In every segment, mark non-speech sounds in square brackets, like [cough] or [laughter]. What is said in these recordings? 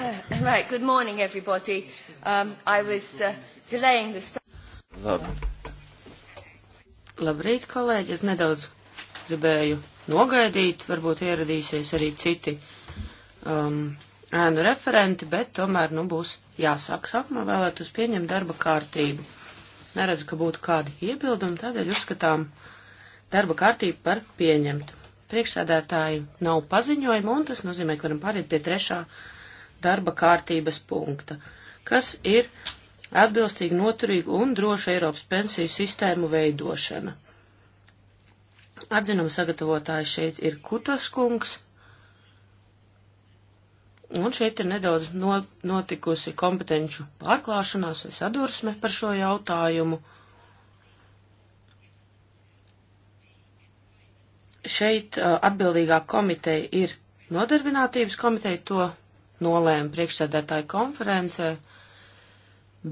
Uh, right, good morning everybody. Um, I was uh, delaying the start. Labi. Labrīt, kolēģi. Es nedaudz gribēju nogaidīt, varbūt ieradīsies arī citi um, ēnu referenti, bet tomēr, nu, būs jāsāk. Sākumā vēlētos pieņemt darba kārtību. Neredzu, ka būtu kādi iebildumi, tādēļ uzskatām darba kārtību par pieņemtu. Priekšsēdētāji nav paziņojumi, un tas nozīmē, ka varam pāriet pie trešā darba kārtības punkta, kas ir atbilstīgi noturīgu un drošu Eiropas pensiju sistēmu veidošana. Atzinuma sagatavotājs šeit ir Kutas kungs, un šeit ir nedaudz notikusi kompetenču pārklāšanās vai sadursme par šo jautājumu. šeit uh, atbildīgā komiteja ir nodarbinātības komiteja, to nolēma priekšsēdētāju konferencē,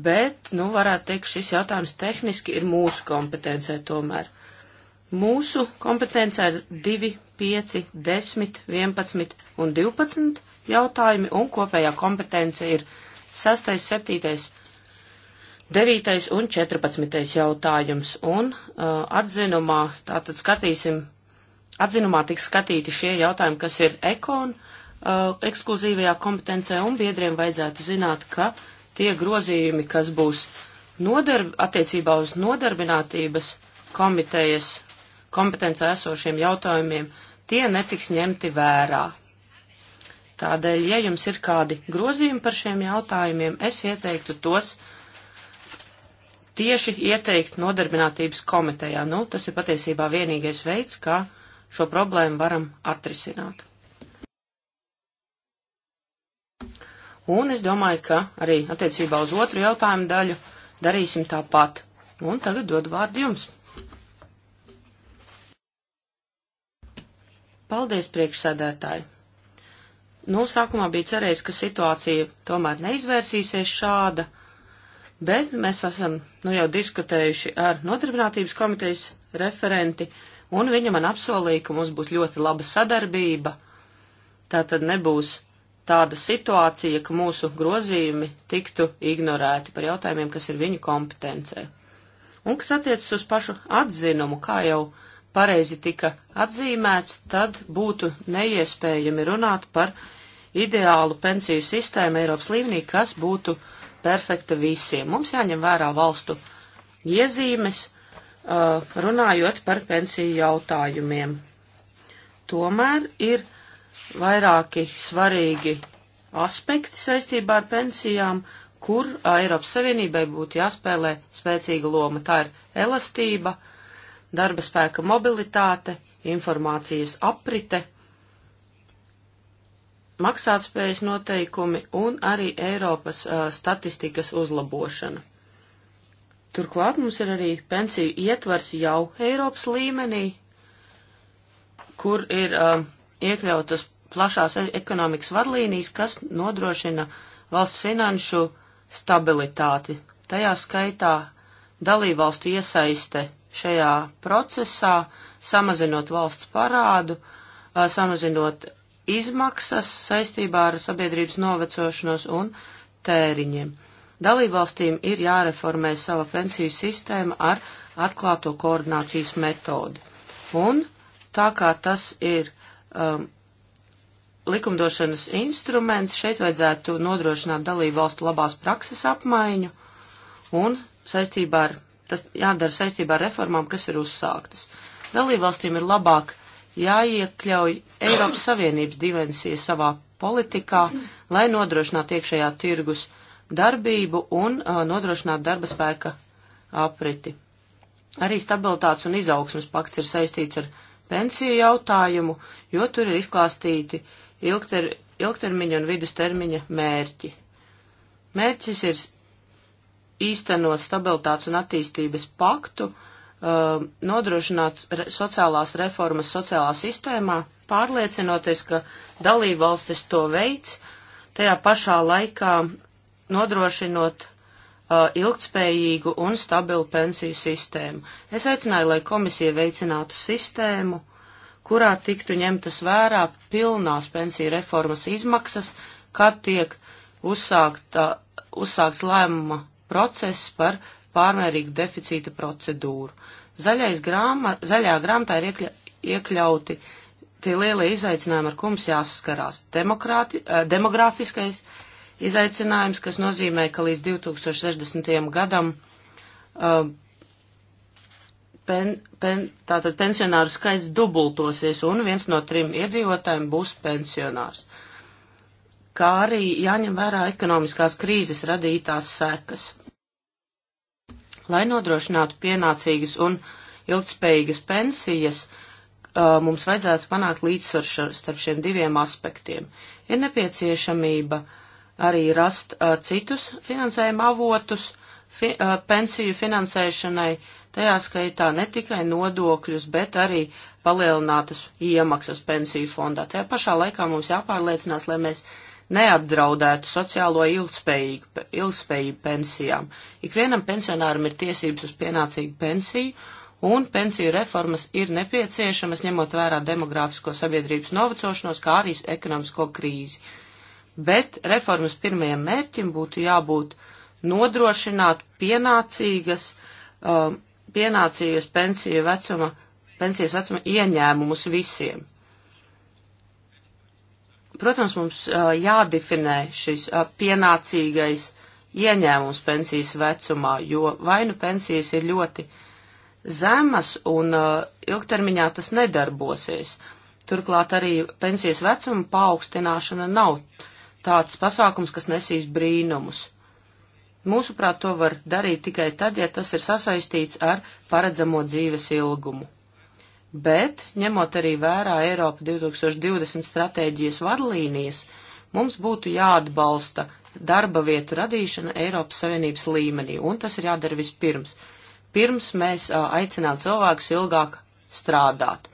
bet, nu, varētu teikt, šis jautājums tehniski ir mūsu kompetencē tomēr. Mūsu kompetencē ir 2, 5, 10, 11 un 12 jautājumi, un kopējā kompetence ir 6, 7, 9 un 14 jautājums, un uh, atzinumā, tātad skatīsim, atzinumā tiks skatīti šie jautājumi, kas ir ekon, uh, uh, ekskluzīvajā kompetencē un biedriem vajadzētu zināt, ka tie grozījumi, kas būs nodarb attiecībā uz nodarbinātības komitejas kompetencē esošiem jautājumiem, tie netiks ņemti vērā. Tādēļ, ja jums ir kādi grozījumi par šiem jautājumiem, es ieteiktu tos tieši ieteikt nodarbinātības komitejā. Nu, tas ir patiesībā vienīgais veids, kā šo problēmu varam atrisināt. Un es domāju, ka arī attiecībā uz otru jautājumu daļu darīsim tāpat. Un tagad dod vārdu jums. Paldies, priekšsēdētāji! Nu, sākumā bija cerējis, ka situācija tomēr neizvērsīsies šāda, bet mēs esam nu, jau diskutējuši ar Nodarbinātības komitejas referenti, un viņa man apsolīja, ka mums būs ļoti laba sadarbība. Tā tad nebūs tāda situācija, ka mūsu grozījumi tiktu ignorēti par jautājumiem, kas ir viņu kompetencē. Un kas attiecas uz pašu atzinumu, kā jau pareizi tika atzīmēts, tad būtu neiespējami runāt par ideālu pensiju sistēmu Eiropas līmenī, kas būtu perfekta visiem. Mums jāņem vērā valstu iezīmes, uh, runājot par pensiju jautājumiem. Tomēr ir vairāki svarīgi aspekti saistībā ar pensijām, kur Eiropas Savienībai būtu jāspēlē spēcīga loma. Tā ir elastība, darba spēka mobilitāte, informācijas aprite, maksātspējas noteikumi un arī Eiropas uh, statistikas uzlabošana. Turklāt mums ir arī pensiju ietvers jau Eiropas līmenī, kur ir uh, iekļautas plašās e- ekonomikas vadlīnijas, kas nodrošina valsts finanšu stabilitāti. Tajā skaitā dalībvalstu iesaiste šajā procesā, samazinot valsts parādu, samazinot izmaksas saistībā ar sabiedrības novecošanos un tēriņiem. Dalībvalstīm ir jāreformē sava pensiju sistēma ar atklāto koordinācijas metodi. Un tā kā tas ir um, likumdošanas instruments. Šeit vajadzētu nodrošināt dalību valstu labās prakses apmaiņu un saistībā ar, tas jādara saistībā ar reformām, kas ir uzsāktas. Dalību valstīm ir labāk jāiekļauj Eiropas Savienības dimensija savā politikā, lai nodrošinātu iekšējā tirgus darbību un uh, nodrošinātu darba spēka apriti. Arī stabilitātes un izaugsmas pakts ir saistīts ar pensiju jautājumu, jo tur ir izklāstīti ilgter, ilgtermiņa un vidustermiņa mērķi. Mērķis ir īstenot stabilitātes un attīstības paktu, uh, nodrošināt re sociālās reformas sociālā sistēmā, pārliecinoties, ka dalībvalstis to veids, tajā pašā laikā nodrošinot uh, ilgtspējīgu un stabilu pensiju sistēmu. Es aicināju, lai komisija veicinātu sistēmu, kurā tiktu ņemtas vērā pilnās pensiju reformas izmaksas, kad tiek uzsākta, uzsāks lēmuma process par pārmērīgu deficīta procedūru. Zaļais grāma, zaļā grāmatā ir iekļa, iekļauti tie lielie izaicinājumi, ar ko mums jāsaskarās. Demokrāti, eh, demografiskais izaicinājums, kas nozīmē, ka līdz 2060. gadam uh, pen, pen, tātad pensionāru skaits dubultosies un viens no trim iedzīvotājiem būs pensionārs. Kā arī jāņem vērā ekonomiskās krīzes radītās sekas. Lai nodrošinātu pienācīgas un ilgspējīgas pensijas, mums vajadzētu panākt līdzsvaru starp šiem diviem aspektiem. Ir nepieciešamība arī rast citus finansējuma avotus fi, pensiju finansēšanai, uh, tajā skaitā ne tikai nodokļus, bet arī palielinātas iemaksas pensiju fondā. Tajā pašā laikā mums jāpārliecinās, lai mēs neapdraudētu sociālo ilgspējību, ilgspējību pensijām. Ikvienam pensionāram ir tiesības uz pienācīgu pensiju, un pensiju reformas ir nepieciešamas, ņemot vērā demogrāfisko sabiedrības novecošanos, kā arī ekonomisko krīzi bet reformas pirmajam mērķim būtu jābūt nodrošināt pienācīgas um, pienācījies pensiju vecuma, pensijas vecuma ieņēmumus visiem. Protams, mums uh, jādefinē šis uh, pienācīgais ieņēmums pensijas vecumā, jo vainu pensijas ir ļoti zemas un uh, ilgtermiņā tas nedarbosies. Turklāt arī pensijas vecuma paaugstināšana nav tāds pasākums, kas nesīs brīnumus. Mūsuprāt, to var darīt tikai tad, ja tas ir sasaistīts ar paredzamo dzīves ilgumu. Bet, ņemot arī vērā Eiropa 2020 stratēģijas vadlīnijas, mums būtu jāatbalsta darba vietu radīšana Eiropas Savienības līmenī, un tas ir jādara vispirms. Pirms mēs a, aicinām cilvēkus ilgāk strādāt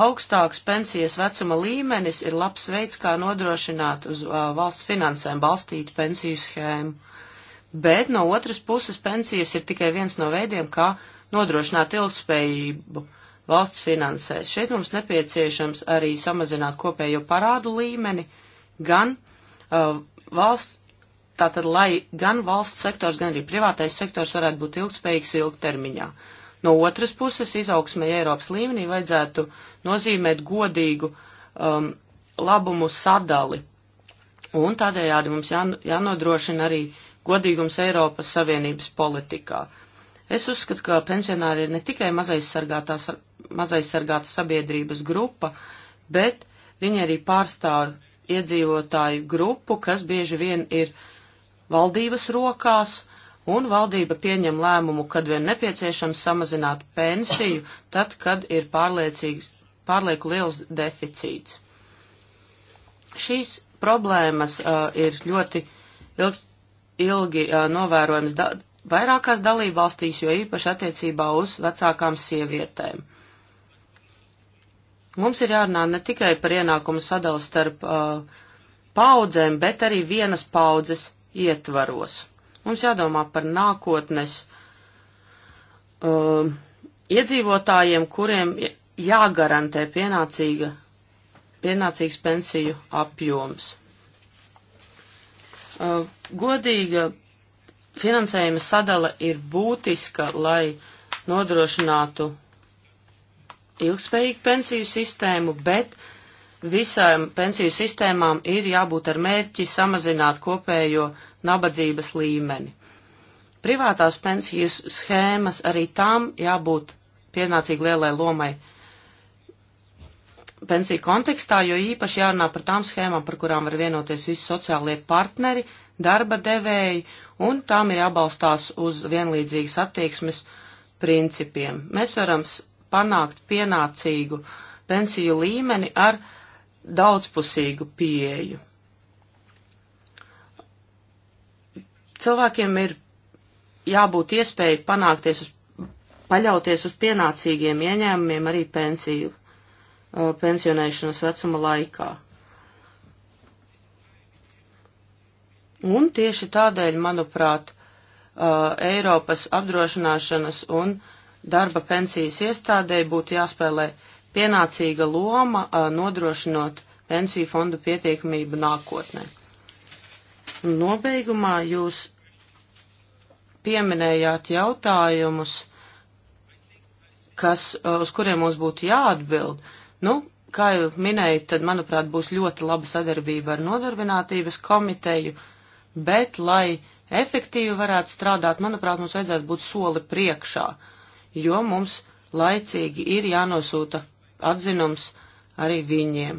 augstāks pensijas vecuma līmenis ir labs veids, kā nodrošināt uz uh, valsts finansēm balstītu pensiju schēmu. Bet no otras puses pensijas ir tikai viens no veidiem, kā nodrošināt ilgspējību valsts finansēs. Šeit mums nepieciešams arī samazināt kopējo parādu līmeni, gan uh, valsts, tātad, lai gan valsts sektors, gan arī privātais sektors varētu būt ilgspējīgs ilgtermiņā. Uh, No otras puses, izaugsmē Eiropas līmenī vajadzētu nozīmēt godīgu um, labumu sadali. Un tādējādi mums jā, jānodrošina arī godīgums Eiropas Savienības politikā. Es uzskatu, ka pensionāri ir ne tikai mazaizsargātā, mazaizsargāta sabiedrības grupa, bet viņi arī pārstāv iedzīvotāju grupu, kas bieži vien ir valdības rokās, un valdība pieņem lēmumu, kad vien nepieciešams samazināt pensiju, tad, kad ir pārlieku liels deficīts. Šīs problēmas uh, ir ļoti ilgs, ilgi uh, novērojams da vairākās dalību valstīs, jo īpaši attiecībā uz vecākām sievietēm. Mums ir jārunā ne tikai par ienākumu sadalu starp uh, paudzēm, bet arī vienas paudzes ietvaros. Mums jādomā par nākotnes uh, iedzīvotājiem, kuriem jāgarantē pienācīga, pienācīgs pensiju apjoms. Uh, godīga finansējuma sadala ir būtiska, lai nodrošinātu ilgspējīgu pensiju sistēmu, bet uh, visām pensiju sistēmām ir jābūt ar mērķi samazināt kopējo nabadzības līmeni. Privātās pensijas schēmas arī tām jābūt pienācīgi lielai lomai pensiju kontekstā, jo īpaši jārunā par tām schēmām, par kurām var vienoties visi sociālie partneri, darba devēji, un tām ir jābalstās uz vienlīdzīgas attieksmes principiem. Mēs varam panākt pienācīgu pensiju līmeni ar uh, daudzpusīgu pieeju. Cilvēkiem ir jābūt iespēja panākties uz, paļauties uz pienācīgiem ieņēmumiem arī pensiju, uh, pensionēšanas vecuma laikā. Un tieši tādēļ, manuprāt, uh, Eiropas apdrošināšanas un darba pensijas iestādēji būtu jāspēlē uh, pienācīga loma nodrošinot pensiju fondu pietiekamību nākotnē. Nobeigumā jūs pieminējāt jautājumus, kas, uz kuriem mums būtu jāatbild. Nu, kā jau minēju, tad, manuprāt, būs ļoti laba sadarbība ar nodarbinātības komiteju, bet, lai efektīvi varētu strādāt, manuprāt, mums vajadzētu būt soli priekšā, jo mums laicīgi ir jānosūta atzinums arī viņiem.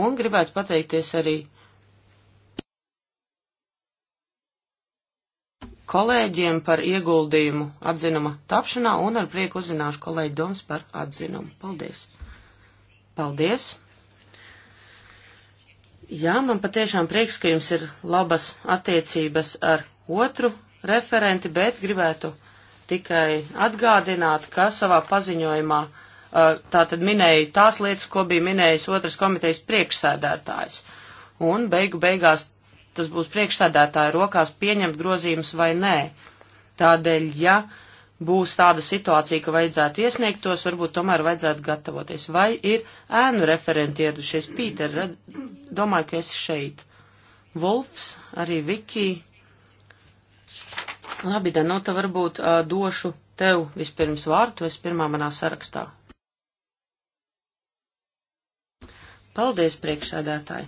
Un gribētu pateikties arī kolēģiem par ieguldījumu atzinuma tapšanā un ar prieku uzzināšu kolēģi domas par atzinumu. Paldies! Paldies! Jā, man patiešām prieks, ka jums ir labas attiecības ar otru referenti, bet gribētu tikai atgādināt, ka savā paziņojumā tātad minēju tās lietas, ko bija minējis otras komitejas priekšsēdētājs. Un beigu beigās tas būs priekšsēdētāja rokās pieņemt grozījumus vai nē. Tādēļ, ja būs tāda situācija, ka vajadzētu iesniegt tos, varbūt tomēr vajadzētu gatavoties. Vai ir ēnu referenti ieradušies? Pīter, domāju, ka esi šeit. Vulfs, arī Viki. Labi, Danota, varbūt uh, došu tev vispirms vārdu, tu esi pirmā manā sarakstā. Paldies, priekšsēdētāji!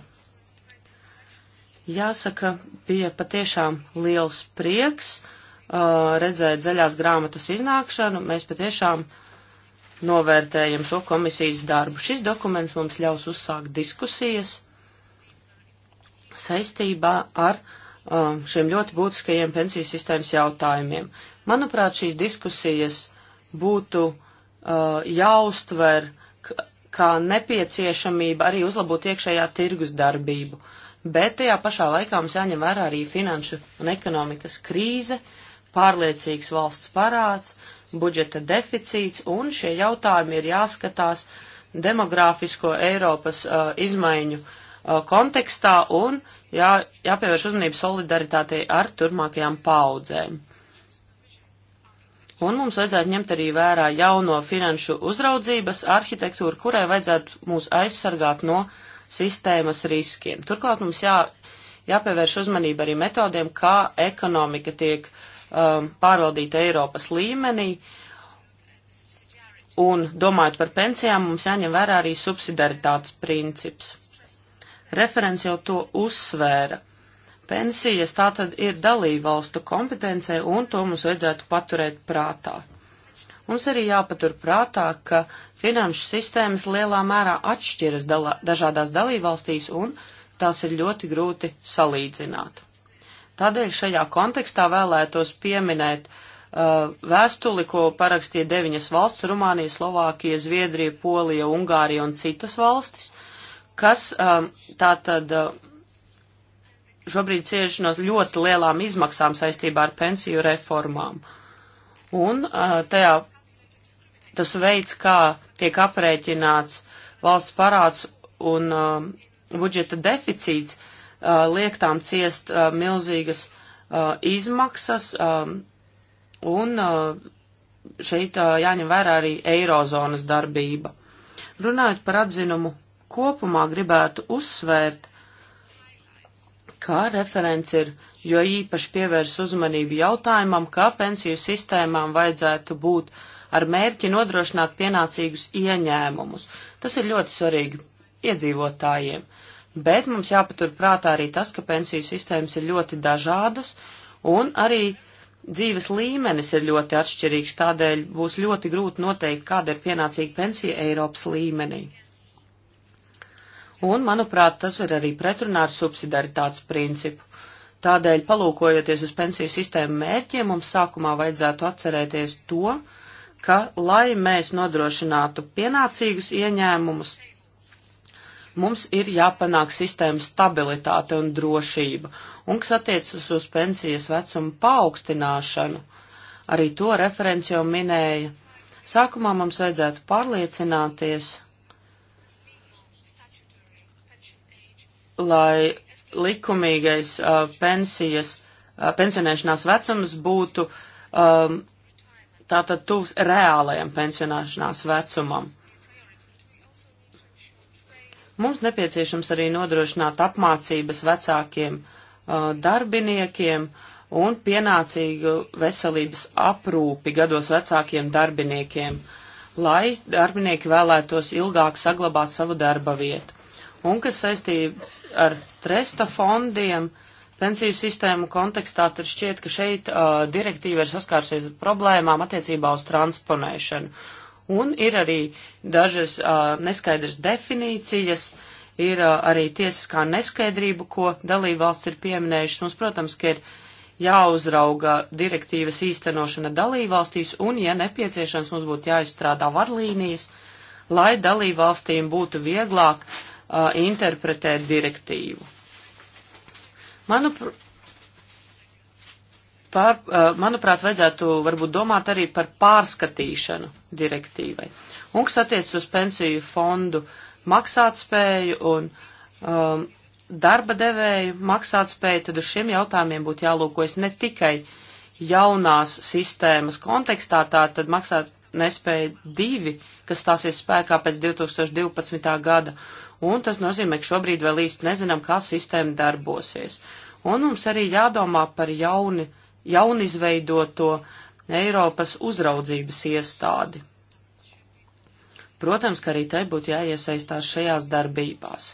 Jāsaka, bija patiešām liels prieks uh, redzēt zaļās grāmatas iznākšanu. Mēs patiešām novērtējam šo komisijas darbu. Šis dokuments mums ļaus uzsākt diskusijas saistībā ar um, šiem ļoti būtiskajiem pensiju sistēmas jautājumiem. Manuprāt, šīs diskusijas būtu uh, jāuztver uh, kā nepieciešamība arī uzlabot iekšējā tirgus darbību. Bet tajā pašā laikā mums jāņem vērā arī finanšu un ekonomikas krīze, pārliecīgs valsts parāds, budžeta deficīts, un šie jautājumi ir jāskatās demogrāfisko Eiropas uh, izmaiņu uh, kontekstā un jā, jāpievērš uzmanība solidaritātei ar turmākajām paudzēm. Uh, Un mums vajadzētu ņemt arī vērā jauno finanšu uzraudzības arhitektūru, kurai vajadzētu mūs aizsargāt no sistēmas riskiem. Turklāt mums jā, jāpievērš uzmanība arī metodiem, kā ekonomika tiek um, pārvaldīta Eiropas līmenī. Un domājot par pensijām, mums jāņem vērā arī subsidaritātes princips. Referents jau to uzsvēra Pensijas tā tad ir dalība valstu kompetencē, un to mums vajadzētu paturēt prātā. Mums arī jāpatur prātā, ka finanšu sistēmas lielā mērā atšķiras dalā, dažādās dalībvalstīs, un tās ir ļoti grūti salīdzināt. Tādēļ šajā kontekstā vēlētos pieminēt uh, vēstuli, ko parakstīja deviņas valsts - Rumānija, Slovākija, Zviedrija, Polija, Ungārija un citas valstis, kas um, tātad uh, šobrīd cieš no ļoti lielām izmaksām saistībā ar pensiju reformām. Un tajā tas veids, kā tiek aprēķināts valsts parāds un um, budžeta deficīts, uh, liek tām ciest uh, milzīgas uh, izmaksas, um, un uh, šeit uh, jāņem vērā arī eirozonas darbība. Runājot par atzinumu kopumā, gribētu uzsvērt, kā referents ir jo īpaši pievērs uzmanību jautājumam, kā pensiju sistēmām vajadzētu būt ar mērķi nodrošināt pienācīgus ieņēmumus. Tas ir ļoti svarīgi iedzīvotājiem, bet mums jāpatur prātā arī tas, ka pensiju sistēmas ir ļoti dažādas un arī dzīves līmenis ir ļoti atšķirīgs, tādēļ būs ļoti grūti noteikt, kāda ir pienācīga pensija Eiropas līmenī. Un, manuprāt, tas ir arī pretrunā ar subsidaritātes principu. Tādēļ, palūkojoties uz pensiju sistēmu mērķiem, mums sākumā vajadzētu atcerēties to, ka, lai mēs nodrošinātu pienācīgus ieņēmumus, mums ir jāpanāk sistēmas stabilitāte un drošība, un kas attiecas uz pensijas vecumu paaugstināšanu, arī to referenci jau minēja. Sākumā mums vajadzētu pārliecināties, lai likumīgais uh, pensijas, uh, pensionēšanās vecums būtu um, tātad tuvs reālajam pensionēšanās vecumam. Mums nepieciešams arī nodrošināt apmācības vecākiem uh, darbiniekiem un pienācīgu veselības aprūpi gados vecākiem darbiniekiem, lai darbinieki vēlētos ilgāk saglabāt savu darba vietu un kas saistības ar tresta fondiem pensiju sistēmu kontekstā, tad šķiet, ka šeit uh, direktīva ir saskārsies ar problēmām attiecībā uz transponēšanu. Un ir arī dažas uh, neskaidras definīcijas, ir uh, arī tiesiskā neskaidrība, ko dalībvalsts ir pieminējušas. Mums, protams, ka ir jāuzrauga direktīvas īstenošana dalībvalstīs, un, ja nepieciešams, mums būtu jāizstrādā varlīnijas, lai dalībvalstīm būtu vieglāk uh, uh, interpretēt direktīvu. Manuprāt, Pār, uh, manuprāt, vajadzētu varbūt domāt arī par pārskatīšanu direktīvai. Un kas attiecas uz pensiju fondu maksātspēju un um, darba devēju maksātspēju, tad uz šiem jautājumiem būtu jālūkojas ne tikai jaunās sistēmas kontekstā, tā tad maksāt nespēja divi, kas stāsies spēkā pēc 2012. gada, un tas nozīmē, ka šobrīd vēl īsti nezinām, kā sistēma darbosies. Un mums arī jādomā par jauni, jaunizveidoto Eiropas uzraudzības iestādi. Protams, ka arī tai būtu jāiesaistās šajās darbībās.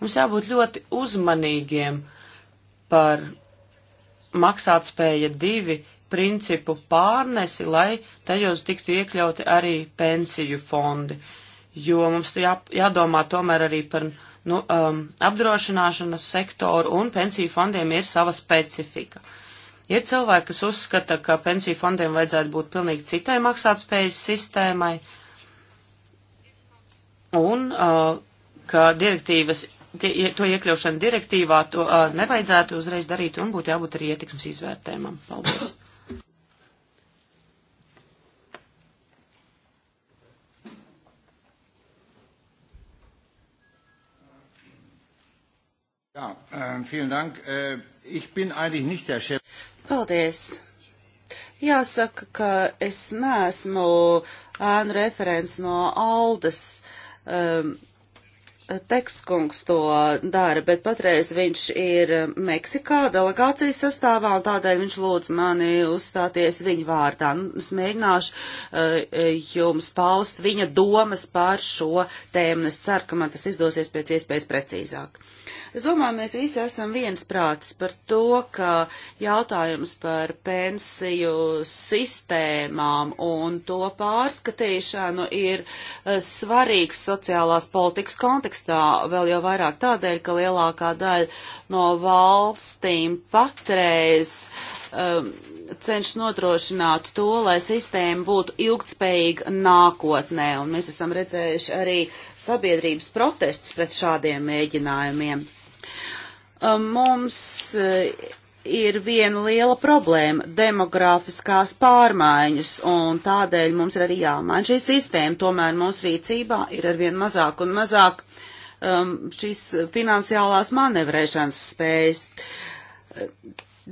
Mums jābūt ļoti uzmanīgiem par maksātspēja divi principu pārnesi, lai tajos tiktu iekļauti arī pensiju fondi. Uh, jo mums tur jā, jādomā tomēr arī par nu, um, apdrošināšanas sektoru un pensiju fondiem ir sava specifika. Ir cilvēki, kas uzskata, ka pensiju fondiem vajadzētu būt pilnīgi citai maksātspējas sistēmai un uh, ka direktīvas, tie, to iekļaušana direktīvā to uh, nevajadzētu uzreiz darīt un būtu jābūt arī ietekmes izvērtējumam. Paldies! Jā, ähm, vielen dank. Äh, ich bin eigentlich nicht der šef. Paldies. Jāsaka, ka es neesmu ēnu referents no Aldas. Um, ähm, Tekskungs to dara, bet patreiz viņš ir Meksikā delegācijas sastāvā un tādēļ viņš lūdz mani uzstāties viņa vārdā. Nu, es mēģināšu uh, jums paust viņa domas par šo tēmu un es ceru, ka man tas izdosies pēc iespējas precīzāk. Es domāju, mēs visi esam viensprātis par to, ka jautājums par pensiju sistēmām un to pārskatīšanu ir uh, svarīgs sociālās politikas kontekstā kontekstā vēl jau vairāk tādēļ, ka lielākā daļa no valstīm patreiz um, cenšas nodrošināt to, lai sistēma būtu ilgtspējīga nākotnē, un mēs esam redzējuši arī sabiedrības protestus pret šādiem mēģinājumiem. Um, mums uh, ir viena liela problēma - demografiskās pārmaiņas, un tādēļ mums ir arī jāmaina šī sistēma. Tomēr mūsu rīcībā ir arvien mazāk un mazāk um, šīs finansiālās manevrēšanas spējas.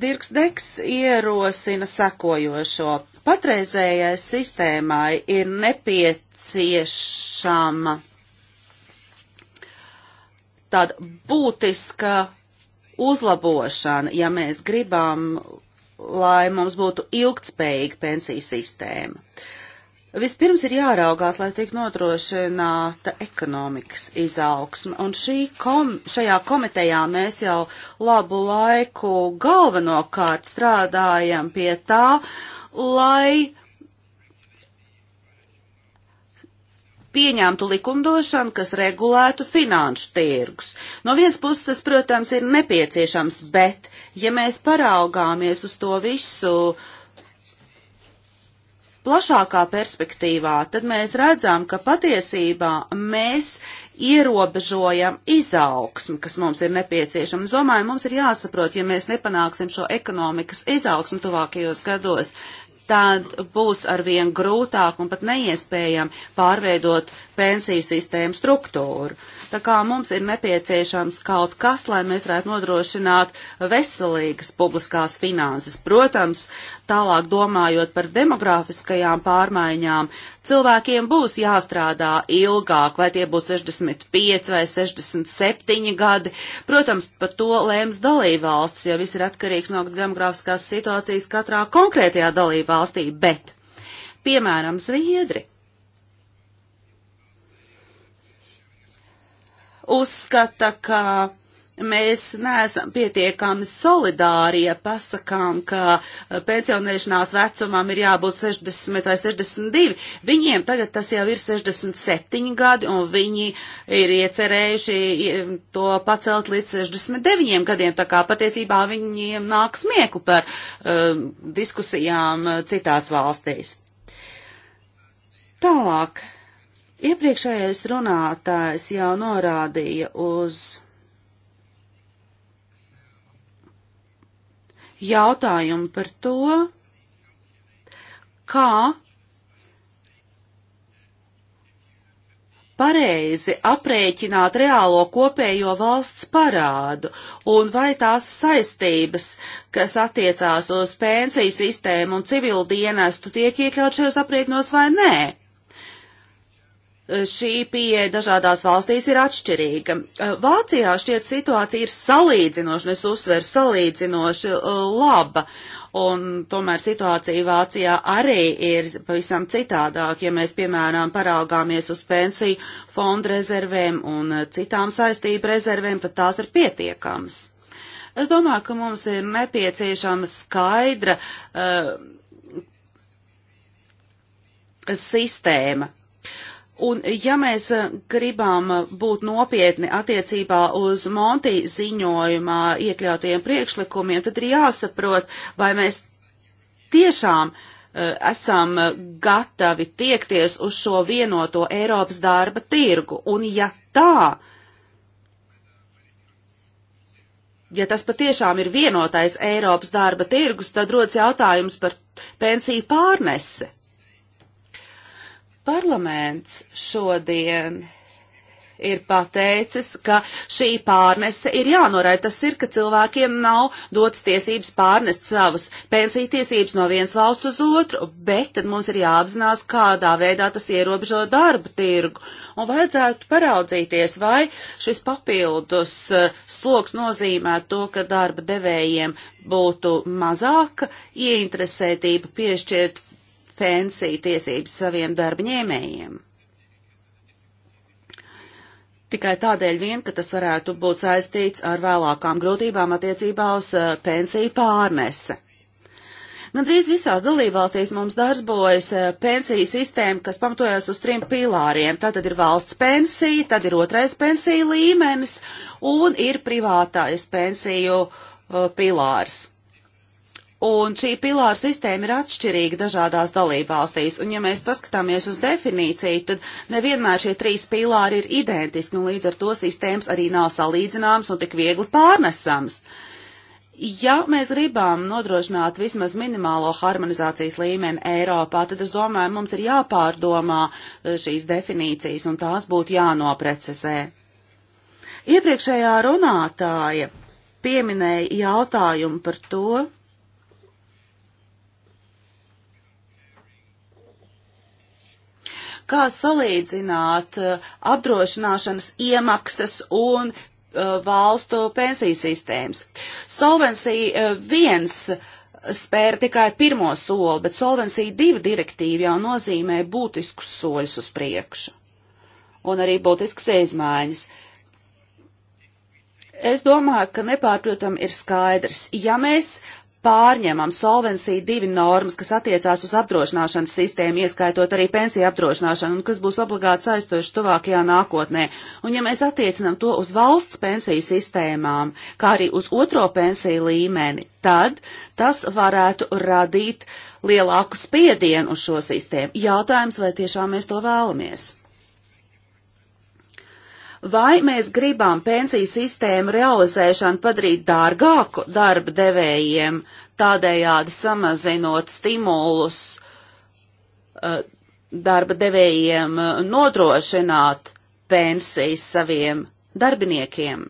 Dirks Deks ierosina sekojošo. Patreizējai sistēmai ir nepieciešama tāda būtiska uzlabošana, ja mēs gribam, lai mums būtu ilgtspējīga pensiju sistēma. Vispirms ir jāraugās, lai tiek nodrošināta ekonomikas izaugsme, un šī kom, šajā komitejā mēs jau labu laiku galvenokārt strādājam pie tā, lai pieņemtu likumdošanu, kas regulētu finanšu tirgus. No vienas puses tas, protams, ir nepieciešams, bet, ja mēs paraugāmies uz to visu plašākā perspektīvā, tad mēs redzam, ka patiesībā mēs ierobežojam izaugsmu, kas mums ir nepieciešama. Es domāju, mums ir jāsaprot, ja mēs nepanāksim šo ekonomikas izaugsmu tuvākajos gados, tad būs arvien grūtāk un pat neiespējami pārveidot pensiju sistēmu struktūru. Tā kā mums ir nepieciešams kaut kas, lai mēs varētu nodrošināt veselīgas publiskās finanses. Protams, tālāk domājot par demografiskajām pārmaiņām, cilvēkiem būs jāstrādā ilgāk, vai tie būtu 65 vai 67 gadi. Protams, par to lēms dalībvalsts, jo viss ir atkarīgs no demografiskās situācijas katrā konkrētajā dalībvalstī, bet, piemēram, Zviedri uzskata, ka mēs neesam pietiekami solidāri, ja pasakām, ka uh, pensionēšanās vecumam ir jābūt 60 vai 62. Viņiem tagad tas jau ir 67 gadi, un viņi ir iecerējuši to pacelt līdz 69 gadiem. Tā kā patiesībā viņiem nāk smieklu par um, diskusijām uh, citās valstīs. Tālāk Iepriekšējais runātājs jau norādīja uz jautājumu par to, kā pareizi aprēķināt reālo kopējo valsts parādu un vai tās saistības, kas attiecās uz pensiju sistēmu un civildienestu, tiek iekļaut šajos aprēķinos vai nē šī pieeja dažādās valstīs ir atšķirīga. Eh, Vācijā šķiet situācija ir salīdzinoši, es uzsveru salīdzinoši eh, laba, un tomēr situācija Vācijā arī ir pavisam citādāk, ja mēs, piemēram, paraugāmies uz pensiju fondu rezervēm un eh, citām saistību rezervēm, tad tās ir pietiekamas. Es domāju, ka mums ir nepieciešama skaidra uh, sistēma Un ja mēs eh, gribam eh, būt nopietni attiecībā uz Monti ziņojumā iekļautajiem priekšlikumiem, tad ir jāsaprot, vai mēs tiešām eh, esam gatavi tiekties uz šo vienoto Eiropas darba tirgu. Un ja tā, ja tas patiešām ir vienotais Eiropas darba tirgus, tad rodas jautājums par pensiju pārnese. Parlaments šodien ir pateicis, ka šī pārnese ir jānoraida. Tas ir, ka cilvēkiem nav dotas tiesības pārnest savus pensiju tiesības no vienas valsts uz otru, bet tad mums ir jāapzinās, kādā veidā tas ierobežo darbu tirgu. Un vajadzētu paraudzīties, vai šis papildus eh, sloks nozīmē to, ka darba devējiem būtu mazāka ieinteresētība piešķirt pensiju tiesības saviem darbņēmējiem. Tikai tādēļ vien, ka tas varētu būt saistīts ar vēlākām grūtībām attiecībā uz eh, pensiju pārnese. Gandrīz visās dalībvalstīs mums darbojas eh, pensiju sistēma, kas pamatojas uz trim pilāriem. Tātad ir valsts pensija, tad ir otrais pensiju līmenis un ir privātais pensiju eh, pilārs. Un šī pilāra sistēma ir atšķirīga dažādās dalībvalstīs. Un ja mēs paskatāmies uz definīciju, tad nevienmēr šie trīs pilāri ir identiski, un līdz ar to sistēmas arī nav salīdzināmas un tik viegli pārnesams. Ja mēs gribam nodrošināt vismaz minimālo harmonizācijas līmeni Eiropā, tad es domāju, mums ir jāpārdomā eh, šīs definīcijas un tās būtu jānoprecesē. Iepriekšējā runātāja pieminēja jautājumu par to, kā salīdzināt uh, apdrošināšanas iemaksas un uh, valstu pensiju sistēmas. Solvencija uh, viens spēra tikai pirmo soli, bet Solvencija divi direktīva jau nozīmē būtiskus soļus uz priekšu un arī būtiskas izmaiņas. Es domāju, ka nepārprotam ir skaidrs, ja mēs pārņemam Solvency 2 normas, kas attiecās uz apdrošināšanas sistēmu, ieskaitot arī pensiju apdrošināšanu, un kas būs obligāti saistoši tuvākajā nākotnē. Un ja mēs attiecinam to uz valsts pensiju sistēmām, kā arī uz otro pensiju līmeni, tad tas varētu radīt lielāku spiedienu uz šo sistēmu. Jautājums, vai tiešām mēs to vēlamies? vai mēs gribam pensiju sistēmu realizēšanu padarīt dārgāku darba devējiem, tādējādi samazinot stimulus eh, darba devējiem eh, nodrošināt pensijas saviem darbiniekiem.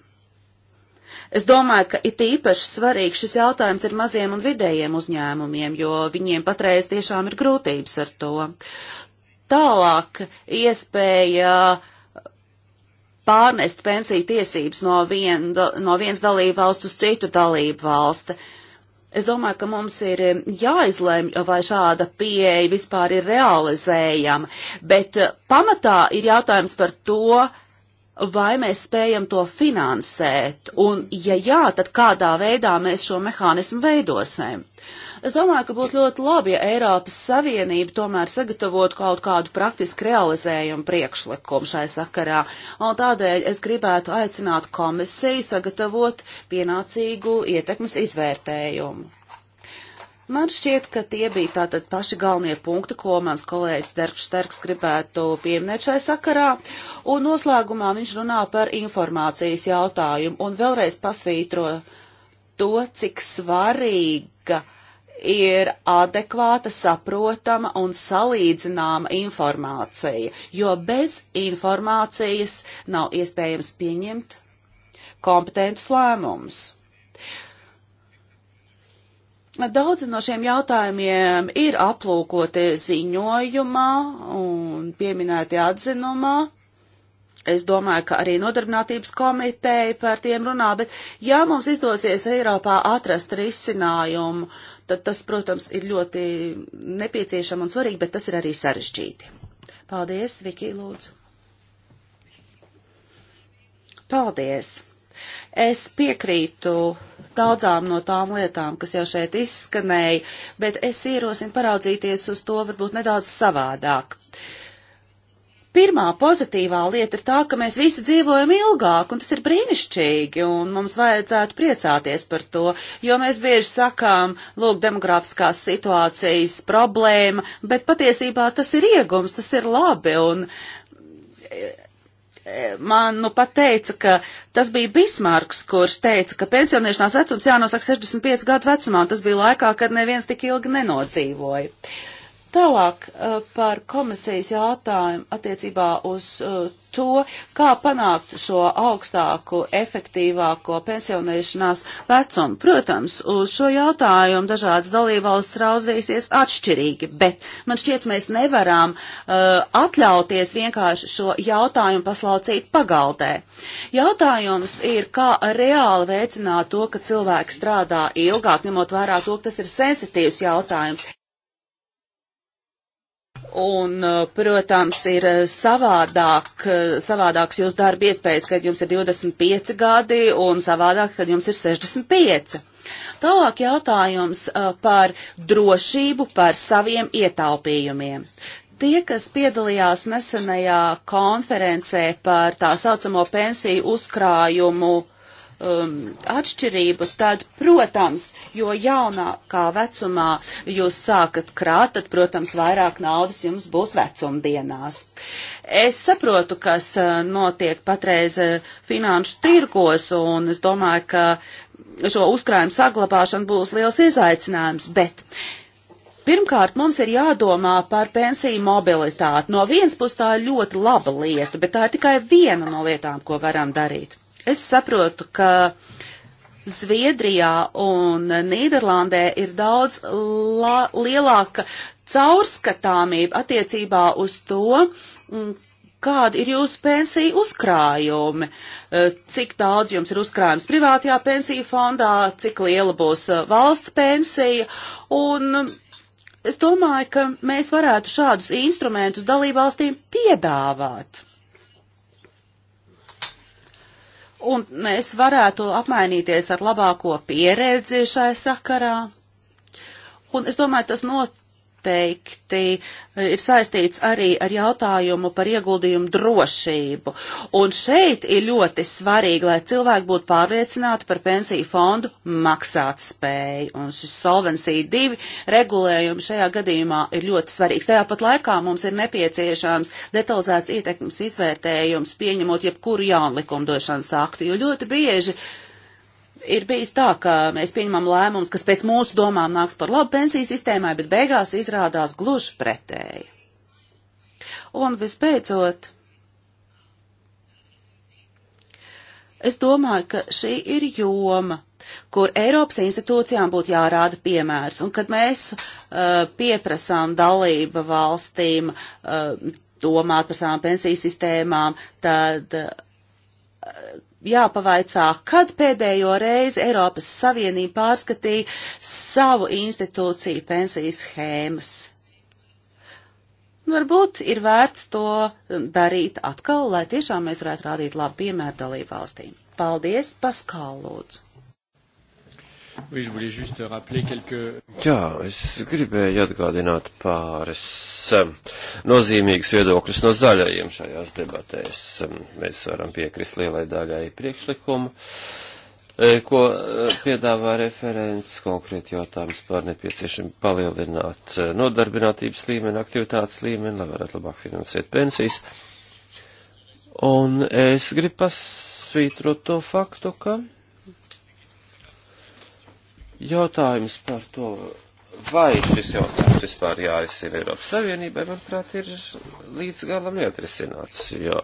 Es domāju, ka it īpaši svarīgs šis jautājums ir maziem un vidējiem uzņēmumiem, jo viņiem patreiz tiešām ir grūtības ar to. Tālāk iespēja uh, pārnest pensiju tiesības no, vien, no vienas dalību valsts uz citu dalību valsti. Es domāju, ka mums ir eh, jāizlēmj, vai šāda pieeja vispār ir realizējama, bet eh, pamatā ir jautājums par to, vai mēs spējam to finansēt, un, ja jā, tad kādā veidā mēs šo mehānismu veidosim. Es domāju, ka būtu ļoti labi, ja Eiropas Savienība tomēr sagatavotu kaut kādu praktiski realizējumu priekšlikumu šai sakarā, un tādēļ es gribētu aicināt komisiju sagatavot pienācīgu ietekmes izvērtējumu. Man šķiet, ka tie bija tātad paši galvenie punkti, ko mans kolēģis Derks Šterks gribētu pieminēt šai sakarā, un noslēgumā viņš runā par informācijas jautājumu un vēlreiz pasvītro to, cik svarīga ir adekvāta, saprotama un salīdzināma informācija, jo bez informācijas nav iespējams pieņemt kompetentus lēmumus. Daudzi no šiem jautājumiem ir aplūkoti ziņojumā un pieminēti atzinumā. Es domāju, ka arī nodarbinātības komiteja par tiem runā, bet ja mums izdosies Eiropā atrast risinājumu, tad tas, protams, ir ļoti nepieciešama un svarīgi, bet tas ir arī sarežģīti. Paldies, Viki, lūdzu. Paldies. Es piekrītu daudzām no tām lietām, kas jau šeit izskanēja, bet es ierosinu paraudzīties uz to varbūt nedaudz savādāk. Pirmā pozitīvā lieta ir tā, ka mēs visi dzīvojam ilgāk, un tas ir brīnišķīgi, un mums vajadzētu priecāties par to, jo mēs bieži sakām, lūk, demografiskās situācijas problēma, bet patiesībā tas ir iegums, tas ir labi, un man nu pat teica, ka tas bija Bismarks, kurš teica, ka pensionēšanās vecums jānosaka 65 gadu vecumā, un tas bija laikā, kad neviens tik ilgi nenodzīvoja. Tālāk eh, par komisijas jautājumu attiecībā uz eh, to, kā panākt šo augstāku, efektīvāko pensionēšanās vecumu. Protams, uz šo jautājumu dažādas dalībvalstis raudzīsies atšķirīgi, bet man šķiet, mēs nevaram uh, atļauties vienkārši šo jautājumu paslaucīt pagaldē. Jautājums ir, kā reāli veicināt to, ka cilvēki strādā ilgāk, ņemot vērā to, ka tas ir sensitīvs jautājums. Un, uh, protams, ir uh, savādāk, uh, savādāks jūsu darba iespējas, kad jums ir 25 gadi un savādāk, kad jums ir 65. Tālāk jautājums par drošību, par saviem ietaupījumiem. Tie, kas piedalījās nesenajā konferencē par tā saucamo pensiju uzkrājumu um, atšķirību, tad, protams, jo jaunākā vecumā jūs sākat krāt, tad, protams, vairāk naudas jums būs vecumdienās. Es saprotu, kas uh, notiek patreiz uh, finanšu tirgos, un es domāju, ka šo uzkrājumu saglabāšana būs liels izaicinājums, bet. Pirmkārt, mums ir jādomā par pensiju mobilitāti. No vienas puses tā ir ļoti laba lieta, bet tā ir tikai viena no lietām, ko varam darīt. Es saprotu, ka Zviedrijā un Nīderlandē ir daudz la, lielāka caurskatāmība attiecībā uz to, mm, kāda ir jūsu pensija uzkrājumi, e, cik daudz jums ir uzkrājums privātajā pensiju fondā, cik liela būs e, valsts pensija. Un mm, es domāju, ka mēs varētu šādus instrumentus dalībvalstīm piedāvāt. un mēs varētu apmainīties ar labāko pieredzi šai sakarā. Un es domāju, tas not noteikti eh, ir saistīts arī ar jautājumu par ieguldījumu drošību. Un šeit ir ļoti svarīgi, lai cilvēki būtu pārliecināti par pensiju fondu maksāt spēju. Un šis Solvency 2 regulējums šajā gadījumā ir ļoti svarīgs. Tajā pat laikā mums ir nepieciešams detalizēts ietekmes izvērtējums, pieņemot jebkuru jaunu likumdošanas aktu, jo ļoti bieži ir bijis tā, ka mēs pieņemam lēmumus, kas pēc mūsu domām nāks par labu pensiju sistēmai, bet beigās izrādās gluži pretēji. Un visbeidzot, es domāju, ka šī ir joma, kur Eiropas institūcijām būtu jārāda piemērs. Un kad mēs uh, pieprasām dalība valstīm uh, domāt par savām pensiju sistēmām, tad uh, jāpavaicā, kad pēdējo reizi Eiropas Savienība pārskatīja savu institūciju pensijas schēmas. Varbūt ir vērts to darīt atkal, lai tiešām mēs varētu rādīt labu piemēru dalību valstīm. Paldies, Paskāl, lūdzu! Jā, es gribēju atgādināt pāris um, nozīmīgas viedokļus no zaļajiem šajās debatēs. Um, mēs varam piekrist lielai daļai priekšlikumu, e, ko e, piedāvā referents konkrēti jautājums par nepieciešamību palielināt e, nodarbinātības līmeni, aktivitātes līmeni, lai varētu labāk finansēt pensijas. Un es gribu pasvītrot to faktu, ka Jautājums par to, vai šis jautājums vispār jārisina Eiropas Savienībai, manuprāt, ir līdz galam neatrisināts, jo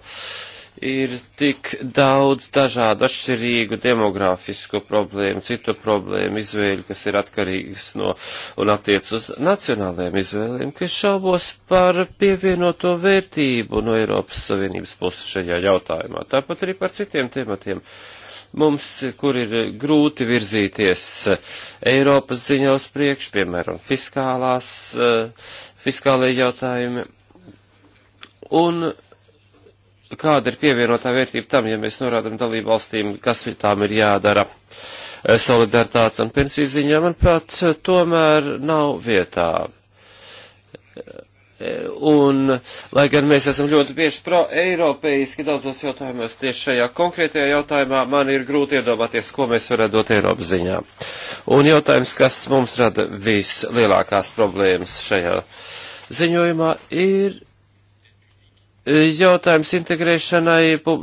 ir tik daudz dažādu atšķirīgu demografisku problēmu, citu problēmu izvēļu, kas ir atkarīgas no un attiec uz nacionālajiem izvēlēm, ka šaubos par pievienoto vērtību no Eiropas Savienības puses šajā jautājumā. Tāpat arī par citiem tematiem. Uh, mums, kur ir grūti virzīties Eiropas ziņā uz priekšu, piemēram, fiskālās, eh, fiskālie jautājumi. Un kāda ir pievienotā vērtība tam, ja mēs norādam dalību valstīm, kas tām ir jādara eh, solidaritātes un pensiju ziņā, manuprāt, tomēr nav vietā. Un, lai gan mēs esam ļoti bieži pro-eiropeiski daudzos jautājumos, tieši šajā konkrētajā jautājumā man ir grūti iedomāties, ko mēs varētu dot Eiropas ziņā. Un jautājums, kas mums rada vislielākās problēmas šajā ziņojumā, ir jautājums integrēšanai pu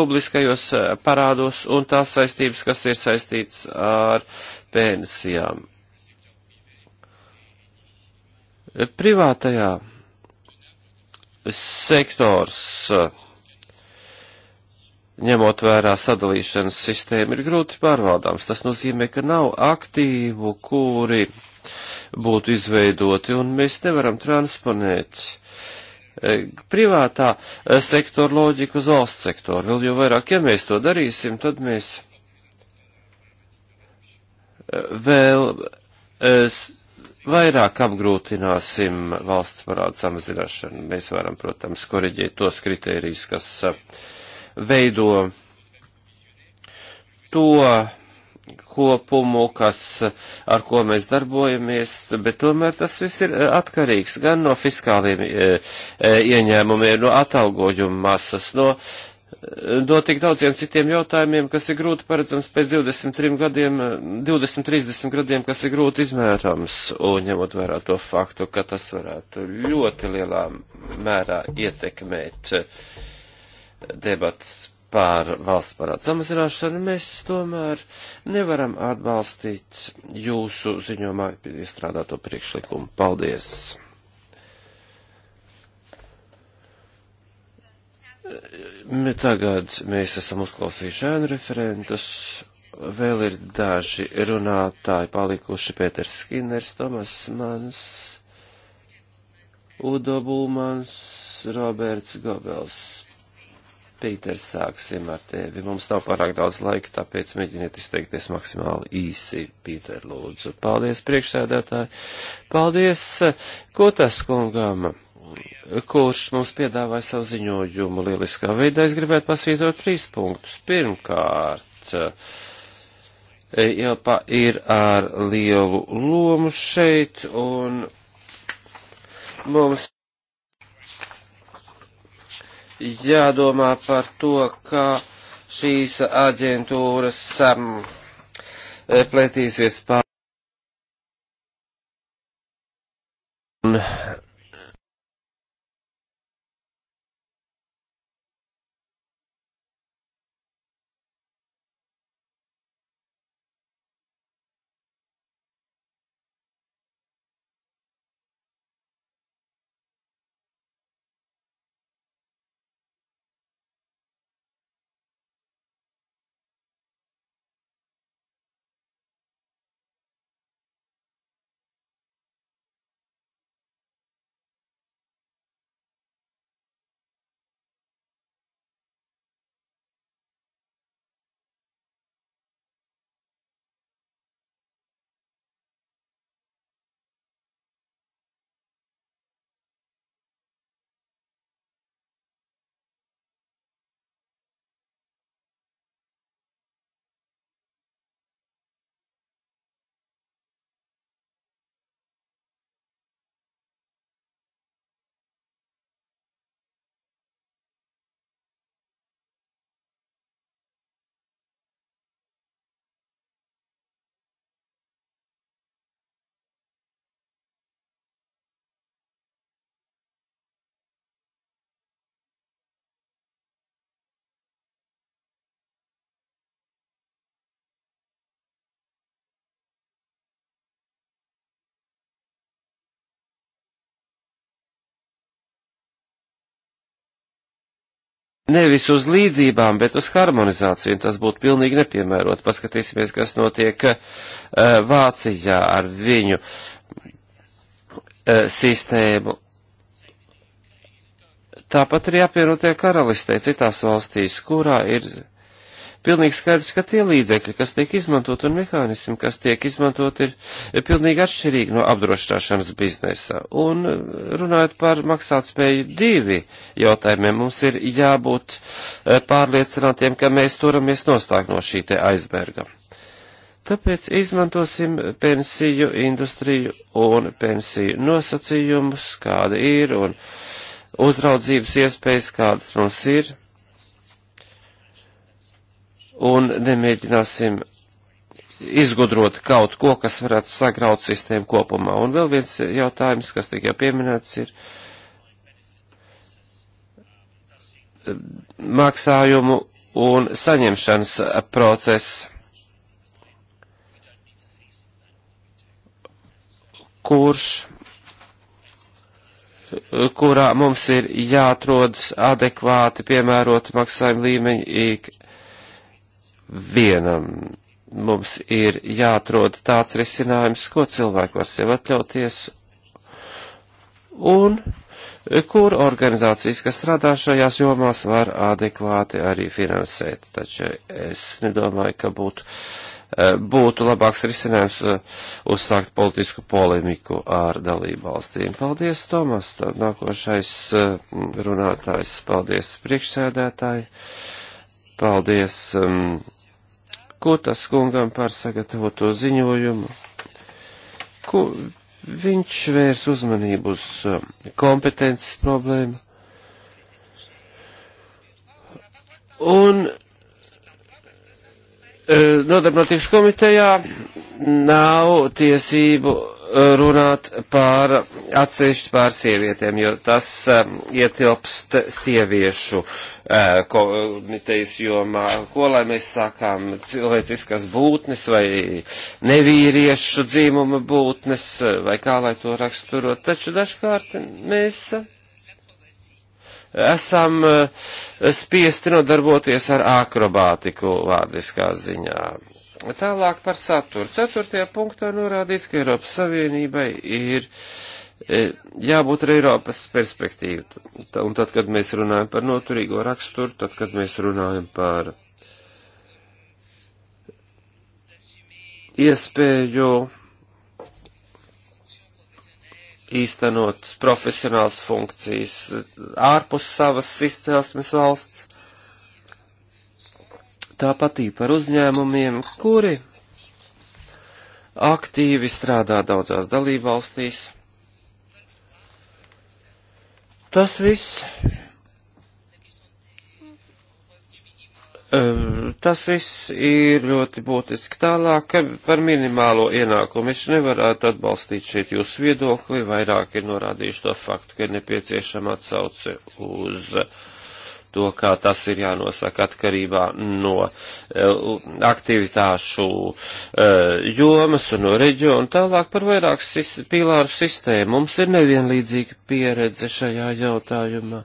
publiskajos eh, parādos un tās saistības, kas ir saistīts ar pensijām. Privātajā sektors, eh, ņemot vērā sadalīšanas sistēmu, ir grūti pārvaldāms. Tas nozīmē, ka nav aktīvu, kuri būtu izveidoti, un mēs nevaram transponēt eh, privātā eh, sektora loģiku uz valsts sektoru. Vēl jau vairāk, ja mēs to darīsim, tad mēs vēl vairāk apgrūtināsim valsts parādu samazināšanu. Mēs varam, protams, koriģēt tos kritērijus, kas eh, veido to kopumu, kas, eh, ar ko mēs darbojamies, bet tomēr tas viss ir eh, atkarīgs gan no fiskāliem ieņēmumiem, no atalgojuma masas, no no tik daudziem citiem jautājumiem, kas ir grūti paredzams pēc 23 gadiem, 20-30 gadiem, kas ir grūti izmērams, un ņemot vērā to faktu, ka tas varētu ļoti lielā mērā ietekmēt eh, debats par valsts parādu samazināšanu, mēs tomēr nevaram atbalstīt jūsu ziņojumā iestrādāto priekšlikumu. Paldies! Tagad mēs esam uzklausījuši ēnu referentus. Vēl ir daži runātāji palikuši Pēters Skinners, Tomas Mans, Udo Bulmans, Roberts Gobels. Pīters, sāksim ar tevi. Mums nav pārāk daudz laika, tāpēc mēģiniet izteikties maksimāli īsi. Pīter, lūdzu. Paldies, priekšsēdētāji. Paldies, Kotas kungam kurš mums piedāvāja savu ziņojumu lieliskā veidā, es gribētu pasvītrot trīs punktus. Pirmkārt, Eiropa ir ar lielu lomu šeit, un mums jādomā par to, ka šīs aģentūras um, pletīsies pār. Un nevis uz līdzībām, bet uz harmonizāciju, un tas būtu pilnīgi nepiemērot. Paskatīsimies, kas notiek uh, Vācijā ar viņu uh, sistēmu. Tāpat arī apvienotie karalistē citās valstīs, kurā ir pilnīgi skaidrs, ka tie līdzekļi, kas tiek izmantot un mehānismi, kas tiek izmantot, ir pilnīgi atšķirīgi no apdrošināšanas biznesa. Un eh, runājot par maksātspēju divi jautājumiem, mums ir jābūt eh, pārliecinātiem, ka mēs turamies nostāk no šī te aizberga. Tāpēc izmantosim pensiju industriju un pensiju nosacījumus, kāda ir, un uzraudzības iespējas, kādas mums ir, un nemēģināsim izgudrot kaut ko, kas varētu sagraut sistēmu kopumā. Un vēl viens jautājums, kas tika jau pieminēts, ir eh, maksājumu un saņemšanas process, kurš, kurā mums ir jāatrodas adekvāti piemēroti maksājuma līmeņi ik vienam. Mums ir jāatrod tāds risinājums, ko cilvēki var sev atļauties, un kur organizācijas, kas strādā šajās jomās, var adekvāti arī finansēt. Taču es nedomāju, ka būtu, eh, būtu labāks risinājums eh, uzsākt politisku polemiku ar dalību valstīm. Paldies, Tomas, tad nākošais eh, runātājs. Paldies, priekšsēdētāji. Paldies. Um, Kutas kungam par sagatavoto ziņojumu. Ku, viņš vērs uzmanību uz um, kompetences problēmu. Un eh, nodarbinātības komitejā nav tiesību runāt par atsevišķi pār sievietēm, jo tas um, ietilpst sieviešu uh, komitejas jomā. Ko lai mēs sākām cilvēciskas būtnes vai nevīriešu dzīvuma būtnes, uh, vai kā lai to raksturot, taču dažkārt mēs uh, esam uh, spiesti nodarboties ar akrobātiku vārdiskā ziņā Tālāk par saturu. Ceturtajā punktā norādīts, ka Eiropas Savienībai ir e, jābūt ar Eiropas perspektīvu. Un tad, kad mēs runājam par noturīgo raksturu, tad, kad mēs runājam par iespēju īstenot profesionāls funkcijas ārpus savas izcelsmes valsts, Tāpat par uzņēmumiem, kuri aktīvi strādā daudzās dalībvalstīs. Tas viss um, Tas viss ir ļoti būtiski tālāk par minimālo ienākumu. Es nevarētu atbalstīt šeit jūsu viedokli, vairāk ir norādījuši to faktu, ka ir nepieciešama atsauce uz uh, to, kā tas ir jānosaka atkarībā no eh, aktivitāšu eh, jomas un no reģiona. Tālāk par vairāk sis pīlāru sistēmu. Mums ir nevienlīdzīga pieredze šajā jautājumā.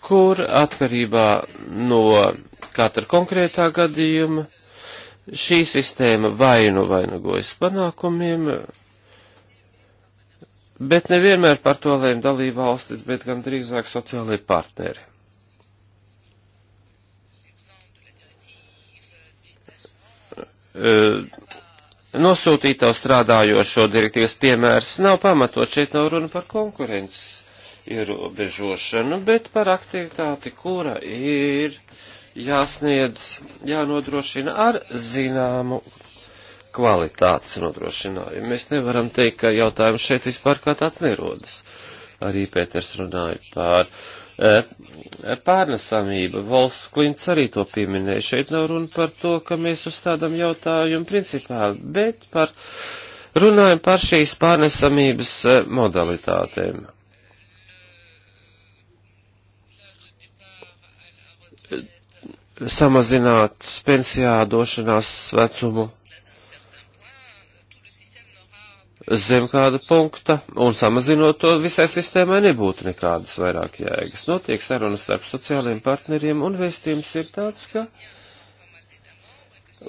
Kur atkarībā no katra konkrētā gadījuma šī sistēma vainu vainagojas panākumiem, Bet nevienmēr par to lēma dalība valstis, bet gan drīzāk sociālai partneri. Uh, nosūtīto strādājošo direktīvas piemērs nav pamatot, šeit nav runa par konkurences ierobežošanu, bet par aktivitāti, kura ir jāsniedz, jānodrošina ar zināmu kvalitātes nodrošinājumu. Mēs nevaram teikt, ka jautājums šeit vispār kā tāds nerodas. Arī Pēters runāja pār eh, pārnesamība. Volfs Klints arī to pieminēja. Šeit nav runa par to, ka mēs uzstādām jautājumu principā, bet par runājam par šīs pārnesamības eh, modalitātēm. Samazināt pensijā došanās vecumu zem kāda punkta, un samazinot to visai sistēmai nebūtu nekādas vairāk jēgas. Notiek sarunas starp sociālajiem partneriem, un vēstījums ir tāds, ka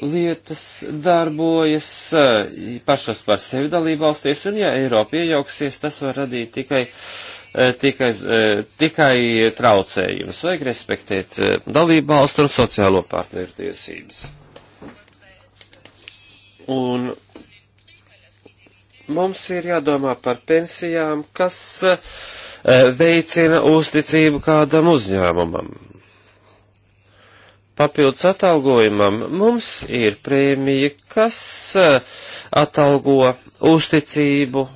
lietas darbojas eh, pašas par sevi dalībvalstīs, un ja Eiropa iejauksies, tas var radīt tikai, eh, tikai, eh, tikai traucējumus. Vajag respektēt dalībvalstu un sociālo partneru tiesības. Un mums ir jādomā par pensijām, kas eh, veicina uzticību kādam uzņēmumam. Papildus atalgojumam mums ir prēmija, kas eh, atalgo uzticību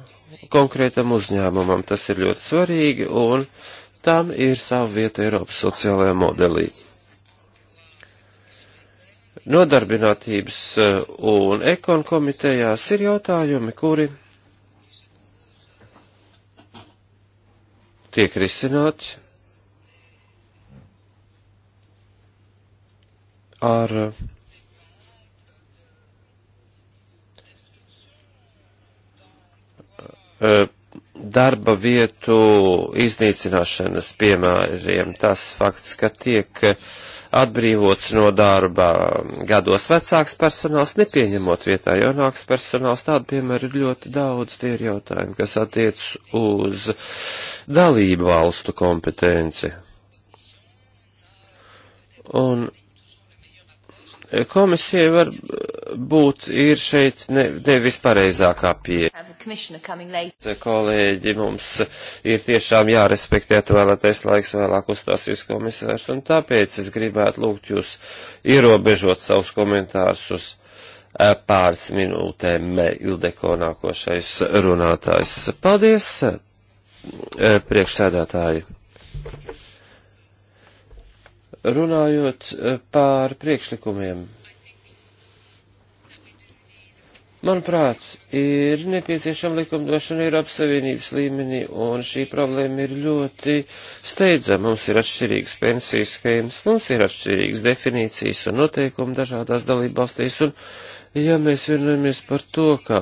konkrētam uzņēmumam. Tas ir ļoti svarīgi un tam ir sava vieta Eiropas sociālajā modelī nodarbinātības eh, un ekon komitejās ir jautājumi, kuri tiek risināti ar eh, darba vietu iznīcināšanas piemēriem. Tas fakts, ka tiek uh, atbrīvots no darba gados vecāks personāls, nepieņemot vietā jaunāks personāls. Tādu piemēru ir ļoti daudz. Tie ir jautājumi, kas attiec uz dalību valstu kompetenci. Un Komisija var būt ir šeit ne, nevis pareizākā pieeja. Kolēģi, mums ir tiešām jārespektē atvēlētais laiks, vēlāk uzstāsies komisārs, un tāpēc es gribētu lūgt jūs ierobežot savus komentārus uz eh, pāris minūtēm Ildeko nākošais runātājs. Paldies, eh, priekšsēdētāji! Runājot eh, pār priekšlikumiem, manuprāt, ir nepieciešama likumdošana Eiropas Savienības līmenī, un šī problēma ir ļoti steidzama. Mums ir atšķirīgas pensijas schēmas, mums ir atšķirīgas definīcijas un noteikumi dažādās dalībvalstīs, un ja mēs vienojamies par to, ka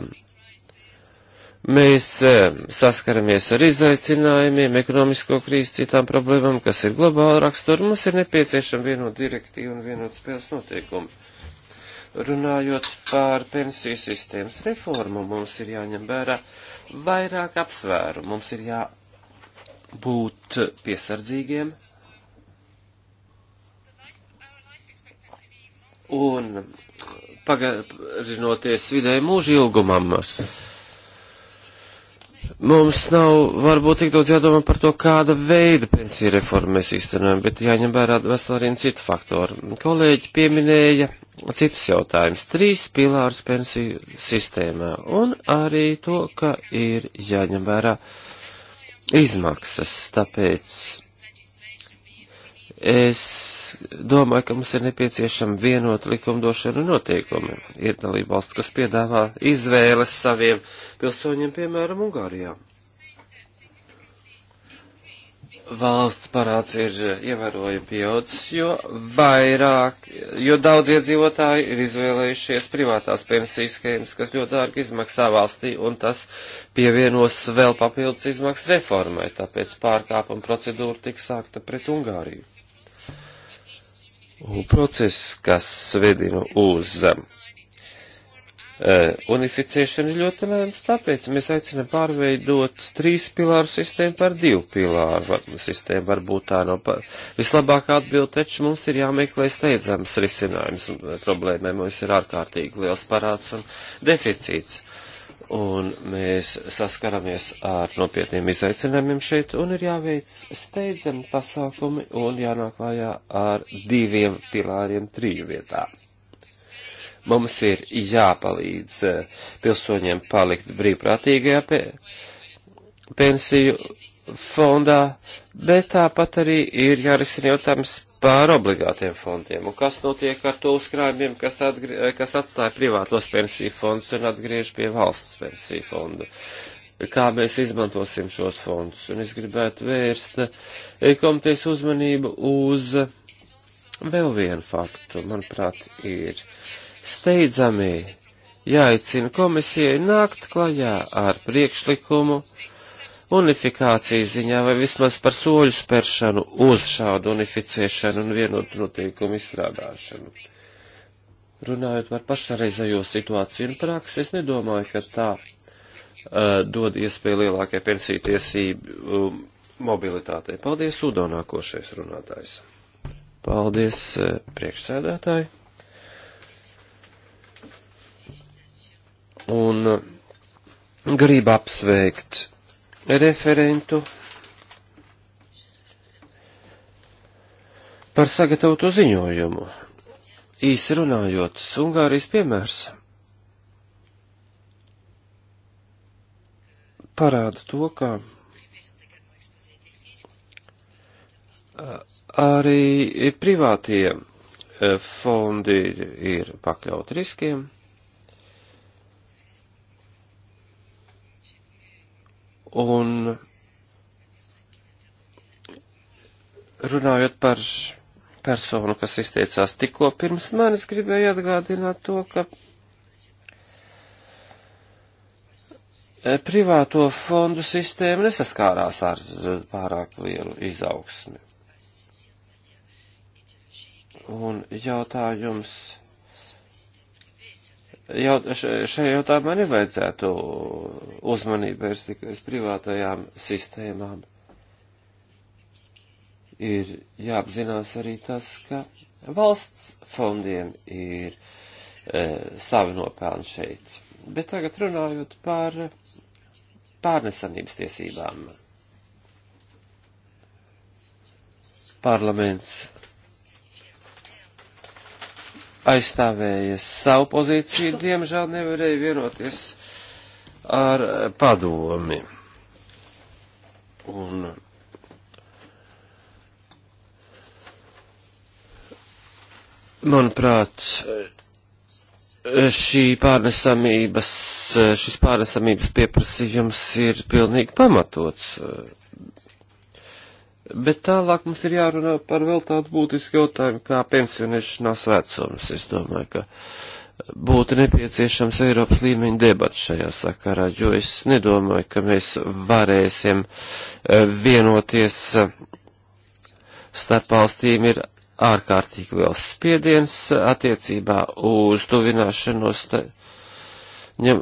Mēs e, saskaramies ar izaicinājumiem, ekonomisko krīzi, citām problēmām, kas ir globāla rakstura. Mums ir nepieciešama vienota direktīva un vienot spēles noteikumi. Runājot par pensiju sistēmas reformu, mums ir jāņem vērā vairāk apsvēru. Mums ir jābūt piesardzīgiem. Un pagarinoties vidēji mūža ilgumam mums nav varbūt tik daudz jādomā par to, kāda veida pensiju reformu mēs īstenojam, bet jāņem vērā vesel arī citu faktoru. Kolēģi pieminēja citus jautājumus, trīs pilārus pensiju sistēmā, un arī to, ka ir jāņem vērā izmaksas, tāpēc Es domāju, ka mums ir nepieciešama vienota likumdošana un noteikumi. Ir dalība valsts, kas piedāvā izvēles saviem pilsoņiem, piemēram, Ungārijā. Valsts parāds ir ievērojami pieaudzis, jo vairāk, jo daudz iedzīvotāji ir izvēlējušies privātās pensijas schēmas, kas ļoti dārgi izmaksā valstī, un tas pievienos vēl papildus izmaksas reformai, tāpēc pārkāpuma procedūra tika sākta pret Ungāriju. Process, kas vedina uz e, unificēšana ir ļoti lēns, tāpēc mēs aicinām pārveidot trīs pilāru sistēmu par divu pilāru sistēmu. Varbūt tā nav no vislabākā atbilde, taču mums ir jāmeklē steidzams risinājums problēmai. Mums ir ārkārtīgi liels parāds un deficīts un mēs saskaramies ar nopietniem izaicinājumiem šeit, un ir jāveic steidzami pasākumi un jānāk klājā ar diviem pilāriem triju vietā. Mums ir jāpalīdz eh, pilsoņiem palikt brīvprātīgajā pe pensiju fondā, bet tāpat arī ir jārisina jautājums par obligātiem fondiem. Un kas notiek ar to uzkrājumiem, kas, atgri, kas atstāja privātos pensiju fondus un atgriež pie valsts pensiju fondu? Kā mēs izmantosim šos fondus? Un es gribētu vērst eh, komitejas uzmanību uz vēl vienu faktu, manuprāt, ir steidzami jāicina komisijai nākt klajā ar priekšlikumu, uh, unifikācijas ziņā vai vismaz par soļu spēršanu uz šādu unificēšanu un vienotu noteikumu izstrādāšanu. Runājot par pašreizējo situāciju un praksi, es nedomāju, ka tā uh, dod iespēju lielākai pensiju tiesību um, mobilitātei. Paldies, Udo, nākošais runātājs. Paldies, uh, priekšsēdētāji. Un uh, gribu apsveikt referentu par sagatavotu ziņojumu. Īsi runājot, Ungārijas piemērs parāda to, ka arī privātie fondi ir pakļauti riskiem. Un runājot par personu, kas izteicās tikko pirms manis, gribēju atgādināt to, ka e, privāto fondu sistēma nesaskārās ar pārāk lielu izaugsmi. Un jautājums jau šajā jautājumā nevajadzētu uzmanību vērst tikai uz privātajām sistēmām. Ir jāapzinās arī tas, ka valsts fondiem ir e, savi nopelni šeit. Bet tagad runājot par pārnesamības tiesībām. Parlaments aizstāvēja savu pozīciju, diemžēl nevarēja vienoties ar padomi. Un manuprāt, šī pārnesamības, šis pārnesamības pieprasījums ir pilnīgi pamatots Bet tālāk mums ir jārunā par vēl tādu būtisku jautājumu kā pensionēšanās vecums. Es domāju, ka būtu nepieciešams Eiropas līmeņa debats šajā sakarā, jo es nedomāju, ka mēs varēsim e, vienoties e, starp valstīm ir ārkārtīgi liels spiediens attiecībā uz tuvināšanos. No ņem,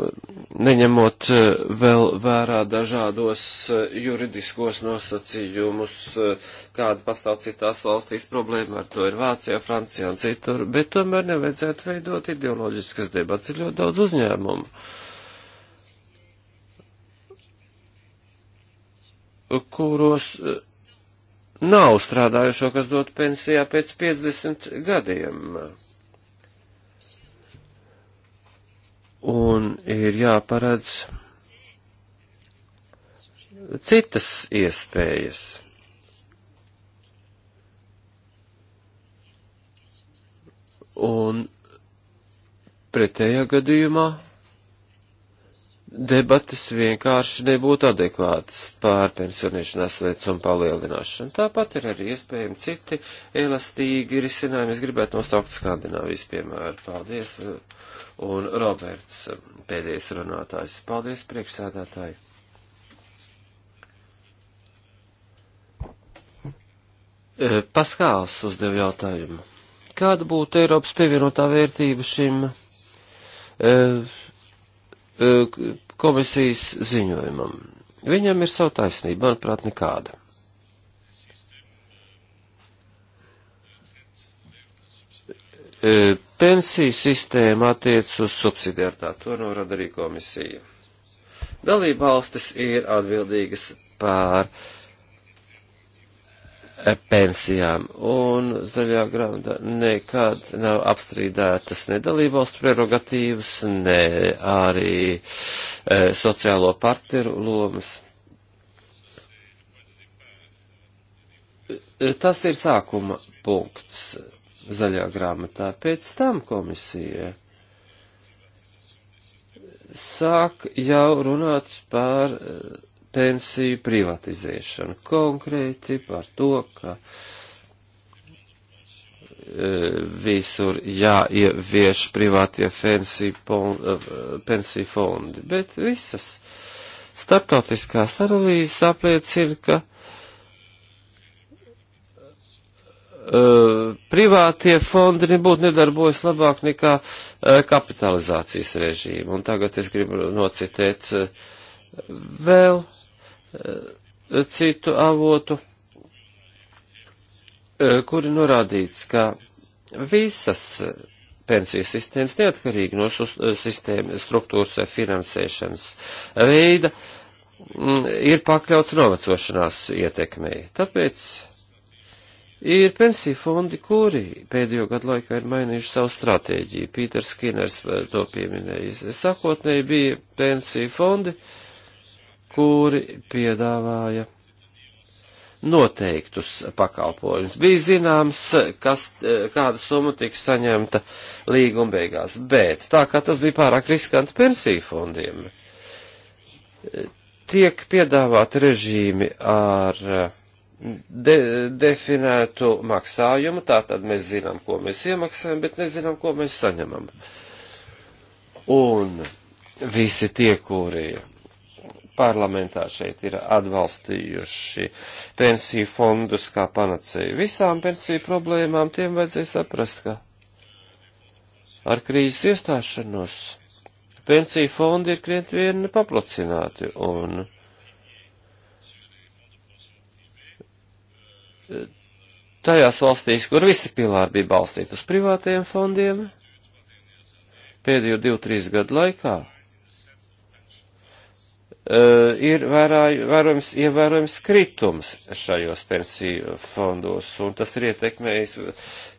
neņemot eh, vēl vērā dažādos eh, juridiskos nosacījumus, eh, kāda pastāv citās valstīs problēma ar to ir Vācijā, Francijā un citur, bet tomēr nevajadzētu veidot ideoloģiskas debats, ir ļoti daudz uzņēmumu. kuros nav strādājušo, kas dotu pensijā pēc 50 gadiem. un ir jāparedz citas iespējas. Un pretējā gadījumā debatas vienkārši nebūtu adekvātas pār pensionēšanās vecumu palielināšanu. Tāpat ir arī iespējami citi elastīgi risinājumi. Es gribētu nosaukt Skandināvijas piemēru. Paldies! un Roberts pēdējais runātājs. Paldies, priekšsēdētāji! E, Paskāls uzdev jautājumu. Kāda būtu Eiropas pievienotā vērtība šim e, e, komisijas ziņojumam? Viņam ir savu taisnību, manuprāt, nekāda. E, Pensiju sistēma attiec uz subsidiartātu, to norada arī komisija. Dalība valstis ir atbildīgas pār e, pensijām, un zaļā grāmata nekad nav apstrīdētas ne dalībvalstu prerogatīvas, ne arī e, sociālo partneru lomas. E, tas ir sākuma punkts zaļā grāmatā. Pēc tam komisija sāk jau runāt par eh, pensiju privatizēšanu, konkrēti par to, ka eh, visur jāievieš privātie eh, pensiju fondi, bet visas starptautiskās analīzes apliecina, ka Eh, privātie fondi nebūtu nedarbojas labāk nekā eh, kapitalizācijas režīma. Un tagad es gribu nocitēt eh, vēl citu avotu, kuri norādīts, ka visas pensiju sistēmas, neatkarīgi no sistēmas struktūras vai finansēšanas veida, mm, ir pakļauts novecošanās ietekmei. Tāpēc Ir pensiju fondi, kuri pēdējo gadu laikā ir mainījuši savu stratēģiju. Pīters Skinners to pieminējis. Sākotnēji bija pensiju fondi, kuri piedāvāja noteiktus pakalpojumus. Bija zināms, kas, kāda summa tiks saņemta līguma beigās, bet tā kā tas bija pārāk riskanti pensiju fondiem, tiek piedāvāti režīmi ar de, definētu maksājumu, tātad mēs zinām, ko mēs iemaksājam, bet nezinām, ko mēs saņemam. Un visi tie, kuri parlamentā šeit ir atbalstījuši pensiju fondus kā panacēju visām pensiju problēmām, tiem vajadzēja saprast, ka ar krīzes iestāšanos pensiju fondi ir krietni vien paplacināti un tajās valstīs, kur visi pilāri bija balstīti uz privātajiem fondiem, pēdējo 2-3 gadu laikā Eh, ir vērojams, ievērojams kritums šajos pensiju fondos, un tas ir ietekmējis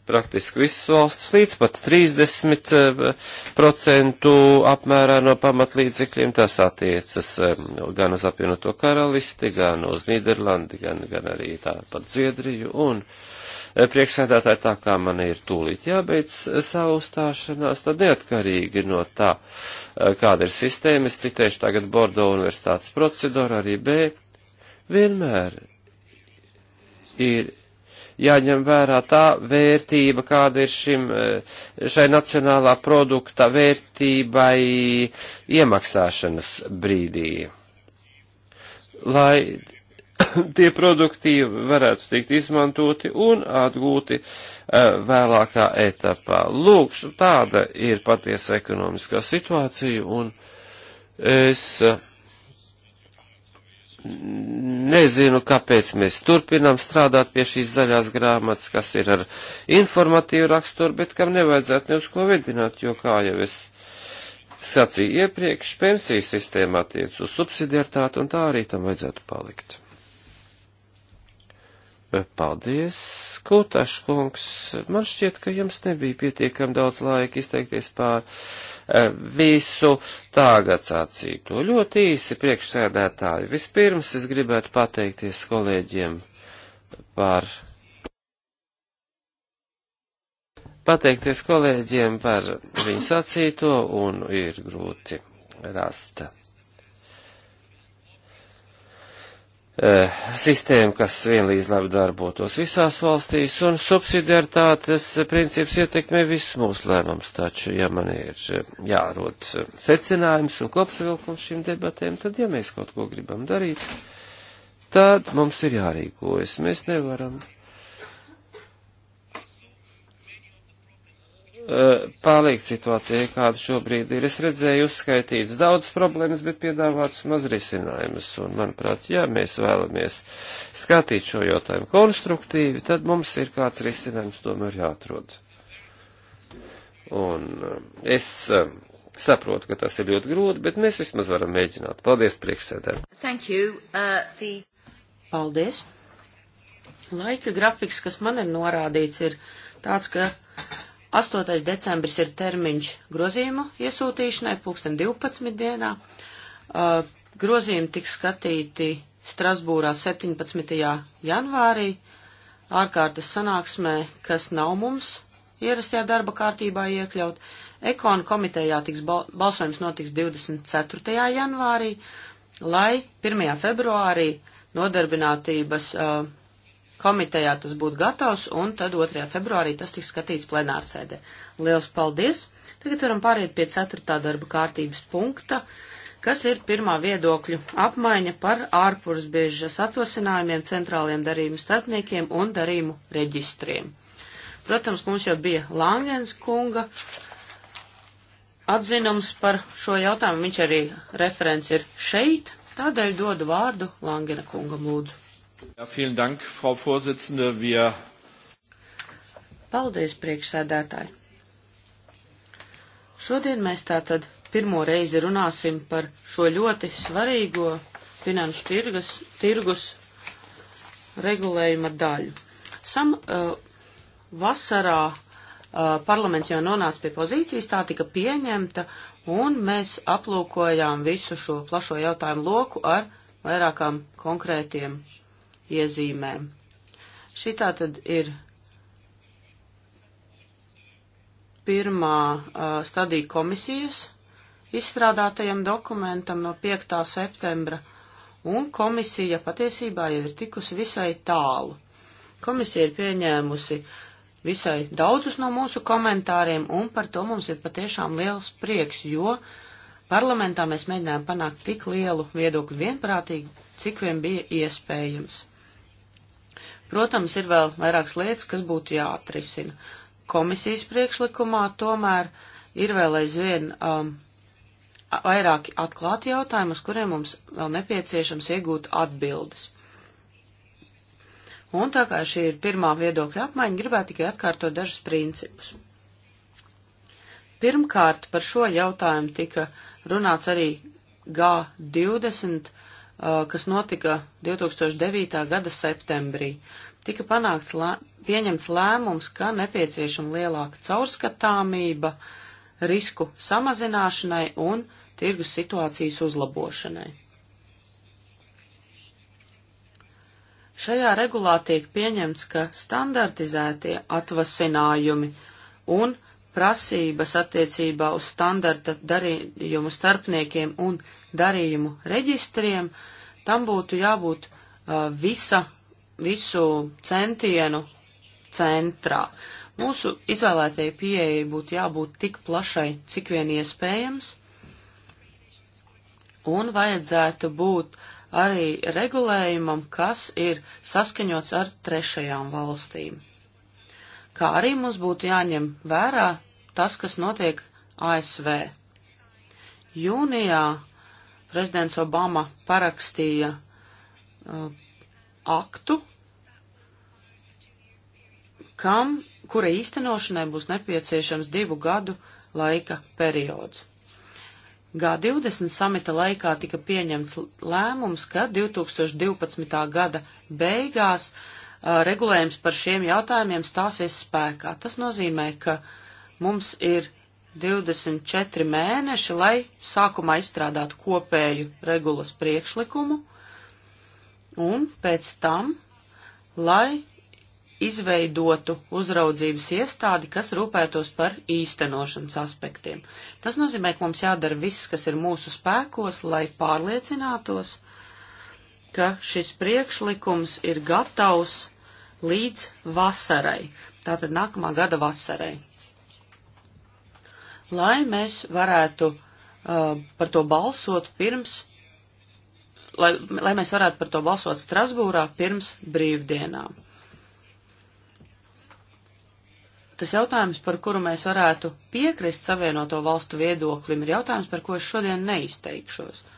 praktiski visas valsts līdz pat 30% eh, apmērā no pamatlīdzekļiem. Tas attiecas eh, gan uz apvienoto karalisti, gan uz Nīderlandi, gan, gan arī tāpat Zviedriju. Un, uh, Eh, priekšsēdētāji, tā kā man ir tūlīt jābeidz eh, savu stāšanās, tad neatkarīgi no tā, eh, kāda ir sistēma, es citēšu tagad Bordo universitātes procedūru, arī B, vienmēr ir jāņem vērā tā vērtība, kāda ir šim, šai nacionālā produkta vērtībai iemaksāšanas brīdī. Lai [laughs] tie produktīvi varētu tikt izmantoti un atgūti eh, vēlākā etapā. Lūk, tāda ir patiesa ekonomiskā situācija, un es eh, nezinu, kāpēc mēs turpinām strādāt pie šīs zaļās grāmatas, kas ir ar informatīvu raksturu, bet kam nevajadzētu ne uz ko vedināt, jo kā jau es sacīju iepriekš, pensiju sistēma attiec uz subsidiartātu, un tā arī tam vajadzētu palikt. Paldies, Kūtaškungs. Man šķiet, ka jums nebija pietiekam daudz laika izteikties pār e, visu tagad sacīto. Ļoti īsi priekšsēdētāji. Vispirms es gribētu pateikties kolēģiem par. Pateikties kolēģiem par viņu sacīto un ir grūti rasta Eh, sistēma, kas vienlīdz labi darbotos visās valstīs, un subsidiaritātes princips ietekmē visus mūsu lēmumus. Taču, ja man ir eh, jārod eh, secinājums un kopsavilkums šīm debatēm, tad, ja mēs kaut ko gribam darīt, tad mums ir jārīkojas. Mēs nevaram palikt situācijai, kāda šobrīd ir. Es redzēju uzskaitīts daudz problēmas, bet piedāvāts maz risinājumus. Un, manuprāt, ja mēs vēlamies skatīt šo jautājumu konstruktīvi, tad mums ir kāds risinājums tomēr jāatrod. Un um, es um, saprotu, ka tas ir ļoti grūti, bet mēs vismaz varam mēģināt. Paldies priekšsēdēm. Uh, the... Paldies. Laika grafiks, kas man ir norādīts, ir tāds, ka 8. decembris ir termiņš grozījumu iesūtīšanai, pulksten 12 dienā. Uh, grozījumi tiks skatīti Strasbūrā 17. janvārī ārkārtas sanāksmē, kas nav mums ierastajā darba kārtībā iekļaut. Ekonu komitejā tiks bal balsojums notiks 24. janvārī, lai 1. februārī nodarbinātības uh, komitejā tas būtu gatavs, un tad 2. februārī tas tiks skatīts plenārsēdē. Liels paldies! Tagad varam pāriet pie 4. darba kārtības punkta, kas ir pirmā viedokļu apmaiņa par ārpusbiežas atvasinājumiem, centrāliem darījumu starpniekiem un darījumu reģistriem. Protams, mums jau bija Langens kunga atzinums par šo jautājumu, viņš arī referents ir šeit, tādēļ dodu vārdu Langena kungam lūdzu. Ja, vielen Dank, Frau Vorsitzende. Wir... Paldies, priekšsēdētāji. Šodien mēs tātad pirmo reizi runāsim par šo ļoti svarīgo finanšu tirgus, tirgus regulējuma daļu. Sam, uh, vasarā uh, parlaments jau nonāca pie pozīcijas, tā tika pieņemta, un mēs aplūkojām visu šo plašo jautājumu loku ar vairākām konkrētiem iezīmēm. Šitā tad ir pirmā uh, stadija komisijas izstrādātajam dokumentam no 5. septembra, un komisija patiesībā jau ir tikusi visai tālu. Komisija ir pieņēmusi visai daudzus no mūsu komentāriem, un par to mums ir patiešām liels prieks, jo parlamentā mēs mēģinājām panākt tik lielu viedokļu vienprātīgi, cik vien bija iespējams. Protams, ir vēl vairākas lietas, kas būtu jāatrisina. Komisijas priekšlikumā tomēr ir vēl aizvien um, vairāki atklāti jautājumi, uz kuriem mums vēl nepieciešams iegūt atbildes. Un tā kā šī ir pirmā viedokļa apmaiņa, gribētu tikai atkārtot dažus principus. Pirmkārt, par šo jautājumu tika runāts arī G20 Uh, kas notika 2009. gada septembrī. Tika panākts lē, pieņemts lēmums, ka nepieciešama lielāka caurskatāmība risku samazināšanai un tirgus situācijas uzlabošanai. Šajā regulā tiek pieņemts, ka standartizētie atvasinājumi un prasības attiecībā uz standarta darījumu starpniekiem un darījumu reģistriem, tam būtu jābūt uh, visa, visu centienu centrā. Mūsu izvēlētajai pieejai būtu jābūt tik plašai, cik vien iespējams, un vajadzētu būt arī regulējumam, kas ir saskaņots ar trešajām valstīm. Kā arī mums būtu jāņem vērā tas, kas notiek ASV. Jūnijā prezidents Obama parakstīja uh, aktu, kam, kura īstenošanai būs nepieciešams divu gadu laika periods. G20 samita laikā tika pieņemts lēmums, ka 2012. gada beigās uh, regulējums par šiem jautājumiem stāsies spēkā. Tas nozīmē, ka mums ir 24 mēneši, lai sākumā izstrādātu kopēju regulas priekšlikumu un pēc tam, lai izveidotu uzraudzības iestādi, kas rūpētos par īstenošanas aspektiem. Tas nozīmē, ka mums jādara viss, kas ir mūsu spēkos, lai pārliecinātos, ka šis priekšlikums ir gatavs līdz vasarai, tātad nākamā gada vasarai lai mēs varētu uh, par to balsot pirms, lai, lai mēs varētu par to balsot Strasbūrā pirms brīvdienām. Tas jautājums, par kuru mēs varētu piekrist savienoto valstu viedoklim, ir jautājums, par ko es šodien neizteikšos.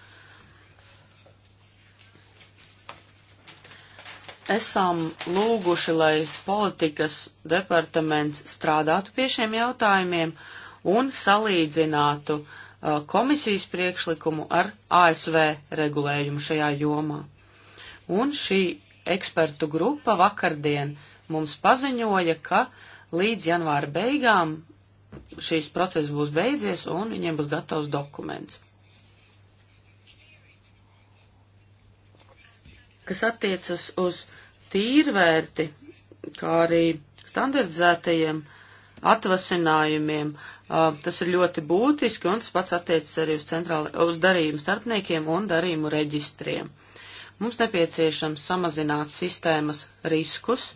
esam lūguši, lai politikas departaments strādātu pie šiem jautājumiem, un salīdzinātu uh, komisijas priekšlikumu ar ASV regulējumu šajā jomā. Un šī ekspertu grupa vakardien mums paziņoja, ka līdz janvāra beigām šīs process būs beidzies un viņiem būs gatavs dokuments. Kas attiecas uz tīrvērti, kā arī standardizētajiem uh, atvasinājumiem. Uh, tas ir ļoti būtiski, un tas pats attiecas arī uz, centrāli, uz darījumu starpniekiem un darījumu reģistriem. Mums nepieciešams samazināt sistēmas riskus.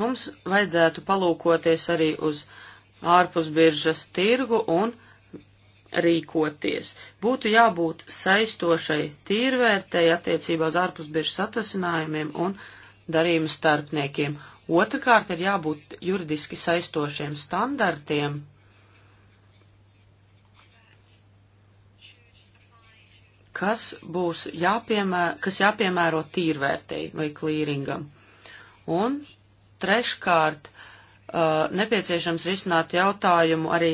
Mums vajadzētu palūkoties arī uz ārpusbiržas tirgu un rīkoties. Būtu jābūt saistošai tīrvērtēji attiecībā uz ārpusbiržas atvasinājumiem un darījumu starpniekiem. Otrakārt ir jābūt juridiski saistošiem standartiem, kas būs jāpiemēro, kas jāpiemēro tīrvērtēji vai klīringam. Un treškārt uh, nepieciešams risināt jautājumu arī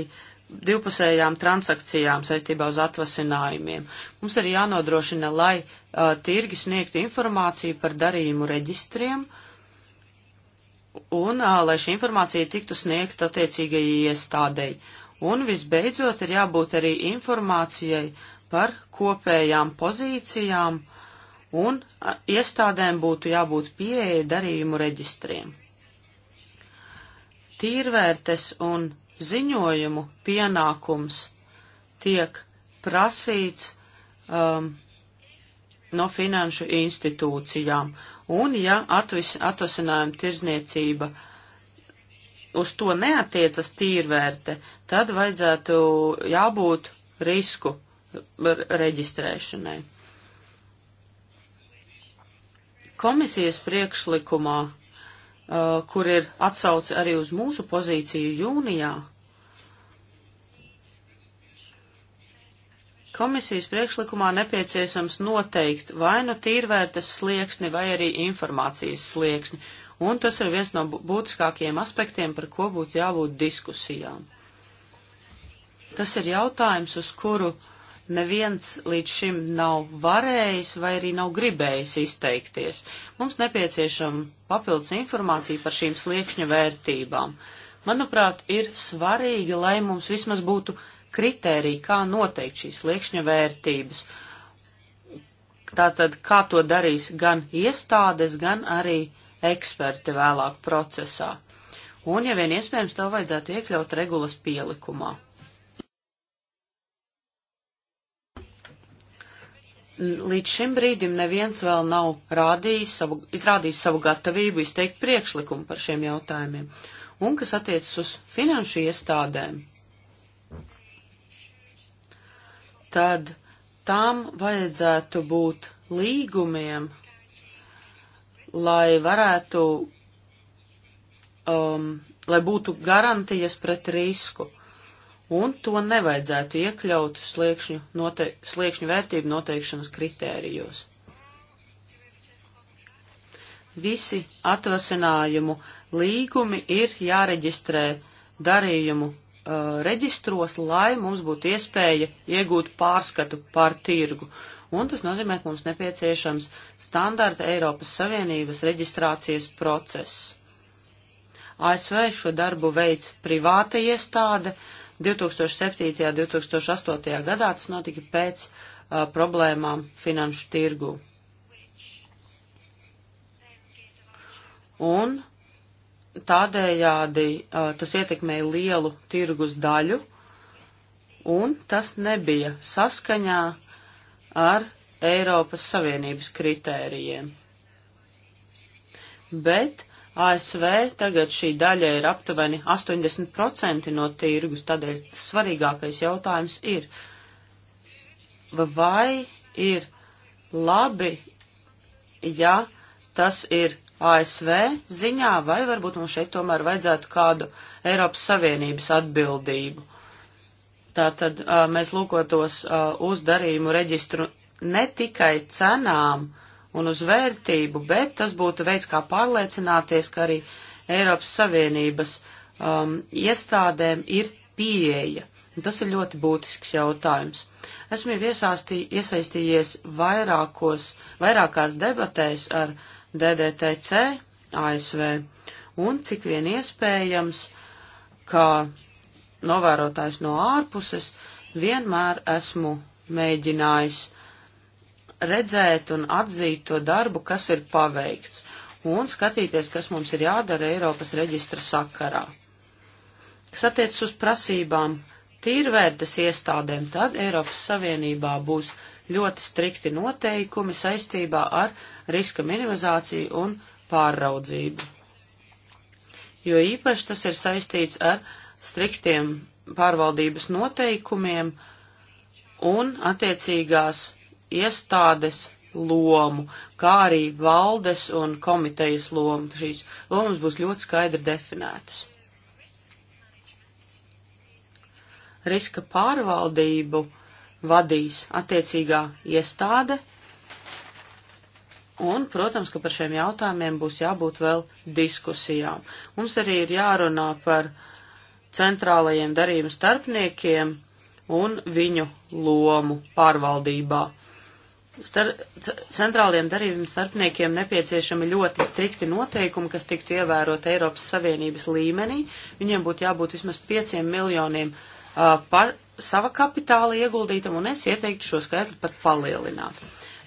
divpusējām transakcijām saistībā uz atvasinājumiem. Mums arī jānodrošina, lai uh, tirgi sniegtu informāciju par darījumu reģistriem, uh, un uh, lai šī informācija tiktu sniegta attiecīgajai iestādēji. Un visbeidzot ir jābūt arī informācijai par kopējām pozīcijām un uh, iestādēm būtu jābūt pieeja darījumu reģistriem. Tīrvērtes un ziņojumu pienākums tiek prasīts um, no finanšu institūcijām. Un, ja atvis, atvasinājuma tirzniecība uz to neatiecas tīrvērte, tad vajadzētu jābūt risku reģistrēšanai. Komisijas priekšlikumā, uh, kur ir atsauce arī uz mūsu pozīciju jūnijā, Komisijas priekšlikumā nepieciešams noteikt vai nu tīrvērtas slieksni, vai arī informācijas slieksni, un tas ir viens no būtiskākajiem aspektiem, par ko būtu jābūt diskusijām. Tas ir jautājums, uz kuru neviens līdz šim nav varējis vai arī nav gribējis izteikties. Mums nepieciešama papildus informācija par šīm sliekšņa vērtībām. Manuprāt, ir svarīgi, lai mums vismaz būtu kritēriji, kā noteikt šīs liekšņa vērtības. Tātad, kā to darīs gan iestādes, gan arī eksperti vēlāk procesā. Un, ja vien iespējams, to vajadzētu iekļaut regulas pielikumā. Līdz šim brīdim neviens vēl nav rādījis savu, izrādījis savu gatavību izteikt priekšlikumu par šiem jautājumiem. Un kas attiecas uz finanšu iestādēm, tad tam vajadzētu būt līgumiem, lai varētu, um, lai būtu garantijas pret risku. Un to nevajadzētu iekļaut sliekšņu, note, sliekšņu vērtību noteikšanas kritērijos. Visi atvasinājumu līgumi ir jāreģistrē darījumu uh, reģistros, lai mums būtu iespēja iegūt pārskatu par tirgu. Un tas nozīmē, ka mums nepieciešams standarta Eiropas Savienības reģistrācijas process. ASV šo darbu veids privāta iestāde. 2007. un 2008. gadā tas notika pēc uh, problēmām finanšu tirgu. Un tādējādi uh, tas ietekmēja lielu tirgus daļu, un tas nebija saskaņā ar Eiropas Savienības kritērijiem. Bet ASV tagad šī daļa ir aptuveni 80% no tirgus, tādēļ svarīgākais jautājums ir, vai ir labi, ja tas ir ASV ziņā, vai varbūt mums šeit tomēr vajadzētu kādu Eiropas Savienības atbildību. Tātad uh, mēs lūkotos uh, uz darījumu reģistru ne tikai cenām un uz vērtību, bet tas būtu veids, kā pārliecināties, ka arī Eiropas Savienības um, iestādēm ir pieeja. Un tas ir ļoti būtisks jautājums. Esmu iesaistījies vairākos, vairākās debatēs ar uh, DDTC ASV un cik vien iespējams, kā novērotājs no ārpuses, vienmēr esmu mēģinājis redzēt un atzīt to darbu, kas ir paveikts, un skatīties, kas mums ir jādara Eiropas reģistra sakarā. Kas attiecas uz prasībām tīrvērtas iestādēm, tad Eiropas Savienībā būs ļoti strikti noteikumi saistībā ar riska minimizāciju un pārraudzību. Jo īpaši tas ir saistīts ar striktiem pārvaldības noteikumiem un attiecīgās iestādes lomu, kā arī valdes un komitejas lomu. Šīs lomas būs ļoti skaidri definētas. Riska pārvaldību vadīs attiecīgā iestāde. Un, protams, ka par šiem jautājumiem būs jābūt vēl diskusijām. Mums arī ir jārunā par centrālajiem darījumu starpniekiem un viņu lomu pārvaldībā. Star centrāliem darījumu starpniekiem nepieciešami ļoti strikti noteikumi, kas tiktu ievērot Eiropas Savienības līmenī. Viņiem būtu jābūt vismaz pieciem miljoniem uh, par sava kapitāla ieguldītam, un es ieteiktu šo skaitli pat palielināt.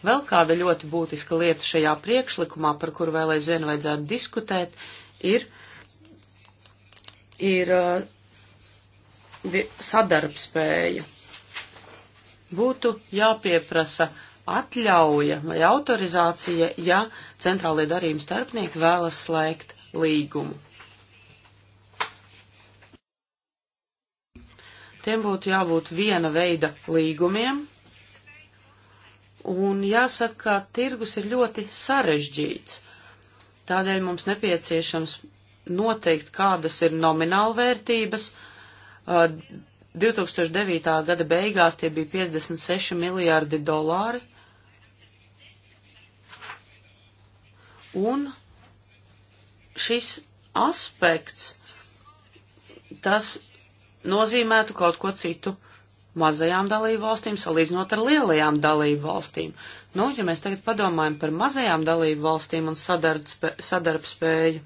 Vēl kāda ļoti būtiska lieta šajā priekšlikumā, par kuru vēl aizvien vajadzētu diskutēt, ir, ir uh, sadarbspēja. Būtu jāpieprasa atļauja vai autorizācija, ja centrālie darījuma starpnieki vēlas slēgt līgumu. Tiem būtu jābūt viena veida līgumiem. Un jāsaka, ka tirgus ir ļoti sarežģīts. Tādēļ mums nepieciešams noteikt, kādas ir nomināla vērtības. 2009. gada beigās tie bija 56 miljārdi dolāri. Un šis aspekts, tas nozīmētu kaut ko citu mazajām dalību valstīm salīdzinot ar lielajām dalību valstīm. Nu, ja mēs tagad padomājam par mazajām dalību valstīm un sadarbspē, sadarbspēju,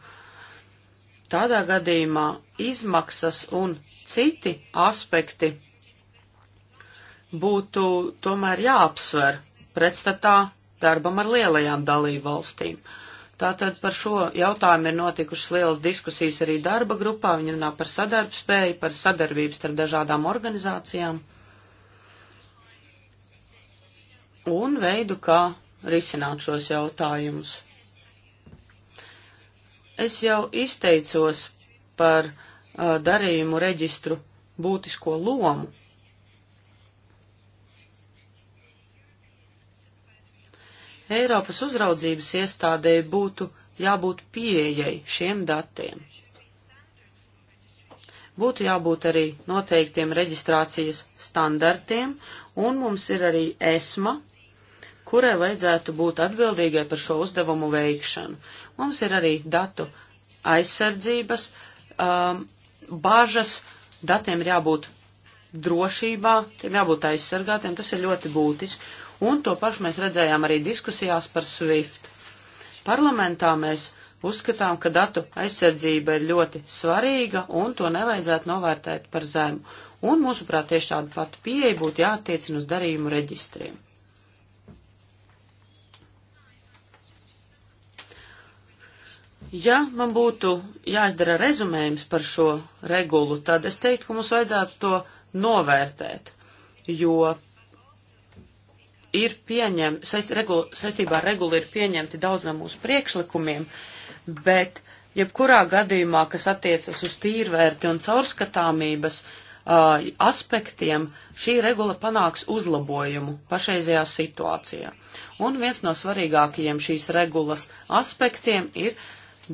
tādā gadījumā izmaksas un citi aspekti būtu tomēr jāapsver pretstatā darbam ar lielajām dalību valstīm. Uh, Tātad par šo jautājumu ir notikušas lielas diskusijas arī darba grupā. Viņi runā par sadarbspēju, par sadarbību starp dažādām organizācijām un veidu, kā risināt šos jautājumus. Es jau izteicos par uh, darījumu reģistru būtisko lomu Eiropas uzraudzības iestādēji būtu jābūt pieejai šiem datiem. Būtu jābūt arī noteiktiem reģistrācijas standartiem, un mums ir arī ESMA, kurai vajadzētu būt atbildīgai par šo uzdevumu veikšanu. Mums ir arī datu aizsardzības, um, bāžas, datiem ir jābūt drošībā, tiem jābūt aizsargātiem, tas ir ļoti būtiski un to pašu mēs redzējām arī diskusijās par SWIFT. Parlamentā mēs uzskatām, ka datu aizsardzība ir ļoti svarīga un to nevajadzētu novērtēt par zemu. Un, mūsuprāt, tieši tāda pati pieeja būtu jāattiecina uz darījumu reģistriem. Ja man būtu jāizdara rezumējums par šo regulu, tad es teiktu, ka mums vajadzētu to novērtēt, jo ir pieņemti, saist, regul, saistībā ar regulu ir pieņemti daudz no mūsu priekšlikumiem, bet jebkurā gadījumā, kas attiecas uz tīrvērti un caurskatāmības uh, aspektiem, šī regula panāks uzlabojumu pašreizajā situācijā. Un viens no svarīgākajiem šīs regulas aspektiem ir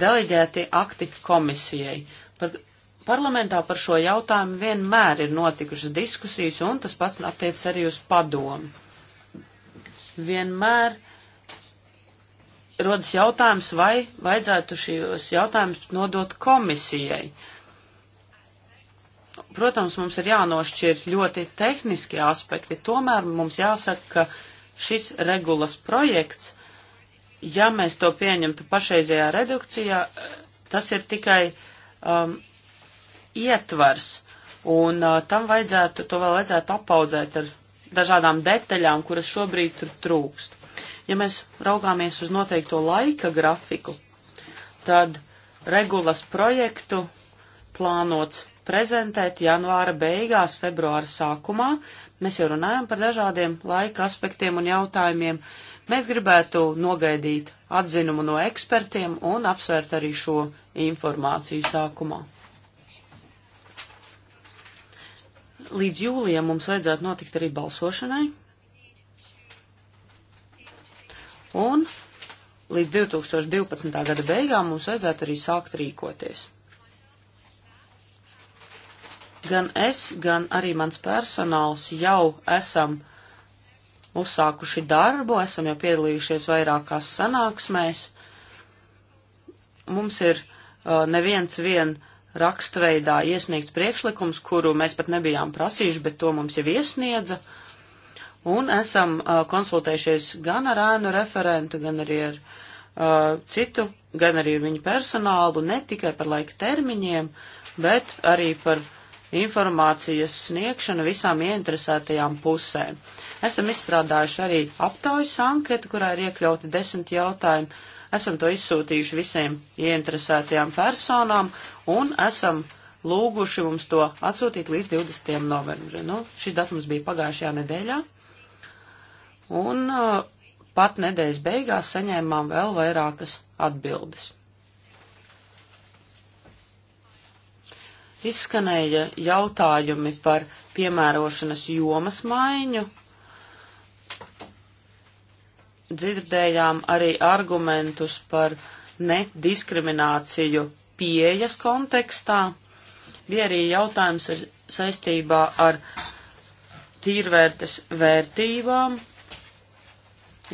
deleģēti akti komisijai. Par, parlamentā par šo jautājumu vienmēr ir notikušas diskusijas, un tas pats attiec arī uz padomu vienmēr rodas jautājums, vai vajadzētu šīs jautājumus nodot komisijai. Protams, mums ir jānošķir ļoti tehniski aspekti, tomēr mums jāsaka, ka šis regulas projekts, ja mēs to pieņemtu pašreizējā redukcijā, tas ir tikai um, ietvars, un uh, tam vajadzētu, to vēl vajadzētu apaudzēt ar dažādām detaļām, kuras šobrīd tur trūkst. Ja mēs raugāmies uz noteikto laika grafiku, tad regulas projektu plānots prezentēt janvāra beigās, februāra sākumā. Mēs jau runājam par dažādiem laika aspektiem un jautājumiem. Mēs gribētu nogaidīt atzinumu no ekspertiem un apsvērt arī šo informāciju sākumā. līdz jūlijam mums vajadzētu notikt arī balsošanai. Un līdz 2012. gada beigām mums vajadzētu arī sākt rīkoties. Gan es, gan arī mans personāls jau esam uzsākuši darbu, esam jau piedalījušies vairākās sanāksmēs. Mums ir uh, neviens vien uh, rakstveidā iesniegts priekšlikums, kuru mēs pat nebijām prasījuši, bet to mums jau iesniedza. Un esam uh, konsultējušies gan ar ēnu referentu, gan arī ar uh, citu, gan arī ar viņu personālu, ne tikai par laika termiņiem, bet arī par informācijas sniegšanu visām ieinteresētajām pusēm. Esam izstrādājuši arī aptaujas anketu, kurā ir iekļauti desmit jautājumi, Esam to izsūtījuši visiem ieinteresētajām personām un esam lūguši mums to atsūtīt līdz 20. novembrim. Nu, šis datums bija pagājušajā nedēļā. Un uh, pat nedēļas beigās saņēmām vēl vairākas atbildes. Izskanēja jautājumi par piemērošanas jomas maiņu dzirdējām arī argumentus par nediskrimināciju pieejas kontekstā. Bija arī jautājums ar, saistībā ar tīrvērtes vērtībām.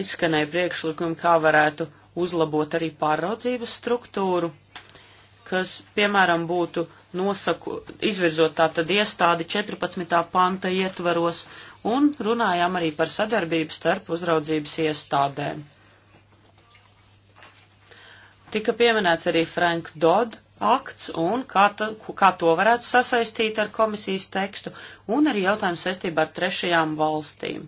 Izskanēja priekšlikumi, kā varētu uzlabot arī pārraudzības struktūru kas, piemēram, būtu nosaku, izvirzot tātad iestādi 14. panta ietvaros, un runājām arī par sadarbību starp uzraudzības iestādēm. Tika pieminēts arī Frank Dodd akts un kā, ta, kā to varētu sasaistīt ar komisijas tekstu, un arī jautājums saistībā ar trešajām valstīm.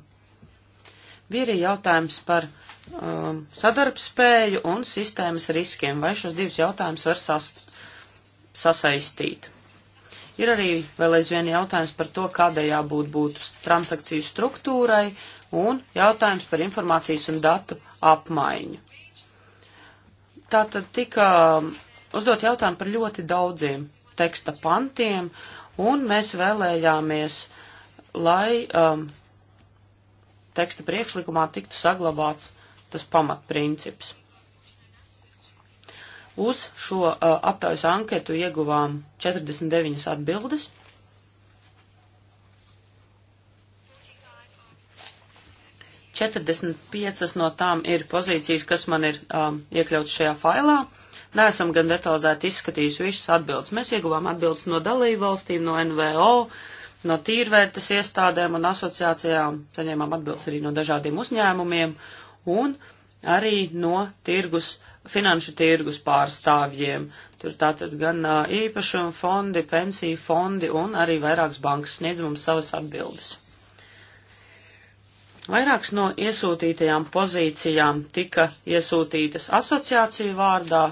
Bija arī jautājums par um, sadarbspēju un sistēmas riskiem, vai šos divus jautājumus var sas, sasaistīt. Ir arī vēl aizvien jautājums par to, kādai jābūt būtu transakciju struktūrai un jautājums par informācijas un datu apmaiņu. Tātad tika uzdot jautājumu par ļoti daudziem teksta pantiem, un mēs vēlējāmies, lai um, teksta priekšlikumā tiktu saglabāts tas pamatprincips. Uz šo uh, aptaujas anketu ieguvām 49 atbildes. Četrdesmit piecas no tām ir pozīcijas, kas man ir um, iekļauts šajā failā. Nesam gan detalizēti izskatījuši visas atbildes. Mēs ieguvām atbildes no dalību valstīm, no NVO, no tīrvērtas iestādēm un asociācijām, saņēmām atbildes arī no dažādiem uzņēmumiem un arī no tirgus uh, finanšu tirgus pārstāvjiem. Tur tātad gan īpašuma fondi, pensiju fondi un arī vairākas bankas sniedz mums savas atbildes. Vairākas no iesūtītajām pozīcijām tika iesūtītas asociāciju vārdā,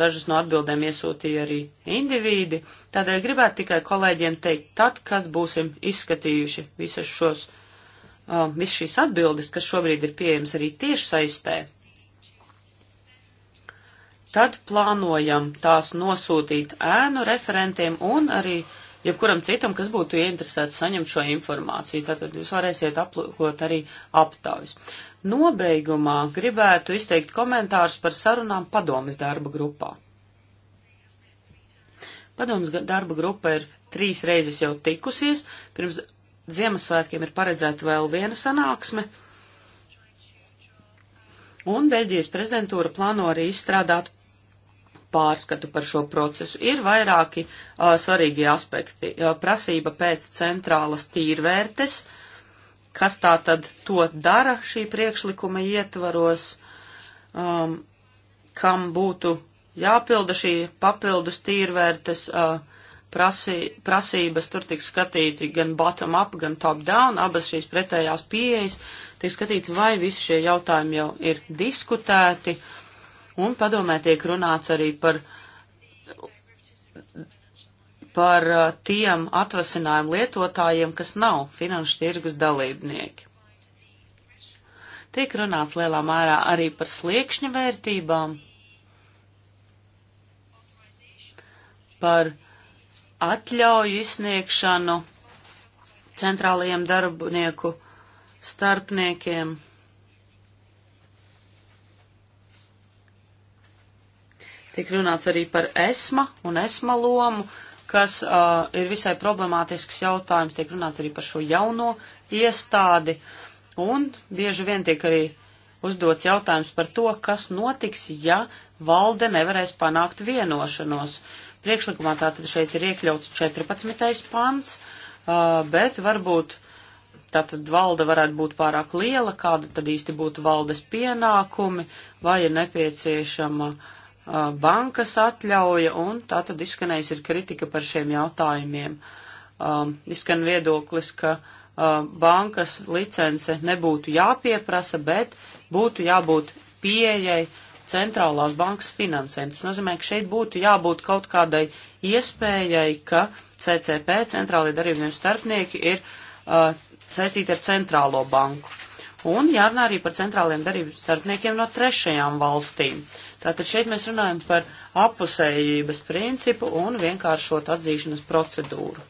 dažas no atbildēm iesūtīja arī indivīdi, tādēļ gribētu tikai kolēģiem teikt, tad, kad būsim izskatījuši visas šos, um, visas šīs atbildes, kas šobrīd ir pieejamas arī tieši saistē, tad plānojam tās nosūtīt ēnu referentiem un arī jebkuram citam, kas būtu ieinteresēts saņemt šo informāciju. Tātad jūs varēsiet aplūkot arī aptaujas. Nobeigumā gribētu izteikt komentārus par sarunām padomas darba grupā. Padomas darba grupa ir trīs reizes jau tikusies, pirms Ziemassvētkiem ir paredzēta vēl viena sanāksme, un Beļģijas prezidentūra plāno arī izstrādāt pārskatu par šo procesu. Ir vairāki uh, svarīgi aspekti. Uh, prasība pēc centrālas tīrvērtes, kas tā tad to dara šī priekšlikuma ietvaros, um, kam būtu jāpilda šī papildus tīrvērtes uh, prasī, prasības, tur tiks skatīti gan bottom-up, gan top-down, abas šīs pretējās pieejas, tiks skatīts, vai visi šie jautājumi jau ir diskutēti. Uh, Un padomē tiek runāts arī par, par uh, tiem atvasinājumu lietotājiem, kas nav finanšu tirgus dalībnieki. Tiek runāts lielā mērā arī par sliekšņa vērtībām, par atļauju izsniegšanu centrālajiem darbinieku starpniekiem Tik runāts arī par esma un esma lomu, kas uh, ir visai problemātisks jautājums. Tiek runāts arī par šo jauno iestādi. Un bieži vien tiek arī uzdots jautājums par to, kas notiks, ja valde nevarēs panākt vienošanos. Priekšlikumā tātad šeit ir iekļauts 14. pants, uh, bet varbūt tātad valde varētu būt pārāk liela, kāda tad īsti būtu valdes pienākumi, vai ir nepieciešama uh, bankas atļauja, un tā tad izskanējis ir kritika par šiem jautājumiem. Um, izskan viedoklis, ka uh, bankas licence nebūtu jāpieprasa, bet būtu jābūt pieejai centrālās bankas finansēm. Tas nozīmē, ka šeit būtu jābūt kaut kādai iespējai, ka CCP, centrālie darījumiem starpnieki, ir uh, saistīti ar centrālo banku. Un jārunā arī par centrāliem darījumu starpniekiem no trešajām valstīm. Uh, Tātad šeit mēs runājam par apusējības principu un vienkāršot atzīšanas procedūru.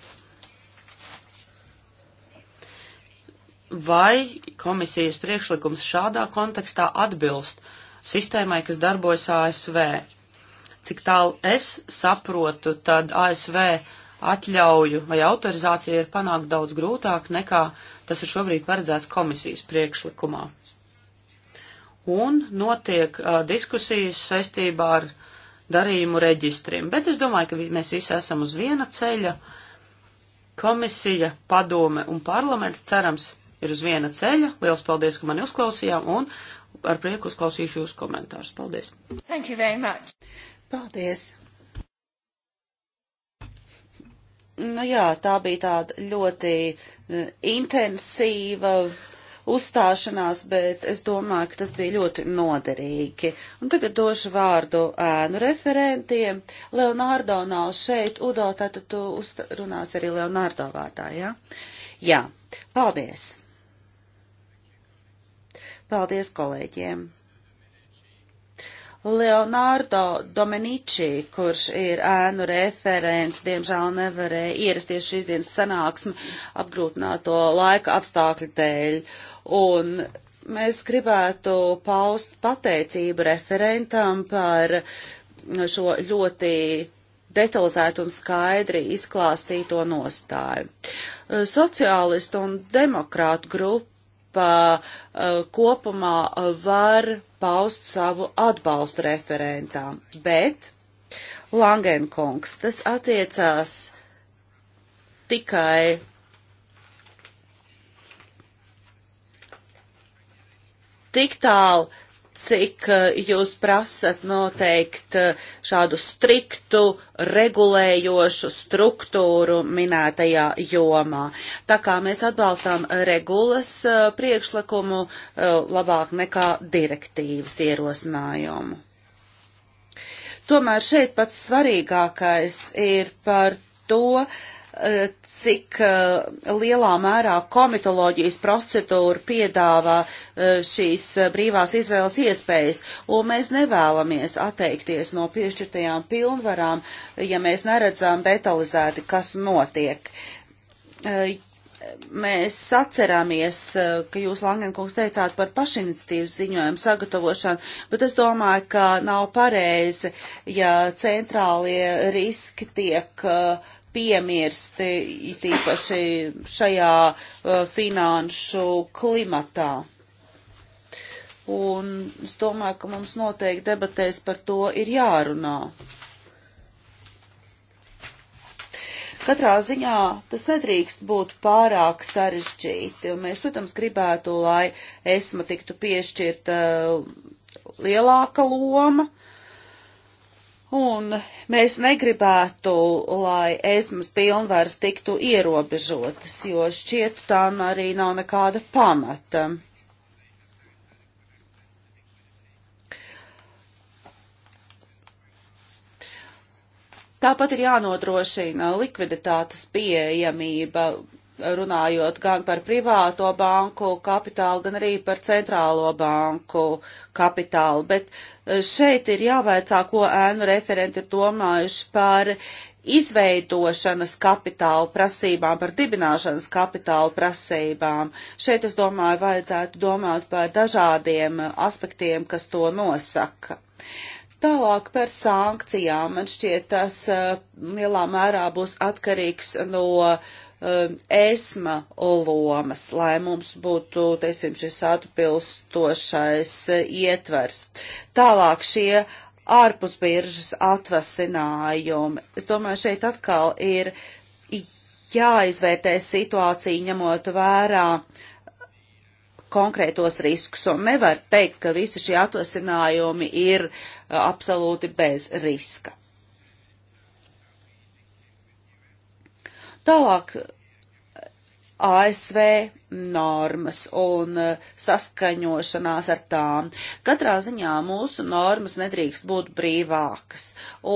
Vai komisijas priekšlikums šādā kontekstā atbilst sistēmai, kas darbojas ASV? Cik tālu es saprotu, tad ASV atļauju vai autorizāciju ir panākt daudz grūtāk nekā tas ir šobrīd paredzēts komisijas priekšlikumā un notiek uh, diskusijas saistībā ar darījumu reģistriem. Bet es domāju, ka vi mēs visi esam uz viena ceļa. Komisija, padome un parlaments cerams ir uz viena ceļa. Liels paldies, ka mani uzklausījām un ar prieku uzklausīšu jūsu komentārus. Paldies! Thank you very much! Paldies! Nu jā, tā bija tāda ļoti uh, intensīva uzstāšanās, bet es domāju, ka tas bija ļoti noderīgi. Un tagad došu vārdu ēnu referentiem. Leonārdo nav šeit. Udo, tātad tu runās arī Leonārdo vārdā, jā? Jā. Paldies! Paldies kolēģiem! Leonardo Domenici, kurš ir ēnu referents, diemžēl nevarēja ierasties šīs dienas sanāksmi apgrūtināto laika apstākļu dēļ. Uh, Un mēs gribētu paust pateicību referentam par šo ļoti detalizētu un skaidri izklāstīto nostāju. Sociālistu un demokrātu grupa e, kopumā var paust savu atbalstu referentām, bet Langenkongs tas attiecās tikai tik tālu, cik eh, jūs prasat noteikt eh, šādu striktu regulējošu struktūru minētajā jomā. Tā kā mēs atbalstām eh, regulas priekšlikumu labāk nekā direktīvas ierosinājumu. Tomēr šeit pats svarīgākais ir par to, uh, cik eh, lielā mērā komitoloģijas procedūra piedāvā eh, šīs eh, brīvās izvēles iespējas, un mēs nevēlamies atteikties no piešķirtajām pilnvarām, ja mēs neredzam detalizēti, kas notiek. Mēs atceramies, ka jūs, Langenkungs, teicāt par pašiniciatīvas ziņojumu sagatavošanu, bet es domāju, ka nav pareizi, ja centrālie riski tiek uh, piemirsti, tīpaši šajā uh, finanšu klimatā. Un es domāju, ka mums noteikti debatēs par to ir jārunā. Katrā ziņā tas nedrīkst būt pārāk sarežģīti. Mēs, protams, gribētu, lai esma tiktu piešķirta uh, lielāka loma, uh, Un mēs negribētu, lai esmas pilnvaras tiktu ierobežotas, jo šķiet tam arī nav nekāda pamata. Tāpat ir jānodrošina likviditātes pieejamība runājot gan par privāto banku kapitālu, gan arī par centrālo banku kapitālu. Bet e, šeit ir jāvaicā, ko ēnu referenti ir domājuši par izveidošanas kapitāla prasībām, par dibināšanas kapitāla prasībām. Šeit, es domāju, vajadzētu domāt par dažādiem aspektiem, kas to nosaka. Tālāk par sankcijām. Man šķiet, tas e, lielā mērā būs atkarīgs no uh, um, esma lomas, lai mums būtu, teiksim, šis atbilstošais uh, ietvers. Tālāk šie ārpusbiržas atvasinājumi. Es domāju, šeit atkal ir jāizvērtē situācija, ņemot vērā konkrētos riskus, un nevar teikt, ka visi šie atvasinājumi ir uh, absolūti bez riska. Tālāk ASV normas un eh, saskaņošanās ar tām. Katrā ziņā mūsu normas nedrīkst būt brīvākas,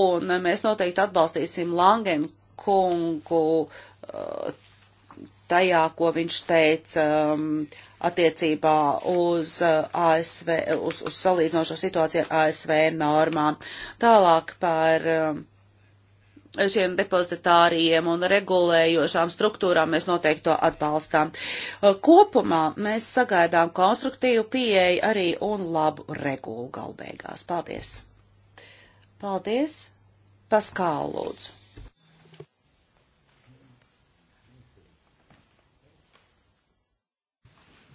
un eh, mēs noteikti atbalstīsim Langen kungu eh, tajā, ko viņš teica mm, attiecībā uz ASV, uz, uz salīdzinošo situāciju ar ASV normām. Tālāk par um, šiem depozitāriem un regulējošām struktūrām mēs noteikti to atbalstām. Kopumā mēs sagaidām konstruktīvu pieeju arī un labu regulu galbeigās. Paldies! Paldies! Paskāl lūdzu!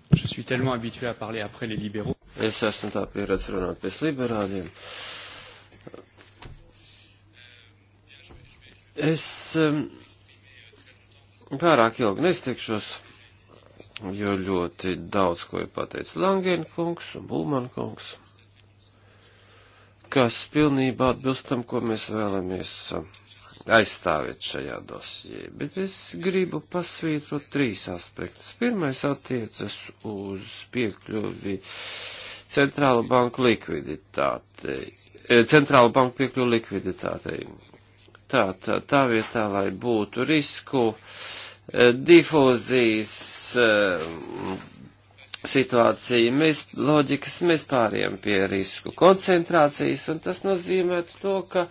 Es esmu tā pieredzējis runāt pēc liberāļiem. Es pārāk ilgi nestikšos, jo ļoti daudz ko ir pateicis Langēna kungs un Bulman kungs, kas pilnībā atbilst tam, ko mēs vēlamies aizstāvēt šajā dosijā. Bet es gribu pasvītrot trīs aspektus. Pirmais attiecas uz piekļuvi centrāla banka likviditātei. Centrāla banka piekļuvi likviditātei Tā, tā, tā vietā, lai būtu risku e, difūzijas e, situācija, mēs loģikas, mēs pāriem pie risku koncentrācijas, un tas nozīmē to, ka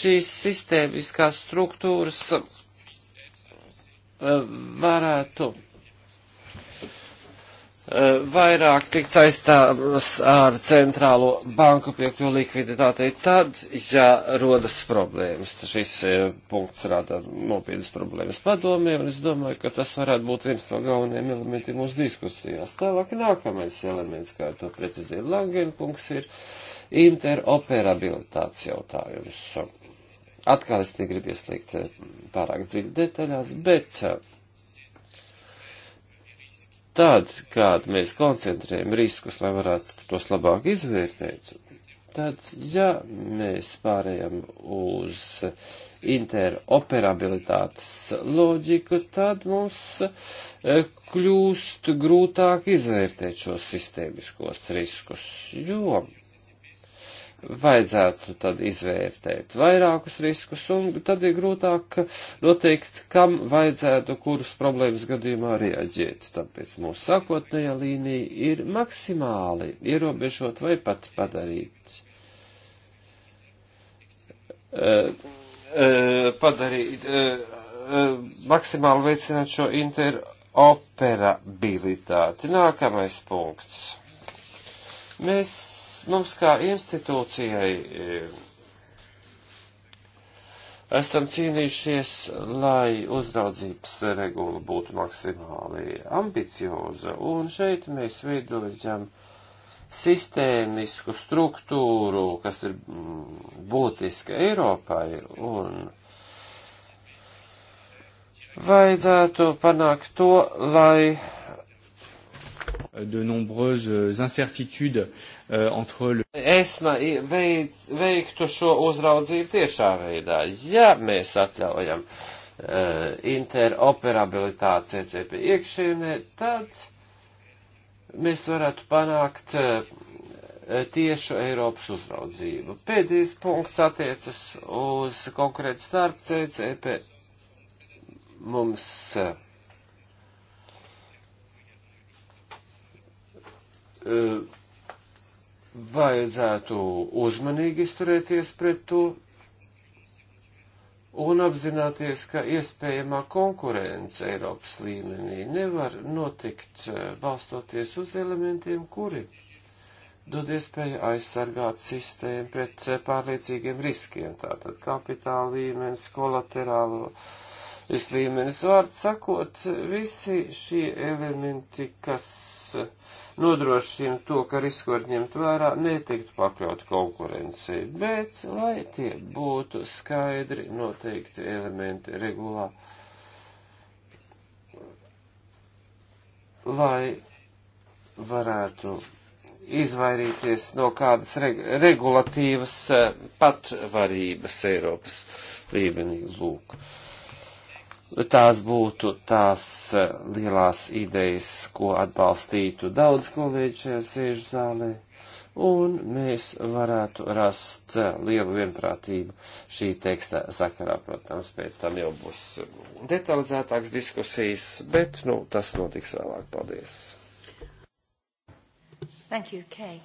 šīs sistēmiskās struktūras e, varētu Eh, vairāk tikt saistāmas ar centrālo banku piekļuvu likviditātei tad, ja rodas problēmas. Šis eh, punkts rada nopietnas problēmas padomē, un es domāju, ka tas varētu būt viens no galvenajiem elementiem mūsu diskusijās. Tālāk nākamais elements, kā to precizē Langenkungs, ir interoperabilitātes jautājums. Atkal es negribu ieslīgt eh, pārāk dziļi detaļās, bet Tad, kad mēs koncentrējam riskus, lai varētu tos labāk izvērtēt, tad, ja mēs pārējām uz interoperabilitātes loģiku, tad mums e, kļūst grūtāk izvērtēt šos sistēmiskos riskus, jo vajadzētu tad izvērtēt vairākus riskus, un tad ir grūtāk noteikt, kam vajadzētu kurus problēmas gadījumā reaģēt. Tāpēc mūsu sākotnējā līnija ir maksimāli ierobežot vai pat padarīt. Uh, uh, padarīt, uh, maksimāli veicināt šo interoperabilitāti. Nākamais punkts. Mēs mums kā institūcijai eh, esam cīnījušies, lai uzraudzības regula būtu maksimāli ambicioza, un šeit mēs veidojam sistēmisku struktūru, kas ir mm, būtiska Eiropai, un vajadzētu panākt to, lai de nombreuses euh, incertitudes euh, entre le... ESMA veic, veiktu šo uzraudzību tiešā veidā. Ja mēs atļaujam uh, interoperabilitāti CCP iekšienē, tad mēs varētu panākt uh, tiešu Eiropas uzraudzību. Pēdējais punkts attiecas uz konkrētu starp CCP. Mums uh, Eh, vajadzētu uzmanīgi izturēties pret to un apzināties, ka iespējamā konkurence Eiropas līmenī nevar notikt eh, balstoties uz elementiem, kuri dod iespēju aizsargāt sistēmu pret eh, pārliecīgiem riskiem, tātad kapitāla līmenis, kolaterālo līmenis, vārds sakot, visi šie elementi, kas nodrošina to, ka riskot ņemt vērā, netiktu pakļaut konkurencei, bet lai tie būtu skaidri noteikti elementi regulā, lai varētu izvairīties no kādas reg regulatīvas eh, patvarības Eiropas līmenī lūk. Uh, tās būtu tās eh, lielās idejas, ko atbalstītu daudz kolēģi šajā sēžu zālē, un mēs varētu rast eh, lielu vienprātību šī teksta sakarā, protams, pēc tam jau būs detalizētāks diskusijas, bet, nu, tas notiks vēlāk. Paldies! Thank you, Kay.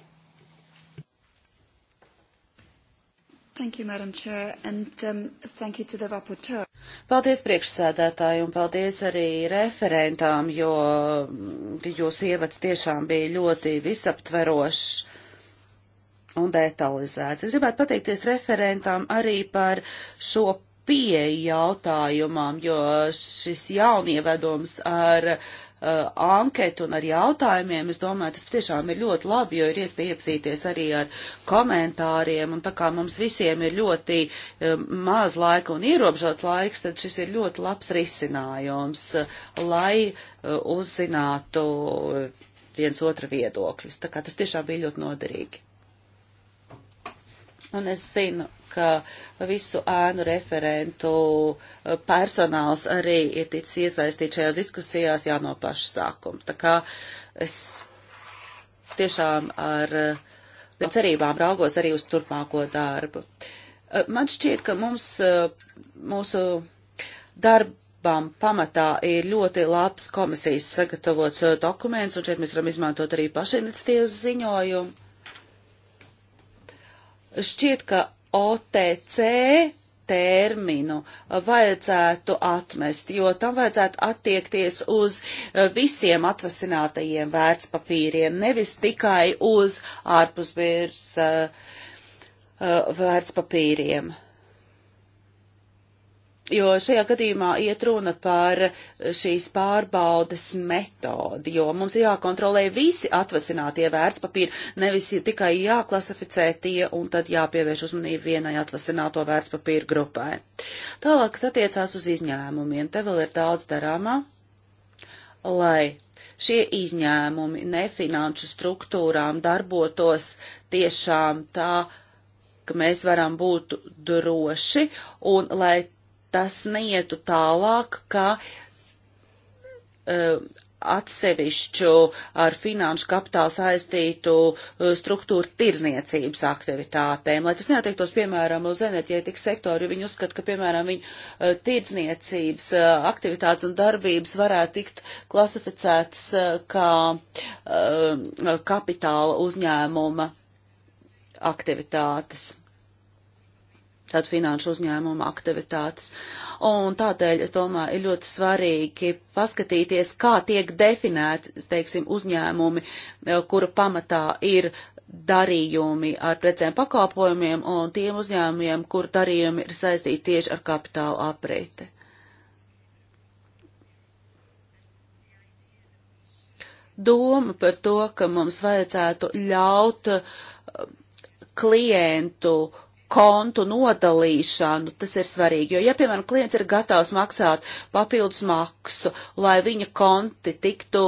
Thank you, Madam Chair, and um, thank you to the rapporteur. Paldies priekšsēdētāji un paldies arī referentām, jo jūsu ievads tiešām bija ļoti visaptverošs un detalizēts. Es gribētu pateikties referentām arī par šo pieeja jautājumam, jo šis jaunievedums ar uh, Uh, anketu un ar jautājumiem. Es domāju, tas tiešām ir ļoti labi, jo ir iespēja iepazīties arī ar komentāriem. Un tā kā mums visiem ir ļoti uh, maz laika un ierobežots laiks, tad šis ir ļoti labs risinājums, uh, lai uzzinātu viens otra viedokļus. Tā kā tas tiešām bija ļoti noderīgi. Un es zinu, ka visu ēnu referentu eh, personāls arī ir ticis iesaistīt šajās diskusijās jau no paša sākuma. Tā kā es tiešām ar eh, cerībām raugos arī uz turpmāko darbu. Eh, man šķiet, ka mums, mūsu darba darbām pamatā ir ļoti labs komisijas sagatavots dokuments, un šeit mēs varam izmantot arī pašiniciatīvas ziņojumu. Šķiet, ka OTC terminu vajadzētu atmest, jo tam vajadzētu attiekties uz visiem atvasinātajiem vērtspapīriem, nevis tikai uz ārpusbirs eh, eh, vērtspapīriem jo šajā gadījumā iet runa par šīs pārbaudas metodi, jo mums ir jākontrolē visi atvasinātie vērtspapīri, nevis tikai jāklasificē tie un tad jāpievērš uzmanību vienai atvasināto vērtspapīru grupai. Tālāk, kas attiecās uz izņēmumiem, te vēl ir daudz darāmā, lai šie izņēmumi nefinanšu struktūrām darbotos tiešām tā, ka mēs varam būt droši un lai tas neietu tālāk, ka uh, atsevišķu ar finanšu kapitālu saistītu eh, struktūru tirzniecības aktivitātēm, lai tas neatiektos, piemēram, uz enerģētikas sektoru, jo viņi uzskata, ka, piemēram, viņu eh, tirzniecības aktivitātes un darbības varētu tikt klasificētas kā kapitāla uzņēmuma aktivitātes tātad finanšu uzņēmumu aktivitātes. Un tādēļ, es domāju, ir ļoti svarīgi paskatīties, kā tiek definēti, teiksim, uzņēmumi, eh, kura pamatā ir darījumi ar precēm pakalpojumiem un tiem uzņēmumiem, kur darījumi ir saistīti tieši ar kapitāla apreiti. doma par to, ka mums vajadzētu ļaut eh, klientu kontu nodalīšanu, tas ir svarīgi, jo, ja, piemēram, klients ir gatavs maksāt papildus maksu, lai viņa konti tiktu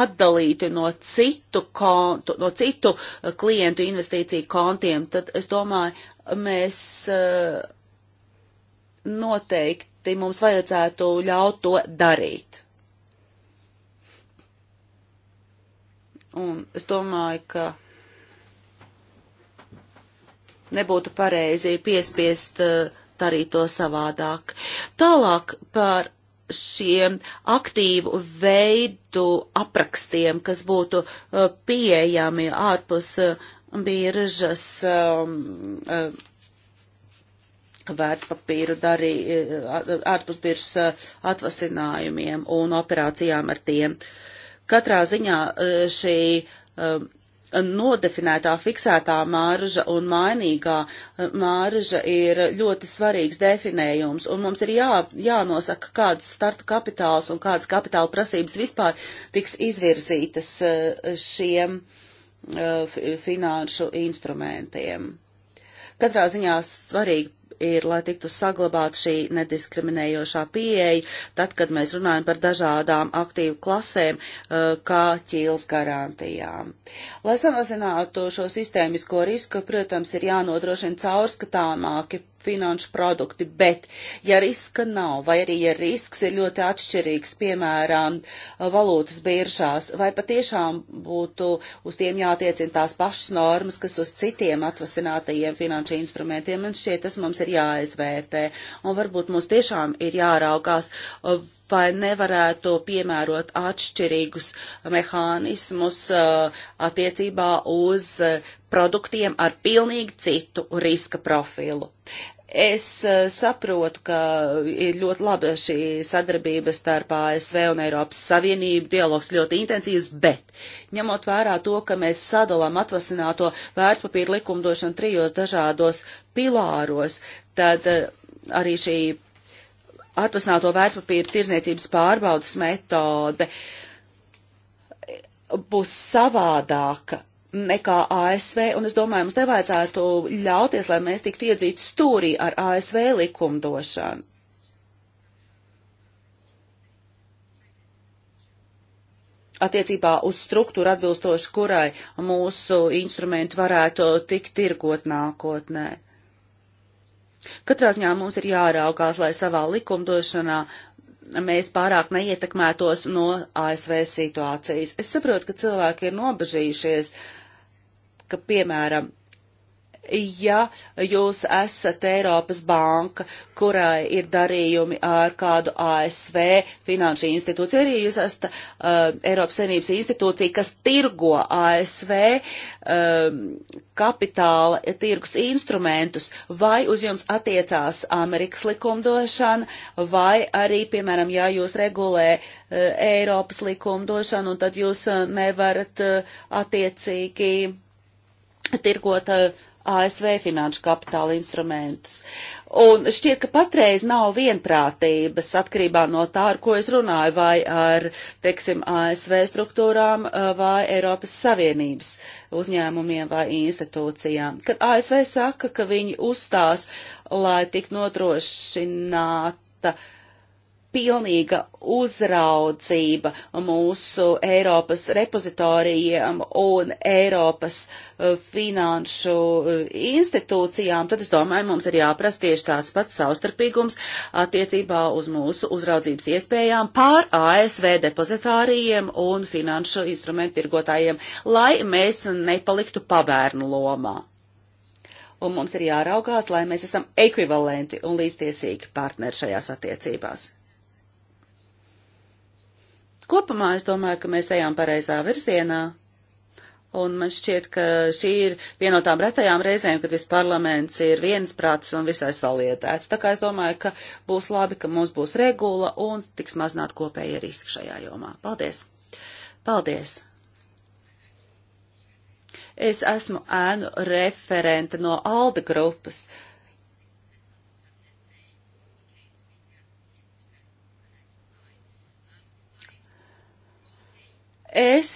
atdalīti no citu, kontu, no citu eh, klientu investīciju kontiem, tad es domāju, mēs eh, noteikti mums vajadzētu ļaut to darīt. Un es domāju, ka nebūtu pareizi piespiest eh, darīt to savādāk. Tālāk par šiem aktīvu veidu aprakstiem, kas būtu eh, pieejami ārpus eh, biržas um, vērtspapīru darī, ārpus biržas atvasinājumiem un operācijām ar tiem. Katrā ziņā šī nodefinētā fiksētā mārža un mainīgā eh, mārža ir ļoti svarīgs definējums, un mums ir jā, jānosaka, kāds startu kapitāls un kādas kapitāla prasības vispār tiks izvirzītas eh, šiem eh, finanšu instrumentiem. Katrā ziņā svarīgi ir, lai tiktu saglabāt šī nediskriminējošā pieeja, tad, kad mēs runājam par dažādām aktīvu klasēm, eh, kā ķīls garantijām. Lai samazinātu šo sistēmisko risku, protams, ir jānodrošina caurskatāmāki finanšu produkti, bet ja riska nav, vai arī ja risks ir ļoti atšķirīgs, piemēram, valūtas biržās, vai patiešām būtu uz tiem jātiecina tās pašas normas, kas uz citiem atvasinātajiem finanšu instrumentiem, man šķiet, tas mums ir jāizvērtē. Un varbūt mums tiešām ir jāraukās, vai nevarētu piemērot atšķirīgus mehānismus uh, attiecībā uz uh, produktiem ar pilnīgi citu riska profilu. Es uh, saprotu, ka ir ļoti laba šī sadarbība starp ASV un Eiropas Savienību, dialogs ļoti intensīvs, bet ņemot vērā to, ka mēs sadalām atvasināto vērtspapīru likumdošanu trijos dažādos pilāros, tad arī šī atvasināto vērtspapīru tirzniecības pārbaudas metode būs savādāka nekā ASV, un es domāju, mums nevajadzētu ļauties, lai mēs tiktu iedzīti stūrī ar ASV likumdošanu. Attiecībā uz struktūru atbilstoši, kurai mūsu instrumenti varētu tikt tirgot nākotnē. Katrā ziņā mums ir jāraugās, lai savā likumdošanā mēs pārāk neietekmētos no ASV situācijas. Es saprotu, ka cilvēki ir nobežījušies, ka, piemēram, ja jūs esat Eiropas banka, kurai ir darījumi ar kādu ASV finanšu institūciju, arī jūs esat uh, Eiropas Savienības institūcija, kas tirgo ASV um, kapitāla tirgus instrumentus, vai uz jums attiecās Amerikas likumdošana, vai arī, piemēram, ja jūs regulē uh, Eiropas likumdošanu, un tad jūs uh, nevarat uh, attiecīgi tirgot uh, ASV finanšu kapitāla instrumentus. Un šķiet, ka patreiz nav vienprātības atkarībā no tā, ar ko es runāju, vai ar, teiksim, ASV struktūrām vai Eiropas Savienības uzņēmumiem vai institūcijām. Kad ASV saka, ka viņi uzstās, lai tik nodrošināta pilnīga uzraudzība mūsu Eiropas repozitorijiem un Eiropas e, finanšu e, institūcijām, tad es domāju, mums ir jāprast tieši tāds pats savstarpīgums attiecībā uz mūsu uzraudzības iespējām pār ASV depozitārijiem un finanšu instrumentu tirgotājiem, lai mēs nepaliktu pabērnu lomā. Un mums ir jāraugās, lai mēs esam ekvivalenti un līdztiesīgi partneri šajās attiecībās. Kopumā es domāju, ka mēs ejam pareizā virzienā. Un man šķiet, ka šī ir viena no tām retajām reizēm, kad viss parlaments ir viensprāts un visai salietēts. Tā kā es domāju, ka būs labi, ka mums būs regula un tiks mazināt kopēja riska šajā jomā. Paldies! Paldies! Es esmu ēnu referente no Alde grupas. Uh, Es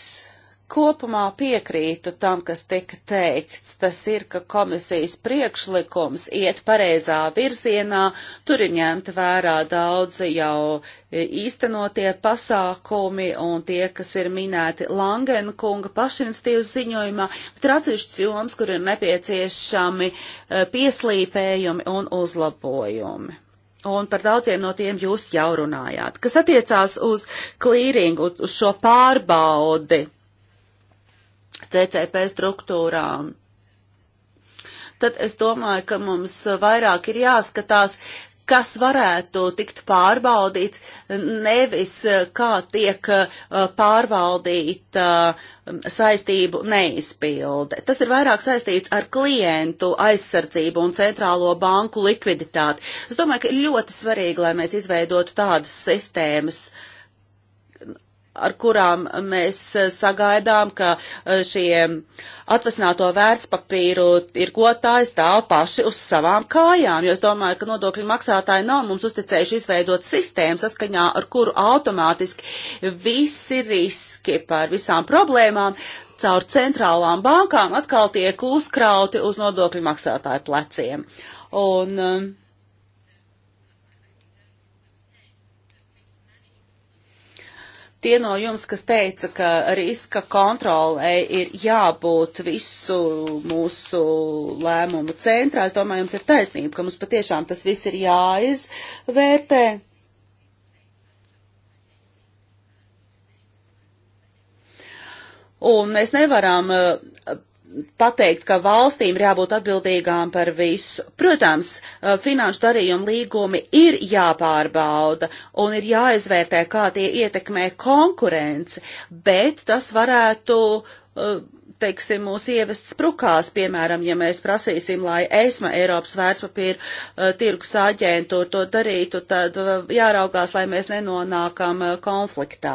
kopumā piekrītu tam, kas tika teikts. Tas ir, ka komisijas priekšlikums iet pareizā virzienā, tur ir ņemta vērā daudzi jau īstenotie pasākumi un tie, kas ir minēti Langena kunga pašinstīvas ziņojumā, bet ir atsevišķas joms, kur ir nepieciešami eh, pieslīpējumi un uzlabojumi un par daudziem no tiem jūs jau runājāt. Kas attiecās uz klīringu, uz šo pārbaudi CCP struktūrām, tad es domāju, ka mums vairāk ir jāskatās, kas varētu tikt pārbaudīts, nevis eh, kā tiek eh, pārvaldīta eh, saistību neizpilde. Tas ir vairāk saistīts ar klientu aizsardzību un centrālo banku likviditāti. Es domāju, ka ļoti svarīgi, lai mēs izveidotu tādas sistēmas, uh, ar kurām mēs eh, sagaidām, ka eh, šie atvasināto vērtspapīru tirgotāji stāv paši uz savām kājām, jo es domāju, ka nodokļu maksātāji nav mums uzticējuši izveidot sistēmu, saskaņā ar kuru automātiski visi riski par visām problēmām caur centrālām bankām atkal tiek uzkrauti uz nodokļu maksātāju pleciem. Un, um, tie no jums, kas teica, ka riska kontrolē ir jābūt visu mūsu lēmumu centrā, es domāju, jums ir taisnība, ka mums patiešām tas viss ir jāizvērtē. Un mēs nevaram pateikt, ka valstīm ir jābūt atbildīgām par visu. Protams, uh, finanšu darījumu līgumi ir jāpārbauda un ir jāizvērtē, kā tie ietekmē konkurenci, bet tas varētu uh, teiksim, mūs ievest sprukās, piemēram, ja mēs prasīsim, lai ESMA Eiropas vērtspapīra uh, tirgus aģentūra to darītu, tad uh, jāraugās, lai mēs nenonākam uh, konfliktā.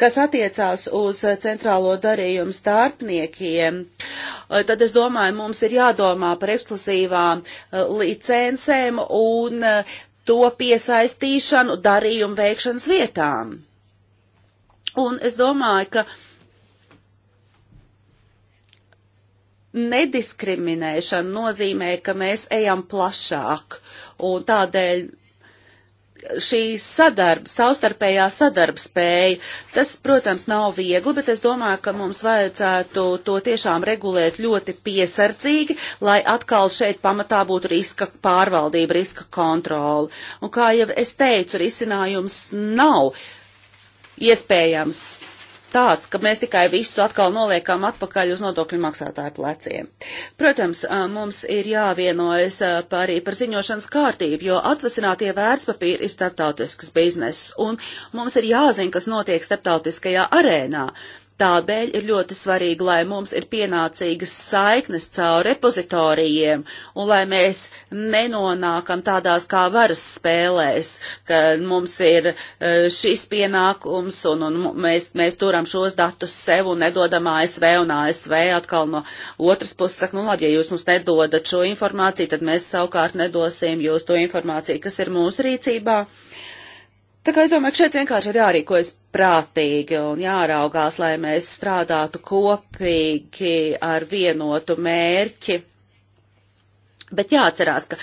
Kas attiecās uz uh, centrālo darījumu starpniekiem, uh, tad es domāju, mums ir jādomā par ekskluzīvām uh, licencēm un uh, to piesaistīšanu darījumu veikšanas vietām. Un es domāju, ka uh, nediskriminēšana nozīmē, ka mēs ejam plašāk, un tādēļ šī sadarba, savstarpējā sadarba spēja, tas, protams, nav viegli, bet es domāju, ka mums vajadzētu to tiešām regulēt ļoti piesardzīgi, lai atkal šeit pamatā būtu riska pārvaldība, riska kontrola. Un kā jau es teicu, risinājums nav iespējams tāds, ka mēs tikai visu atkal noliekam atpakaļ uz nodokļu maksātāju pleciem. Protams, mums ir jāvienojas par, par ziņošanas kārtību, jo atvasinātie vērtspapīri ir starptautisks bizness, un mums ir jāzina, kas notiek starptautiskajā arēnā. Tādēļ ir ļoti svarīgi, lai mums ir pienācīgas saiknes caur repozitorijiem un lai mēs nenonākam tādās kā varas spēlēs, ka mums ir e, šis pienākums un, un mēs, mēs turam šos datus sev un nedodam ASV un ASV atkal no otras puses saka, nu labi, ja jūs mums nedodat šo informāciju, tad mēs savukārt nedosim jūs to informāciju, kas ir mūsu rīcībā. Uh, Tā kā es domāju, ka šeit vienkārši ir jārīkojas prātīgi un jāraugās, lai mēs strādātu kopīgi ar vienotu mērķi. Bet jāatcerās, ka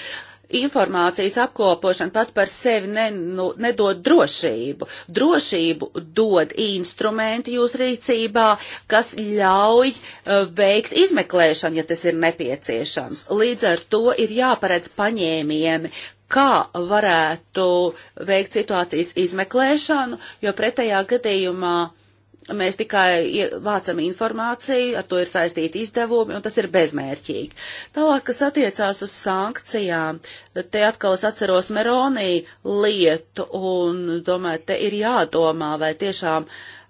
informācijas apkopošana pat par sevi ne, nu, nedod drošību. Drošību dod instrumenti jūs rīcībā, kas ļauj uh, veikt izmeklēšanu, ja tas ir nepieciešams. Līdz ar to ir jāparedz paņēmieni, kā varētu veikt situācijas izmeklēšanu, jo pretējā gadījumā mēs tikai vācam informāciju, ar to ir saistīti izdevumi, un tas ir bezmērķīgi. Tālāk, kas attiecās uz sankcijām, te atkal es atceros Meronī lietu, un domāju, te ir jādomā, vai tiešām uh,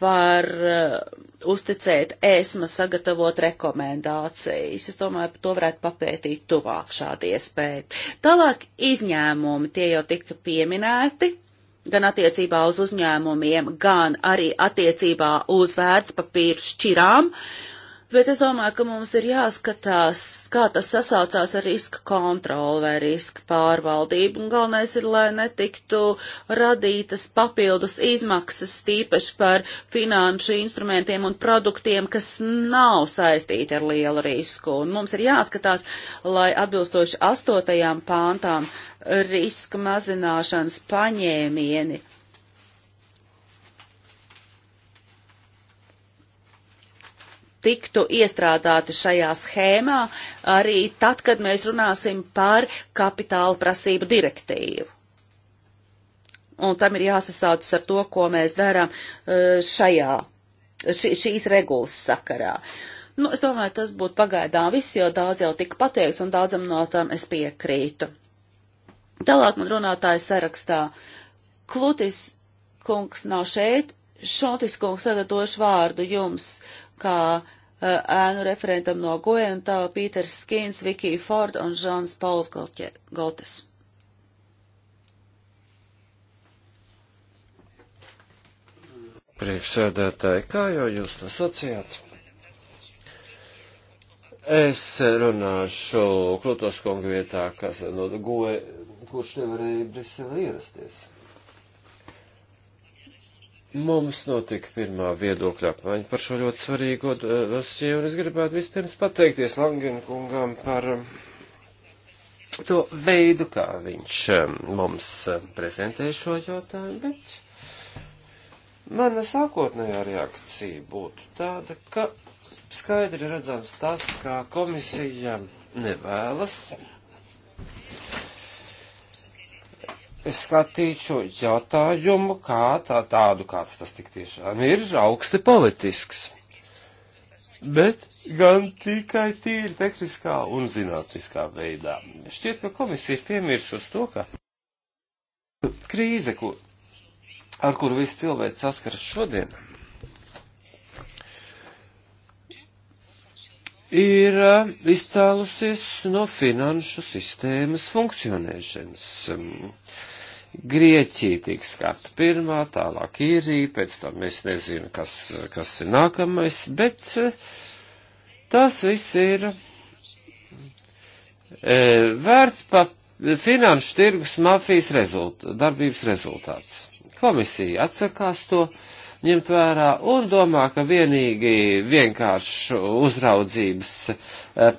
var eh, uzticēt ESMA sagatavot rekomendācijas. Es domāju, to varētu papētīt tuvāk šādi iespēja. Tālāk izņēmumi, tie jau tika pieminēti, gan attiecībā uz uzņēmumiem, gan arī attiecībā uz vērtspapīru šķirām. Uh, Bet es domāju, ka mums ir jāskatās, kā tas sasaucās ar riska kontroli vai riska pārvaldību, un galvenais ir, lai netiktu radītas papildus izmaksas tīpaši par finanšu instrumentiem un produktiem, kas nav saistīti ar lielu risku. Un mums ir jāskatās, lai atbilstoši astotajām pāntām riska mazināšanas paņēmieni tiktu iestrādāti šajā schēmā arī tad, kad mēs runāsim par kapitāla prasību direktīvu. Un tam ir jāsasaucas ar to, ko mēs darām eh, šajā, šīs regulas sakarā. Nu, es domāju, tas būtu pagaidām viss, jo daudz jau tika pateikts un daudzam no tām es piekrītu. Tālāk man runātāja sarakstā. Klutis kungs nav šeit, Šontis kungs, tagad došu vārdu jums, kā ēnu referentam no Goenta - Pīters Skins, Vikija Ford un Žons Pauls Goltes. Priekšsēdētāji, kā jau jūs to sacījāt? Es runāšu Krutos kungu vietā, kas no Goe, kurš nevarēja Briselē ierasties. Mums notika pirmā viedokļa apmaiņa par šo ļoti svarīgo eh, dosie, un es gribētu vispirms pateikties Langen kungam par um, to veidu, kā viņš um, mums um, prezentē šo jautājumu, bet mana sākotnējā reakcija būtu tāda, ka skaidri redzams tas, kā komisija nevēlas skatīt šo jautājumu kā tā, tādu, kāds tas tik tiešām ir, augsti politisks. Bet gan tikai tīri tehniskā un zinātniskā veidā. Šķiet, ka komisija ir piemirsus to, ka krīze, kur, ar kuru viss cilvēks saskaras šodien, ir eh, izcēlusies no finanšu sistēmas funkcionēšanas. Grieķija tiks skarta pirmā, tālāk īrija, pēc tam es nezinu, kas, kas ir nākamais, bet eh, tas viss ir e, vērts pa finanšu tirgus mafijas rezult, darbības rezultāts. Komisija atsakās to ņemt vērā un domā, ka vienīgi vienkārši uzraudzības eh,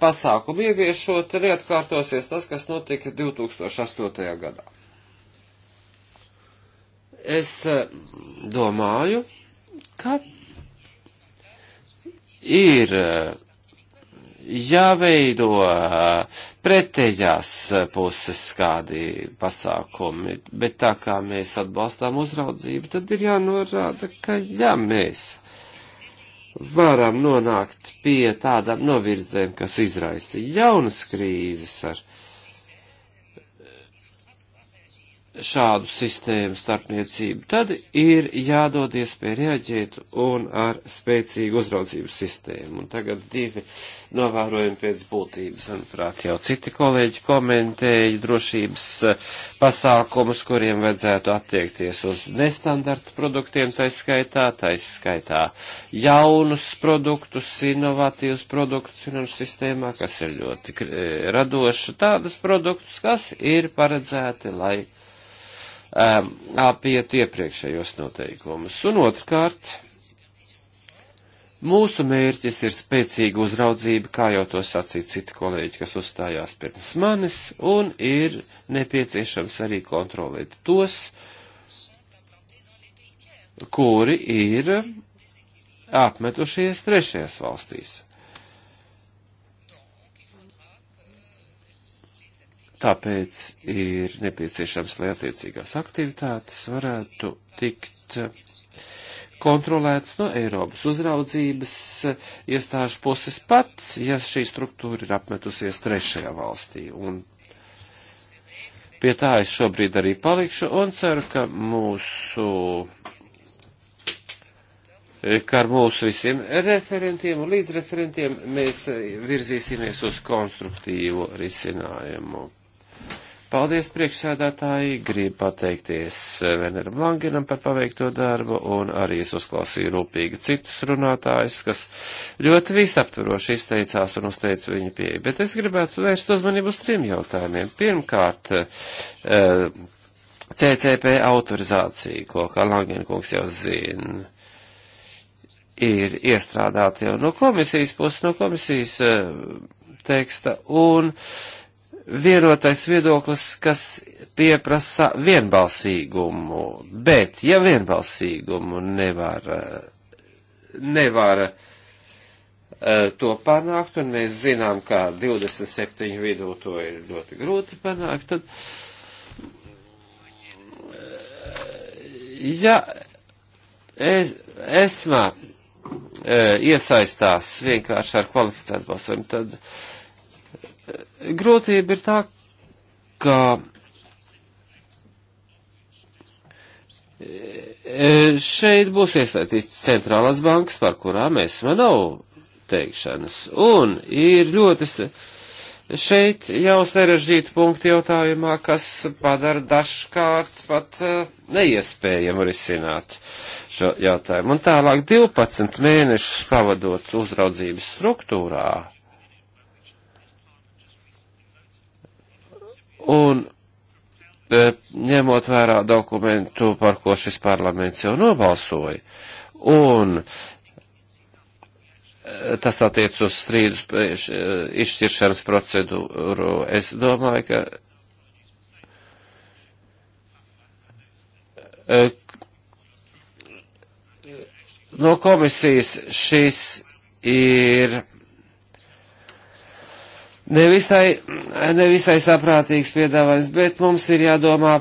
pasākumu ieviešot ir atkārtosies tas, kas notika 2008. gadā. Es eh, domāju, ka ir eh, jāveido eh, pretējās puses kādi pasākumi, bet tā kā mēs atbalstām uzraudzību, tad ir jānorāda, ka ja mēs varam nonākt pie tādām novirzēm, kas izraisa jaunas krīzes ar šādu sistēmu starpniecību, tad ir jādod iespēja reaģēt un ar spēcīgu uzraudzību sistēmu. Un tagad divi novērojumi pēc būtības, manuprāt, jau citi kolēģi komentēja drošības eh, pasākumus, kuriem vajadzētu attiekties uz nestandarta produktiem, tā skaitā, tā skaitā jaunus produktus, inovatīvus produktus finanšu sistēmā, kas ir ļoti eh, radoši, tādus produktus, kas ir paredzēti, lai um, apiet iepriekšējos noteikumus. Un otrkārt, mūsu mērķis ir spēcīga uzraudzība, kā jau to sacīja citi kolēģi, kas uzstājās pirms manis, un ir nepieciešams arī kontrolēt tos, kuri ir apmetušies trešajās valstīs. Tāpēc ir nepieciešams, lai attiecīgās aktivitātes varētu tikt kontrolēts no Eiropas uzraudzības iestāžu puses pats, ja šī struktūra ir apmetusies trešajā valstī. Un pie tā es šobrīd arī palikšu un ceru, ka mūsu ka ar mūsu visiem referentiem un līdzreferentiem mēs virzīsimies uz konstruktīvu risinājumu. Paldies priekšsēdētāji, gribu pateikties Veneram eh, Langinam par paveikto darbu, un arī es uzklausīju rūpīgi citus runātājus, kas ļoti visaptvaroši izteicās un uzteica viņu pieeju. Bet es gribētu vērst uzmanību uz trim jautājumiem. Pirmkārt, eh, CCP autorizācija, ko kā Langenkungs jau zina ir iestrādāti jau no komisijas puses, no komisijas eh, teksta, un vienotais viedoklis, kas pieprasa vienbalsīgumu, bet ja vienbalsīgumu nevar, nevar eh, to panākt, un mēs zinām, ka 27 vidū to ir ļoti grūti panākt, tad, eh, ja es, esmā eh, iesaistās vienkārši ar kvalificētu balsojumu, tad uh, Grotība ir tā, ka šeit būs iesaistīts centrālās bankas, par kurām mēs man nav teikšanas. Un ir ļoti šeit jau sarežģīti punkti jautājumā, kas padara dažkārt pat eh, neiespējamu risināt šo jautājumu. Un tālāk 12 mēnešus pavadot uzraudzības struktūrā Un e, ņemot vērā dokumentu, par ko šis parlaments jau nobalsoja, un e, tas attiec uz strīdus e, izšķiršanas procedūru, es domāju, ka no komisijas šis ir nevisai, nevisai saprātīgs piedāvājums, bet mums ir jādomā,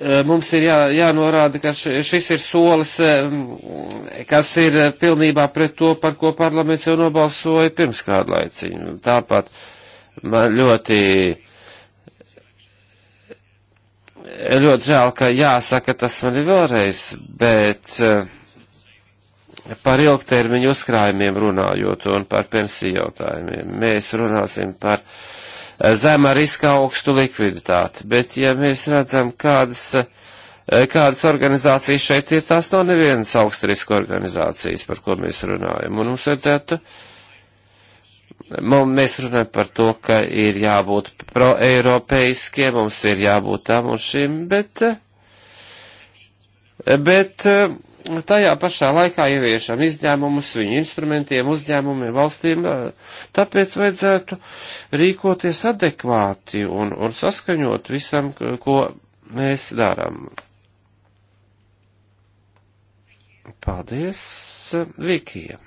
eh, mums ir jā, jānorāda, ka šis ir solis, eh, kas ir pilnībā pret to, par ko parlaments jau nobalsoja pirms kādu laiciņu. Tāpat man ļoti. Ļoti žēl, ka jāsaka tas man ir vēlreiz, bet uh, Par ilgtermiņu uzkrājumiem runājot un par pensiju jautājumiem, mēs runāsim par eh, zemā riska augstu likviditāti, bet ja mēs redzam, kādas, eh, kādas organizācijas šeit ir, tās nav nevienas augstu riska organizācijas, par ko mēs runājam, un mums vajadzētu mēs runājam par to, ka ir jābūt pro-eiropeiskiem, mums ir jābūt tam un šim, bet, eh, bet tajā pašā laikā ieviešam izņēmumus viņu instrumentiem, uzņēmumiem, valstīm, eh, tāpēc vajadzētu rīkoties adekvāti un, un saskaņot visam, ko mēs darām. Paldies, Vikija.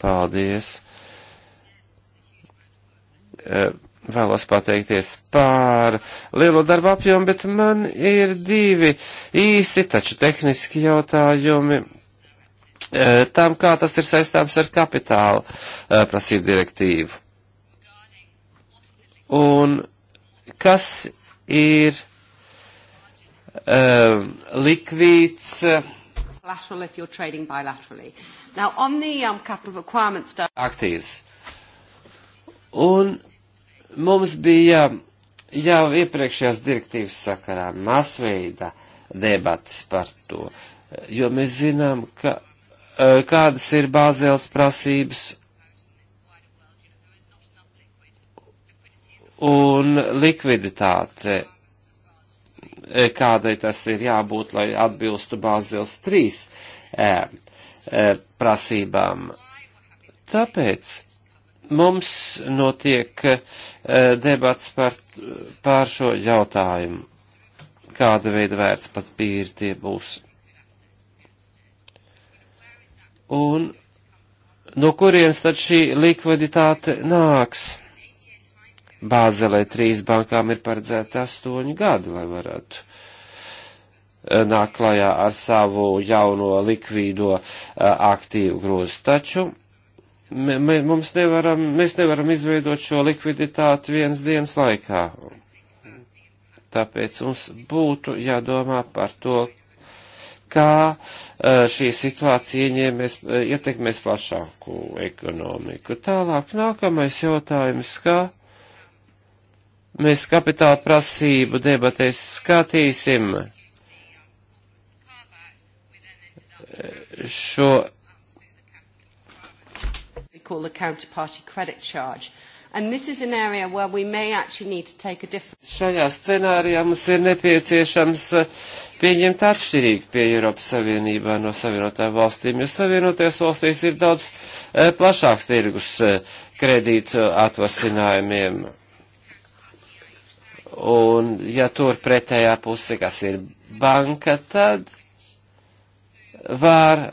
Paldies. Uh, vēlos pateikties par lielo darbu apjomu, bet man ir divi īsi, taču tehniski jautājumi. E, Tām, kā tas ir saistāms ar kapitāla e, prasību direktīvu. Un kas ir um, e, likvīds? Now, on the um, capital requirements. Aktīvs. Un Mums bija jau iepriekšējās direktīvas sakarā masveida debatas par to, jo mēs zinām, ka, e, kādas ir bāzēles prasības un likviditāte, e, kādai tas ir jābūt, lai atbilstu bāzēles 3 e, prasībām. Tāpēc mums notiek eh, debats par, par šo jautājumu. Kāda veida vērts pat pīri tie būs? Un no kurienes tad šī likviditāte nāks? Bāzelē trīs bankām ir paredzēta astoņu gadu, lai varētu eh, nāk klajā ar savu jauno likvīdo eh, aktīvu grozu. Taču Mums nevaram, mēs nevaram izveidot šo likviditāti vienas dienas laikā. Tāpēc mums būtu jādomā par to, kā e, šī situācija ieņēmēs, e, ietekmēs plašāku ekonomiku. Tālāk nākamais jautājums, kā mēs kapitāla prasību debatēs skatīsim šo call the counterparty credit charge. And this is an area where we may actually need to take a different... Šajā scenārijā mums ir nepieciešams eh, pieņemt atšķirīgi pie Eiropas Savienībā no Savienotām valstīm, jo Savienotajās valstīs ir daudz eh, plašāks tirgus eh, kredītu atvasinājumiem. Un ja tur pretējā puse, kas ir banka, tad var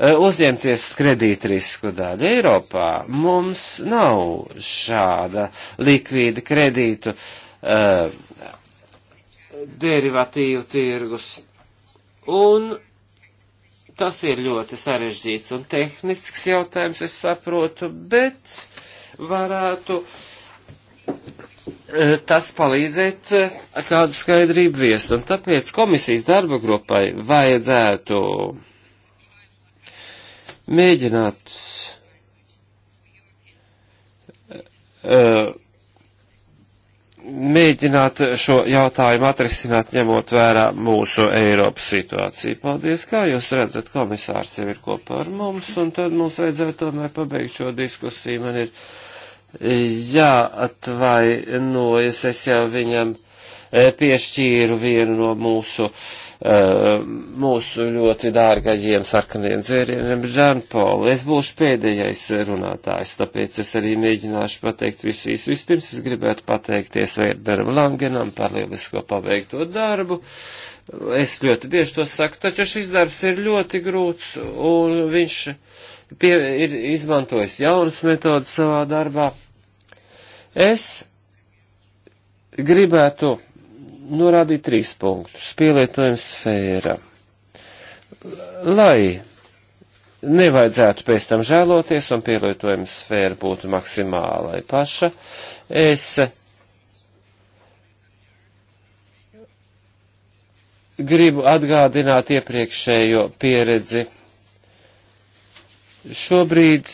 Eh, uzņemties kredītrisku daļu. Eiropā mums nav šāda likvīda kredītu uh, derivatīvu tirgus. Un tas ir ļoti sarežģīts un tehnisks jautājums, es saprotu, bet varētu eh, tas palīdzēt kādu skaidrību viest. Un tāpēc komisijas darba grupai vajadzētu mēģināt eh, mēģināt šo jautājumu atrisināt, ņemot vērā mūsu Eiropas situāciju. Paldies, kā jūs redzat, komisārs jau ir kopā ar mums, un tad mums vajadzētu tomēr pabeigt šo diskusiju. Man ir eh, jāatvainojas, es jau viņam Eh, piešķīru vienu no mūsu, eh, mūsu ļoti dārgaļiem sarkaniem dzērieniem, Žanpolu. Es būšu pēdējais runātājs, tāpēc es arī mēģināšu pateikt visu īsu. Vispirms es gribētu pateikties Vērderam Langenam par lielisko paveikto darbu. Es ļoti bieži to saku, taču šis darbs ir ļoti grūts, un viņš pie, ir izmantojis jaunas metodas savā darbā. Es gribētu norādīt trīs punktus. Pielietojuma sfēra. Lai nevajadzētu pēc tam žēloties un pielietojuma sfēra būtu maksimālai paša, es gribu atgādināt iepriekšējo pieredzi. Šobrīd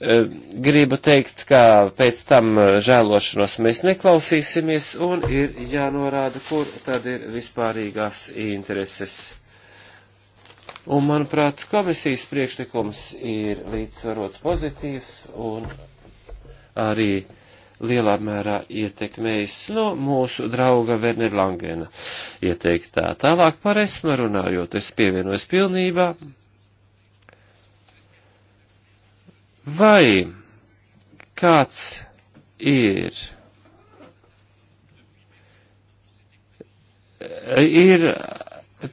Eh, gribu teikt, ka pēc tam žēlošanos mēs neklausīsimies un ir jānorāda, kur tad ir vispārīgās intereses. Un, manuprāt, komisijas priekšlikums ir līdzsvarots pozitīvs un arī lielā mērā ietekmējis no mūsu drauga Vernera Langena ieteiktā. Tālāk par esmu runājot, es pievienojos pilnībā Vai kāds ir? Ir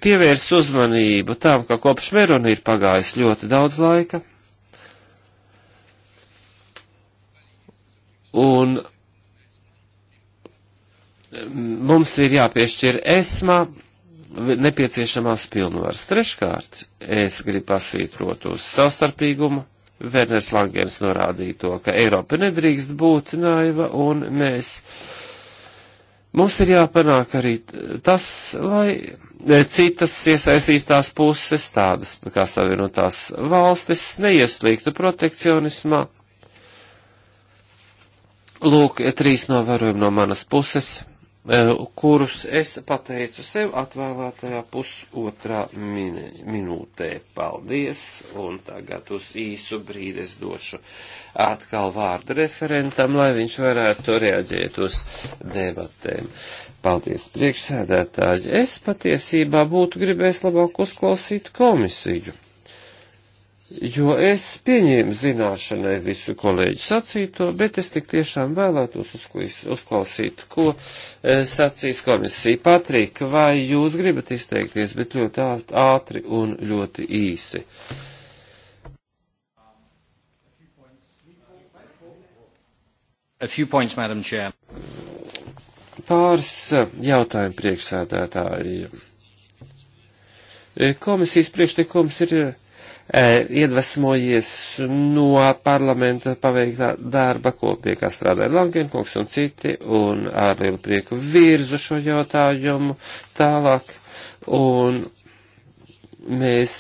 pievērs uzmanību tam, ka kopš Verona ir pagājis ļoti daudz laika, un mums ir jāpiešķir esmā nepieciešamās pilnvaras. Treškārt, es gribu pasvītrot uz savstarpīgumu Verners Langens norādīja to, ka Eiropa nedrīkst būt naiva un mēs. Mums ir jāpanāk arī tas, lai e, citas iesaistītās puses, tādas kā savienotās valstis, neieslīgtu protekcionismā. Lūk, e, trīs novērojumi no manas puses. Eh, kurus es pateicu sev atvēlētajā pusotrā minūtē. Paldies, un tagad uz īsu brīdi es došu atkal vārdu referentam, lai viņš varētu reaģēt uz debatēm. Paldies, priekšsēdētāji. Es patiesībā būtu gribējis labāk uzklausīt komisiju jo es pieņēmu zināšanai visu kolēģu sacīto, bet es tik tiešām vēlētos uzklausīt, ko eh, sacīs komisija. Patrika, vai jūs gribat izteikties, bet ļoti ātri un ļoti īsi? A few points, Madam Chair. Pāris eh, jautājumu priekšsēdētāji. Eh, komisijas priekšlikums ir E, iedvesmojies no parlamenta paveiktā darba, ko pie kā strādāja Langenkungs un citi, un ar lielu prieku virzu šo jautājumu tālāk, un mēs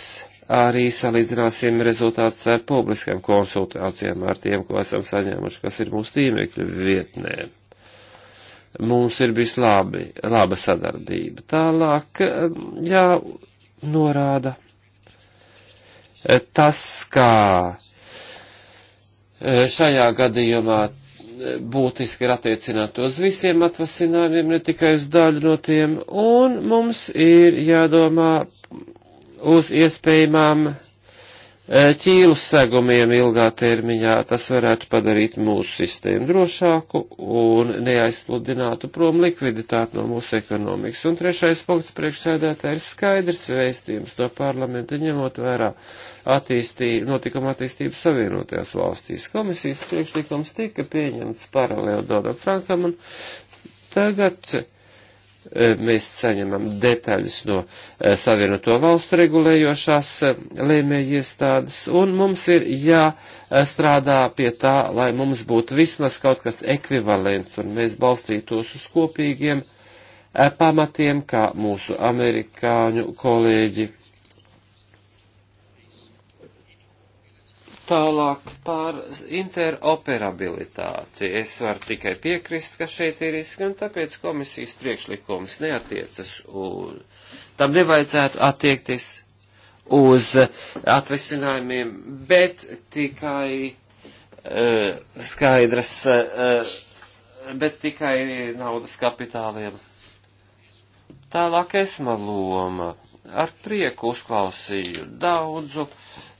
arī salīdzināsim rezultātus ar publiskām konsultācijām ar tiem, ko esam saņēmuši, kas ir mūsu tīmekļa vietnē. Mums ir bijis labi, laba sadarbība. Tālāk, jā, norāda tas, kā e, šajā gadījumā e, būtiski ir attiecināt uz visiem atvasinājumiem, ne tikai uz daļu no tiem, un mums ir jādomā uz iespējamām E, ķīlu segumiem ilgā termiņā, tas varētu padarīt mūsu sistēmu drošāku un neaizpludinātu prom likviditāti no mūsu ekonomikas. Un trešais punkts priekšsēdētā ir skaidrs vēstījums no parlamenta, ņemot vērā attīstī, notikuma attīstību savienotajās valstīs. Komisijas priekšlikums tika pieņemts paralēli Donam Frankam un tagad Eh, mēs saņemam detaļas no eh, Savienoto valstu regulējošās eh, lēmēji iestādes, un mums ir jāstrādā pie tā, lai mums būtu vismaz kaut kas ekvivalents, un mēs balstītos uz kopīgiem pamatiem, kā mūsu amerikāņu kolēģi Tālāk par interoperabilitāti. Es varu tikai piekrist, ka šeit ir izskan, tāpēc komisijas priekšlikums neatiecas uz, tam nevajadzētu attiekties uz atvesinājumiem, bet tikai uh, skaidras, uh, bet tikai naudas kapitāliem. Tālāk esma loma. Ar prieku uzklausīju daudzu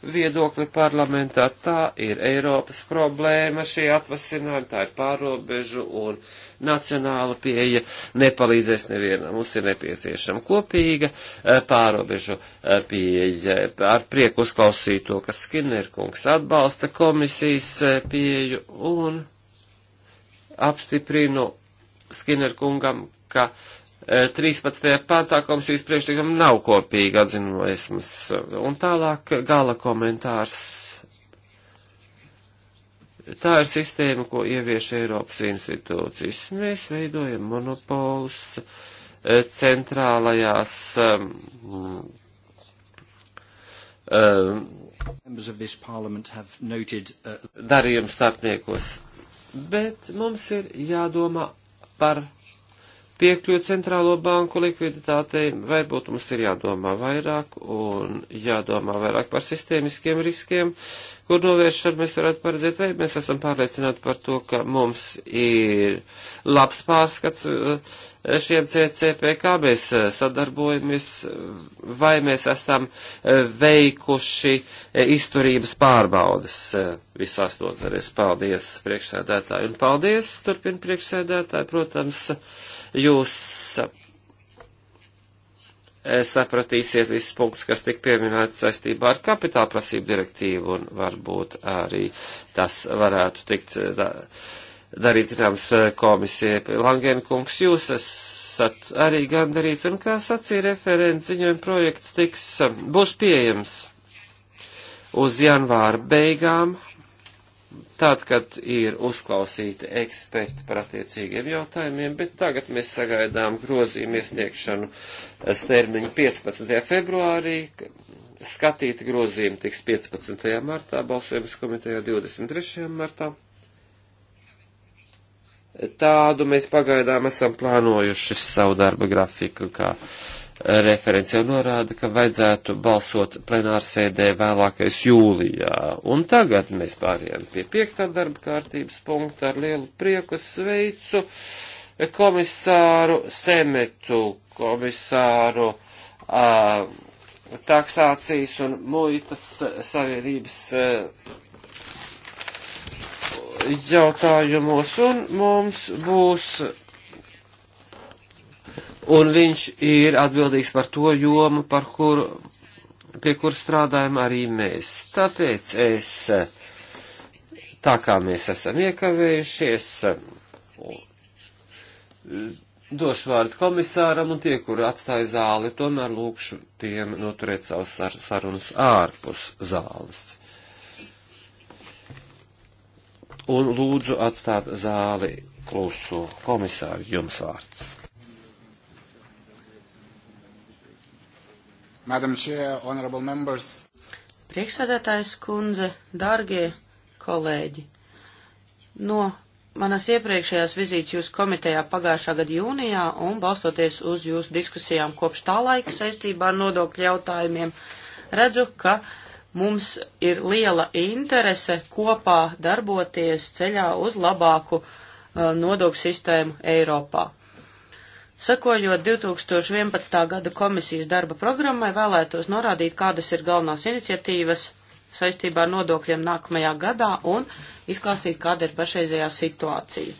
viedokli parlamentā. Tā ir Eiropas problēma šī atvasinājuma, tā ir pārobežu un nacionāla pieeja nepalīdzēs nevienam. Mums ir nepieciešama kopīga eh, pārobežu eh, pieeja. Ar prieku uzklausīt to, ka Skinnerkungs atbalsta komisijas eh, pieeju un apstiprinu Skinnerkungam, ka uh, 13. pantā komisijas priekšlikuma nav kopīga atzinulismas. Un tālāk gala komentārs. Tā ir sistēma, ko ievieš Eiropas institūcijas. Mēs veidojam monopolus eh, centrālajās um, um, darījuma starpniekos. Bet mums ir jādomā par piekļūt centrālo banku likviditātei, varbūt mums ir jādomā vairāk un jādomā vairāk par sistēmiskiem riskiem, kur novēršanu mēs varētu paredzēt, vai mēs esam pārliecināti par to, ka mums ir labs pārskats eh, šiem CCP, kā mēs eh, sadarbojamies, vai mēs esam eh, veikuši izturības pārbaudas visās nozarēs. Paldies, priekšsēdētāji, un paldies, turpina priekšsēdētāji, protams, jūs eh, sapratīsiet visus punktus, kas tik pieminēti saistībā ar kapitāla prasību direktīvu, un varbūt arī tas varētu tikt eh, da, darīt zināms eh, komisija. Langenkungs, jūs esat arī gandarīts, un kā sacīja referents, ziņojuma projekts tiks, būs pieejams uz janvāra beigām, tad, kad ir uzklausīti eksperti par attiecīgiem jautājumiem, bet tagad mēs sagaidām grozījumu iesniegšanu termiņu 15. februārī. Skatīti grozījumi tiks 15. martā, balsojums komitejā 23. martā. Tādu mēs pagaidām esam plānojuši savu darba grafiku, kā uh, referents jau norāda, ka vajadzētu balsot plenārsēdē vēlākais jūlijā. Un tagad mēs pārējām pie piektā darba kārtības punkta ar lielu prieku sveicu komisāru Semetu, komisāru uh, taksācijas un muitas savienības uh, jautājumos, un mums būs Un viņš ir atbildīgs par to jomu, par kuru, pie kur strādājam arī mēs. Tāpēc es, tā kā mēs esam iekavējušies, došu vārdu komisāram un tie, kuri atstāja zāli, tomēr lūkšu tiem noturēt savus sar sarunas ārpus zāles. Un lūdzu atstāt zāli klusu komisāru jums vārds. Madam Chair, honorable members. Priekšsēdētājs kundze, dārgie kolēģi, no manas iepriekšējās vizītes jūsu komitejā pagājušā gada jūnijā un balstoties uz jūsu diskusijām kopš tā laika saistībā ar nodokļu jautājumiem, redzu, ka mums ir liela interese kopā darboties ceļā uz labāku uh, nodokļu sistēmu Eiropā. Sekojot 2011. gada komisijas darba programmai, vēlētos norādīt, kādas ir galvenās iniciatīvas saistībā ar nodokļiem nākamajā gadā un izklāstīt, kāda ir pašreizējā situācija.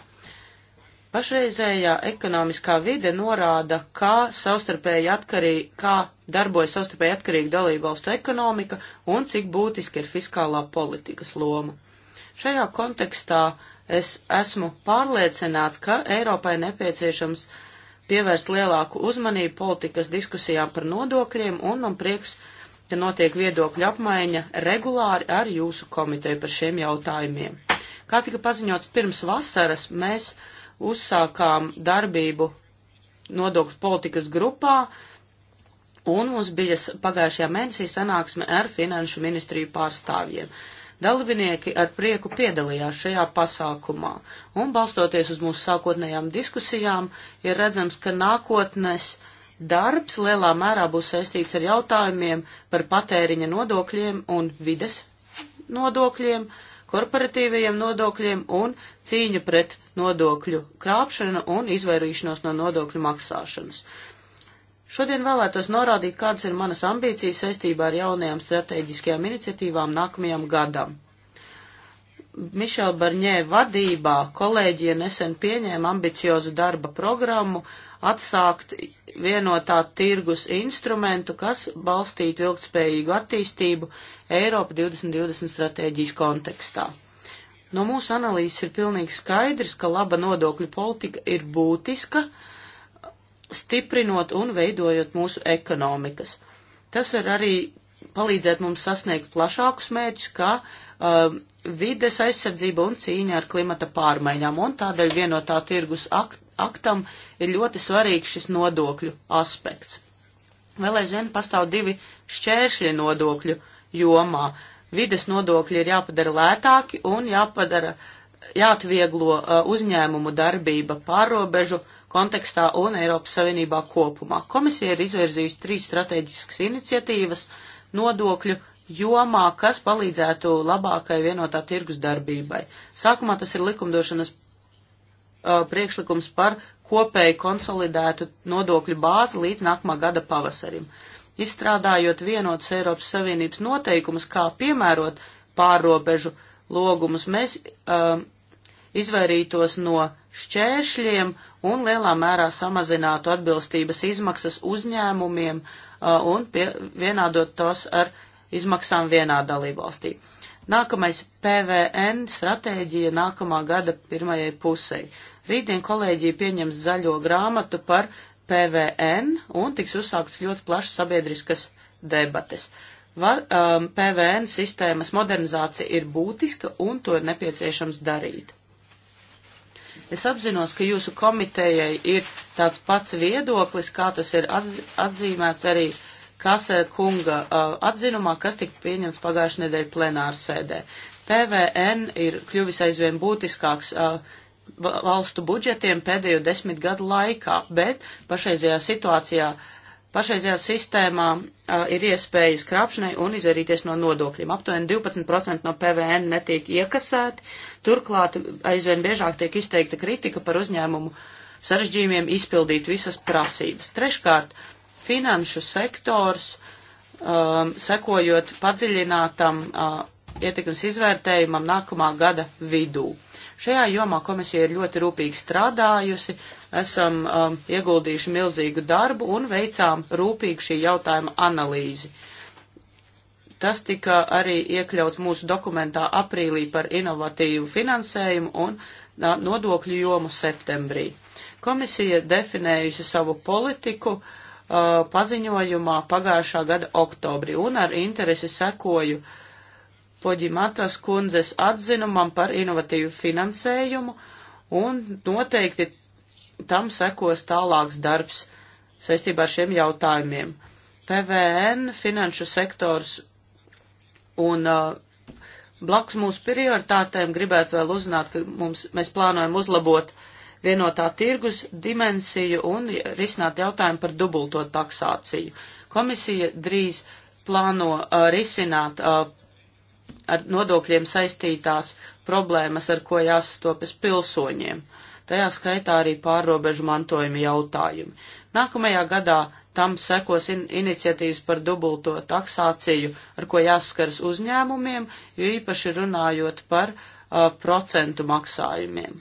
Pašreizējā ekonomiskā vide norāda, kā, savstarpēji atkarīgi, kā darbojas savstarpēji atkarīga dalībvalstu ekonomika un cik būtiski ir fiskālā politikas loma. Šajā kontekstā es esmu pārliecināts, ka Eiropai nepieciešams uh, pievērst lielāku uzmanību politikas diskusijām par nodokļiem, un man prieks, ka notiek viedokļu apmaiņa regulāri ar jūsu komiteju par šiem jautājumiem. Kā tika paziņots pirms vasaras, mēs uzsākām darbību nodokļu politikas grupā, un mums bija pagājušajā mēnesī sanāksme ar finanšu ministriju pārstāvjiem. Uh, Dalībnieki ar prieku piedalījās šajā pasākumā, un balstoties uz mūsu sākotnējām diskusijām, ir redzams, ka nākotnes darbs lielā mērā būs saistīts ar jautājumiem par patēriņa nodokļiem un vides nodokļiem, korporatīvajiem nodokļiem un cīņu pret nodokļu krāpšanu un izvairīšanos no nodokļu maksāšanas. Šodien vēlētos norādīt, kādas ir manas ambīcijas saistībā ar jaunajām strateģiskajām iniciatīvām nākamajam gadam. Mišela Barņē vadībā kolēģija nesen pieņēma ambiciozu darba programmu atsākt vienotā tirgus instrumentu, kas balstītu ilgtspējīgu attīstību Eiropa 2020 stratēģijas kontekstā. No mūsu analīzes ir pilnīgi skaidrs, ka laba nodokļu politika ir būtiska, uh, stiprinot un veidojot mūsu ekonomikas. Tas var arī palīdzēt mums sasniegt plašākus mērķus, kā uh, vides aizsardzība un cīņa ar klimata pārmaiņām, un tādēļ vienotā tirgus akt, aktam ir ļoti svarīgs šis nodokļu aspekts. Vēl aizvien pastāv divi šķēršļi nodokļu jomā. Vides nodokļi ir jāpadara lētāki un jāpadara, jāatvieglo uh, uzņēmumu darbība pārobežu uh, kontekstā un Eiropas Savienībā kopumā. Komisija ir izvirzījusi trīs strateģiskas iniciatīvas nodokļu jomā, kas palīdzētu labākai vienotā tirgus darbībai. Sākumā tas ir likumdošanas uh, priekšlikums par kopēju konsolidētu nodokļu bāzi līdz nākamā gada pavasarim. Izstrādājot vienotas Eiropas Savienības noteikumus, kā piemērot pārrobežu logumus, mēs um, izvairītos no šķēršļiem un lielā mērā samazinātu atbilstības izmaksas uzņēmumiem un pie, vienādot tos ar izmaksām vienā dalībvalstī. Nākamais PVN stratēģija nākamā gada pirmajai pusei. Rītdien kolēģija pieņems zaļo grāmatu par PVN un tiks uzsāktas ļoti plašas sabiedriskas debates. Var, um, PVN sistēmas modernizācija ir būtiska un to ir nepieciešams darīt. Es apzinos, ka jūsu komitejai ir tāds pats viedoklis, kā tas ir atz atzīmēts arī Kasera kunga uh, atzinumā, kas tika pieņems pagājušajā nedēļa plenāra sēdē. PVN ir kļuvis aizvien būtiskāks uh, valstu budžetiem pēdējo desmit gadu laikā, bet pašreizajā situācijā uh, Pašreizajā sistēmā uh, ir iespējas krāpšanai un izvairīties no nodokļiem. Aptuveni 12% no PVN netiek iekasēti, turklāt aizvien biežāk tiek izteikta kritika par uzņēmumu sarežģījumiem izpildīt visas prasības. Treškārt, finanšu sektors, um, sekojot padziļinātam uh, ietekmes izvērtējumam nākamā gada vidū. Uh, Šajā jomā komisija ir ļoti rūpīgi strādājusi, esam um, ieguldījuši milzīgu darbu un veicām rūpīgi šī jautājuma analīzi. Tas tika arī iekļauts mūsu dokumentā aprīlī par inovatīvu finansējumu un nodokļu jomu septembrī. Komisija definējusi savu politiku uh, paziņojumā pagājušā gada oktobrī un ar interesi sekoju uh, Poģimatas kundzes atzinumam par inovatīvu finansējumu, un noteikti tam sekos tālāks darbs saistībā ar šiem jautājumiem. PVN, finanšu sektors un uh, blakus mūsu prioritātēm gribētu vēl uzzināt, ka mums, mēs plānojam uzlabot vienotā tirgus dimensiju un risināt jautājumu par dubulto taksāciju. Komisija drīz plāno uh, risināt uh, ar nodokļiem saistītās problēmas, ar ko jāsastopas pilsoņiem. Tajā skaitā arī pārrobežu mantojuma jautājumi. Nākamajā gadā tam sekos in iniciatīvas par dubulto taksāciju, ar ko jāskaras uzņēmumiem, jo īpaši runājot par uh, procentu maksājumiem.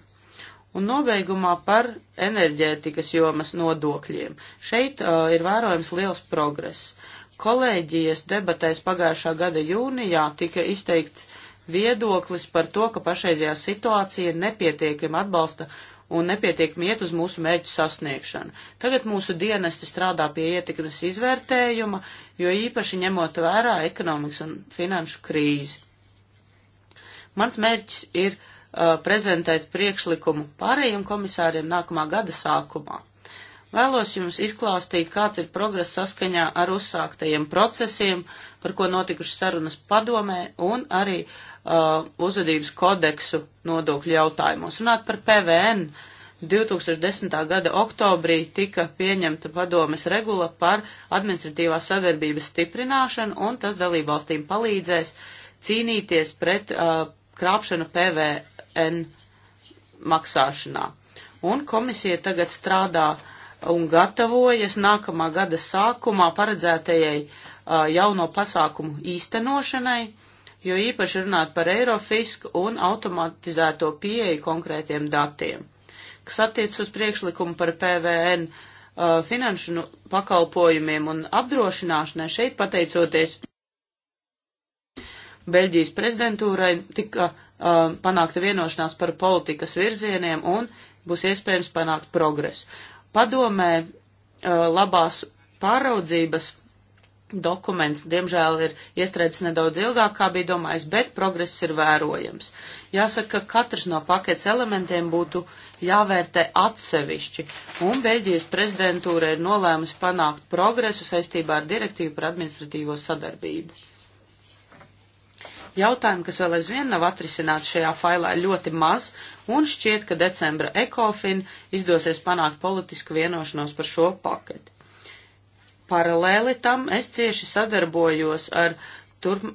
Un nobeigumā par enerģētikas jomas nodokļiem. Šeit uh, ir vērojams liels progress. Uh, kolēģijas debatēs pagājušā gada jūnijā tika izteikts viedoklis par to, ka pašreizajā situācija nepietiekami atbalsta un nepietiekami iet uz mūsu mērķu sasniegšanu. Tagad mūsu dienesti strādā pie ietekmes izvērtējuma, jo īpaši ņemot vērā ekonomikas un finanšu krīzi. Mans mērķis ir uh, prezentēt priekšlikumu pārējiem komisāriem nākamā gada sākumā. Vēlos jums izklāstīt, kāds ir progress saskaņā ar uzsāktajiem procesiem, par ko notikušas sarunas padomē un arī uh, uzvedības kodeksu nodokļu jautājumos. Runāt par PVN. 2010. gada oktobrī tika pieņemta padomes regula par administratīvās sadarbības stiprināšanu, un tas dalībvalstīm palīdzēs cīnīties pret uh, krāpšanu PVN maksāšanā. Un komisija tagad strādā uh, un gatavojas nākamā gada sākumā paredzētajai uh, jauno pasākumu īstenošanai, jo īpaši runāt par eirofisku un automatizēto pieeju konkrētiem datiem. Kas attiec uz priekšlikumu par PVN uh, finanšu nu, pakalpojumiem un apdrošināšanai, šeit pateicoties Beļģijas prezidentūrai tika uh, panākta vienošanās par politikas virzieniem un būs iespējams panākt progresu. Padomē labās pāraudzības dokuments, diemžēl, ir iestrēdzis nedaudz ilgāk, kā bija domājis, bet progress ir vērojams. Jāsaka, ka katrs no paketes elementiem būtu jāvērtē atsevišķi, un Beļģijas prezidentūra ir nolēmusi panākt progresu saistībā ar direktīvu par administratīvo sadarbību. Jautājumi, kas vēl aizvien nav atrisināti šajā failā, ir ļoti maz, un šķiet, ka decembra ECOFIN izdosies panākt politisku vienošanos par šo paketi. Paralēli tam es cieši sadarbojos ar turp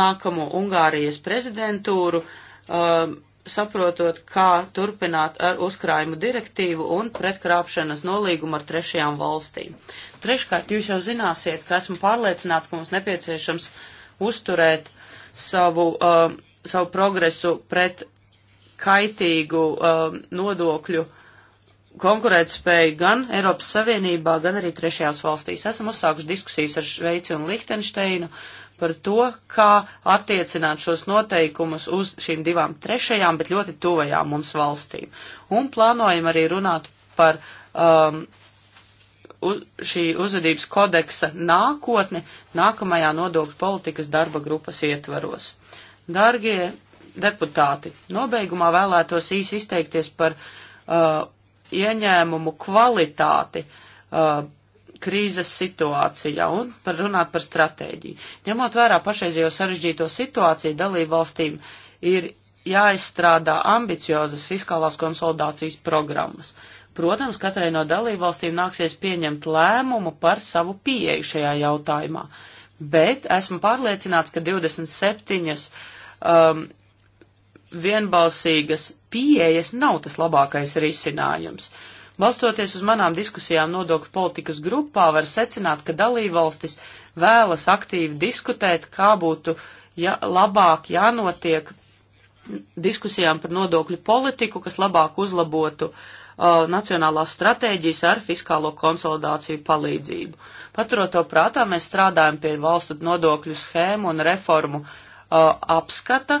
nākamo Ungārijas prezidentūru, um, saprotot, kā turpināt ar uzkrājumu direktīvu un pretkrāpšanas nolīgumu ar trešajām valstīm. Treškārt, jūs jau zināsiet, ka esmu pārliecināts, ka mums nepieciešams uzturēt savu, uh, savu progresu pret kaitīgu uh, nodokļu konkurētspēju gan Eiropas Savienībā, gan arī trešajās valstīs. Esam uzsākuši diskusijas ar Šveici un Lihtenšteinu par to, kā attiecināt šos noteikumus uz šīm divām trešajām, bet ļoti tuvajām mums valstīm. Un plānojam arī runāt par um, uz, šī uzvedības kodeksa nākotne nākamajā nodokļu politikas darba grupas ietvaros. Dargie deputāti, nobeigumā vēlētos īsi izteikties par uh, ieņēmumu kvalitāti uh, krīzes situācijā un par runāt par stratēģiju. Ņemot vērā pašreizējo sarežģīto situāciju, dalību valstīm ir jāizstrādā ambiciozas fiskālās konsolidācijas programmas. Uh, Protams, katrai no dalībvalstīm nāksies pieņemt lēmumu par savu pieeju šajā jautājumā, bet esmu pārliecināts, ka 27 um, vienbalsīgas pieejas nav tas labākais risinājums. Balstoties uz manām diskusijām nodokļu politikas grupā, var secināt, ka dalībvalstis vēlas aktīvi diskutēt, kā būtu ja, labāk jānotiek diskusijām par nodokļu politiku, kas labāk uzlabotu uh, uh, nacionālās stratēģijas ar fiskālo konsolidāciju palīdzību. Paturot to prātā, mēs strādājam pie valstu nodokļu schēmu un reformu uh, apskata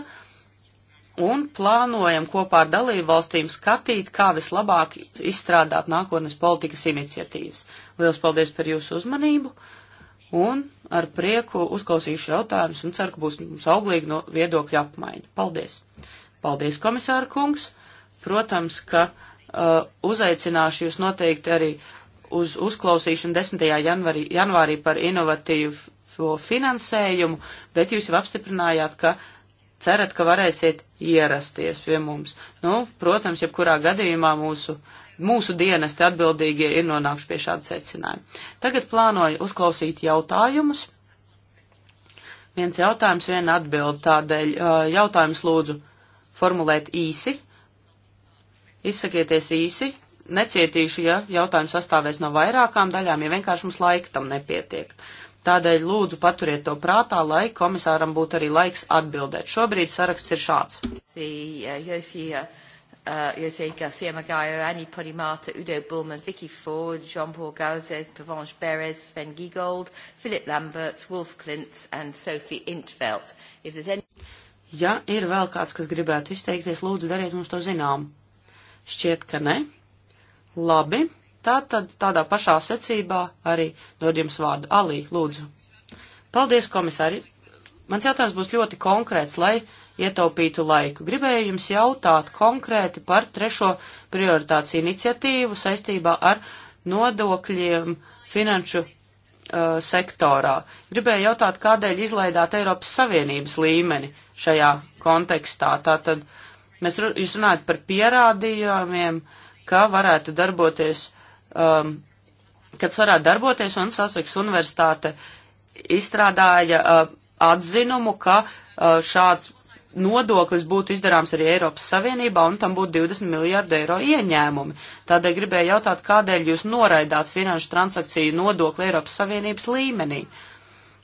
un plānojam kopā ar dalību valstīm skatīt, kā vislabāk izstrādāt nākotnes politikas iniciatīvas. Lielas paldies par jūsu uzmanību un ar prieku uzklausīšu jautājumus un ceru, ka būs mums auglīgi no viedokļa apmaiņa. Paldies! Paldies, komisāra kungs! Protams, ka Uh, uzaicināšu jūs noteikti arī uz uzklausīšanu 10. Janvarī, janvārī par inovatīvu finansējumu, bet jūs jau apstiprinājāt, ka cerat, ka varēsiet ierasties pie mums. Nu, protams, jebkurā gadījumā mūsu, mūsu dienesti atbildīgie ir nonākuši pie šāda secinājuma. Tagad plānoju uzklausīt jautājumus. Viens jautājums, viena atbilda, tādēļ uh, jautājums lūdzu formulēt īsi, Izsakieties īsi, necietīšu, ja jautājums sastāvēs no vairākām daļām, ja vienkārši mums laika tam nepietiek. Tādēļ lūdzu paturiet to prātā, lai komisāram būtu arī laiks atbildēt. Šobrīd saraksts ir šāds. Ja ir vēl kāds, kas gribētu izteikties, lūdzu dariet mums to zinām. Šķiet, ka ne. Labi, tā tad tādā pašā secībā arī dod jums vārdu. Alī, lūdzu. Paldies, komisāri. Mans jautājums būs ļoti konkrēts, lai ietaupītu laiku. Gribēju jums jautāt konkrēti par trešo prioritātes iniciatīvu saistībā ar nodokļiem finanšu uh, sektorā. Gribēju jautāt, kādēļ izlaidāt Eiropas Savienības līmeni šajā kontekstā. Tātad uh, Mēs, jūs runājat par pierādījumiem, kā varētu darboties, um, kad varētu darboties, un Sasveks universitāte izstrādāja uh, atzinumu, ka uh, šāds nodoklis būtu izdarāms arī Eiropas Savienībā un tam būtu 20 miljārdu eiro ieņēmumi. Tādēļ gribēju jautāt, kādēļ jūs noraidāt finanšu transakciju nodokli Eiropas Savienības līmenī?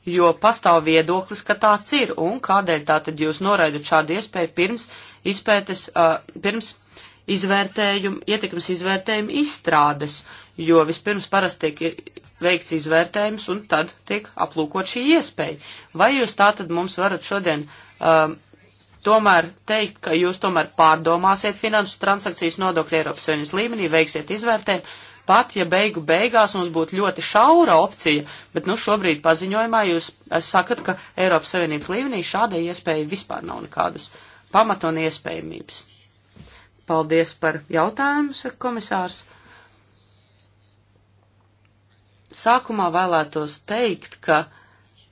Jo pastāv viedoklis, ka tāds ir, un kādēļ tātad jūs noraidat šādu iespēju pirms izpētes, uh, pirms izvērtējumu, ietekmes izvērtējumu izstrādes, jo vispirms parasti tiek veikts izvērtējums un tad tiek aplūkot šī iespēja. Vai jūs tā tad mums varat šodien um, tomēr teikt, ka jūs tomēr pārdomāsiet finanšu transakcijas nodokļu Eiropas Savienības līmenī, veiksiet izvērtējumu, pat ja beigu beigās mums būtu ļoti šaura opcija, bet nu šobrīd paziņojumā jūs sakat, ka Eiropas Savienības līmenī šādai iespēja vispār nav nekādas. Uh, pamata un iespējamības. Paldies par jautājumu, saka komisārs. Sākumā vēlētos teikt, ka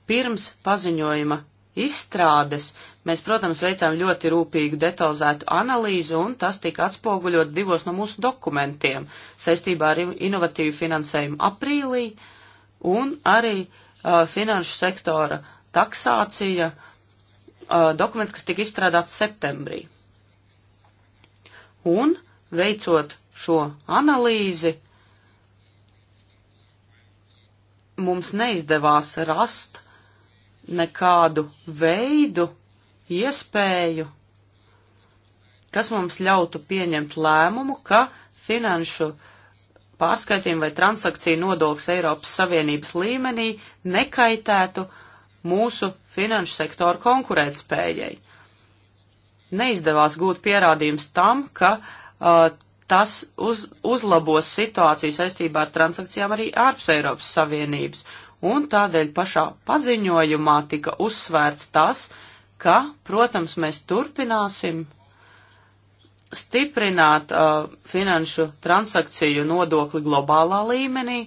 pirms paziņojuma izstrādes mēs, protams, veicām ļoti rūpīgu detalizētu analīzi, un tas tika atspoguļots divos no mūsu dokumentiem saistībā ar inovatīvu finansējumu aprīlī un arī uh, finanšu sektora taksācija uh, uh, dokuments, kas tika izstrādāts septembrī. Un veicot šo analīzi, mums neizdevās rast nekādu veidu, iespēju, kas mums ļautu pieņemt lēmumu, ka finanšu pārskaitījuma vai transakciju nodoklis Eiropas Savienības līmenī nekaitētu mūsu finanšu sektoru konkurētspējai. Neizdevās gūt pierādījums tam, ka uh, tas uz, uzlabos situāciju saistībā ar transakcijām arī ārpus Eiropas Savienības, un tādēļ pašā paziņojumā tika uzsvērts tas, ka, protams, mēs turpināsim stiprināt uh, finanšu transakciju nodokli globālā līmenī,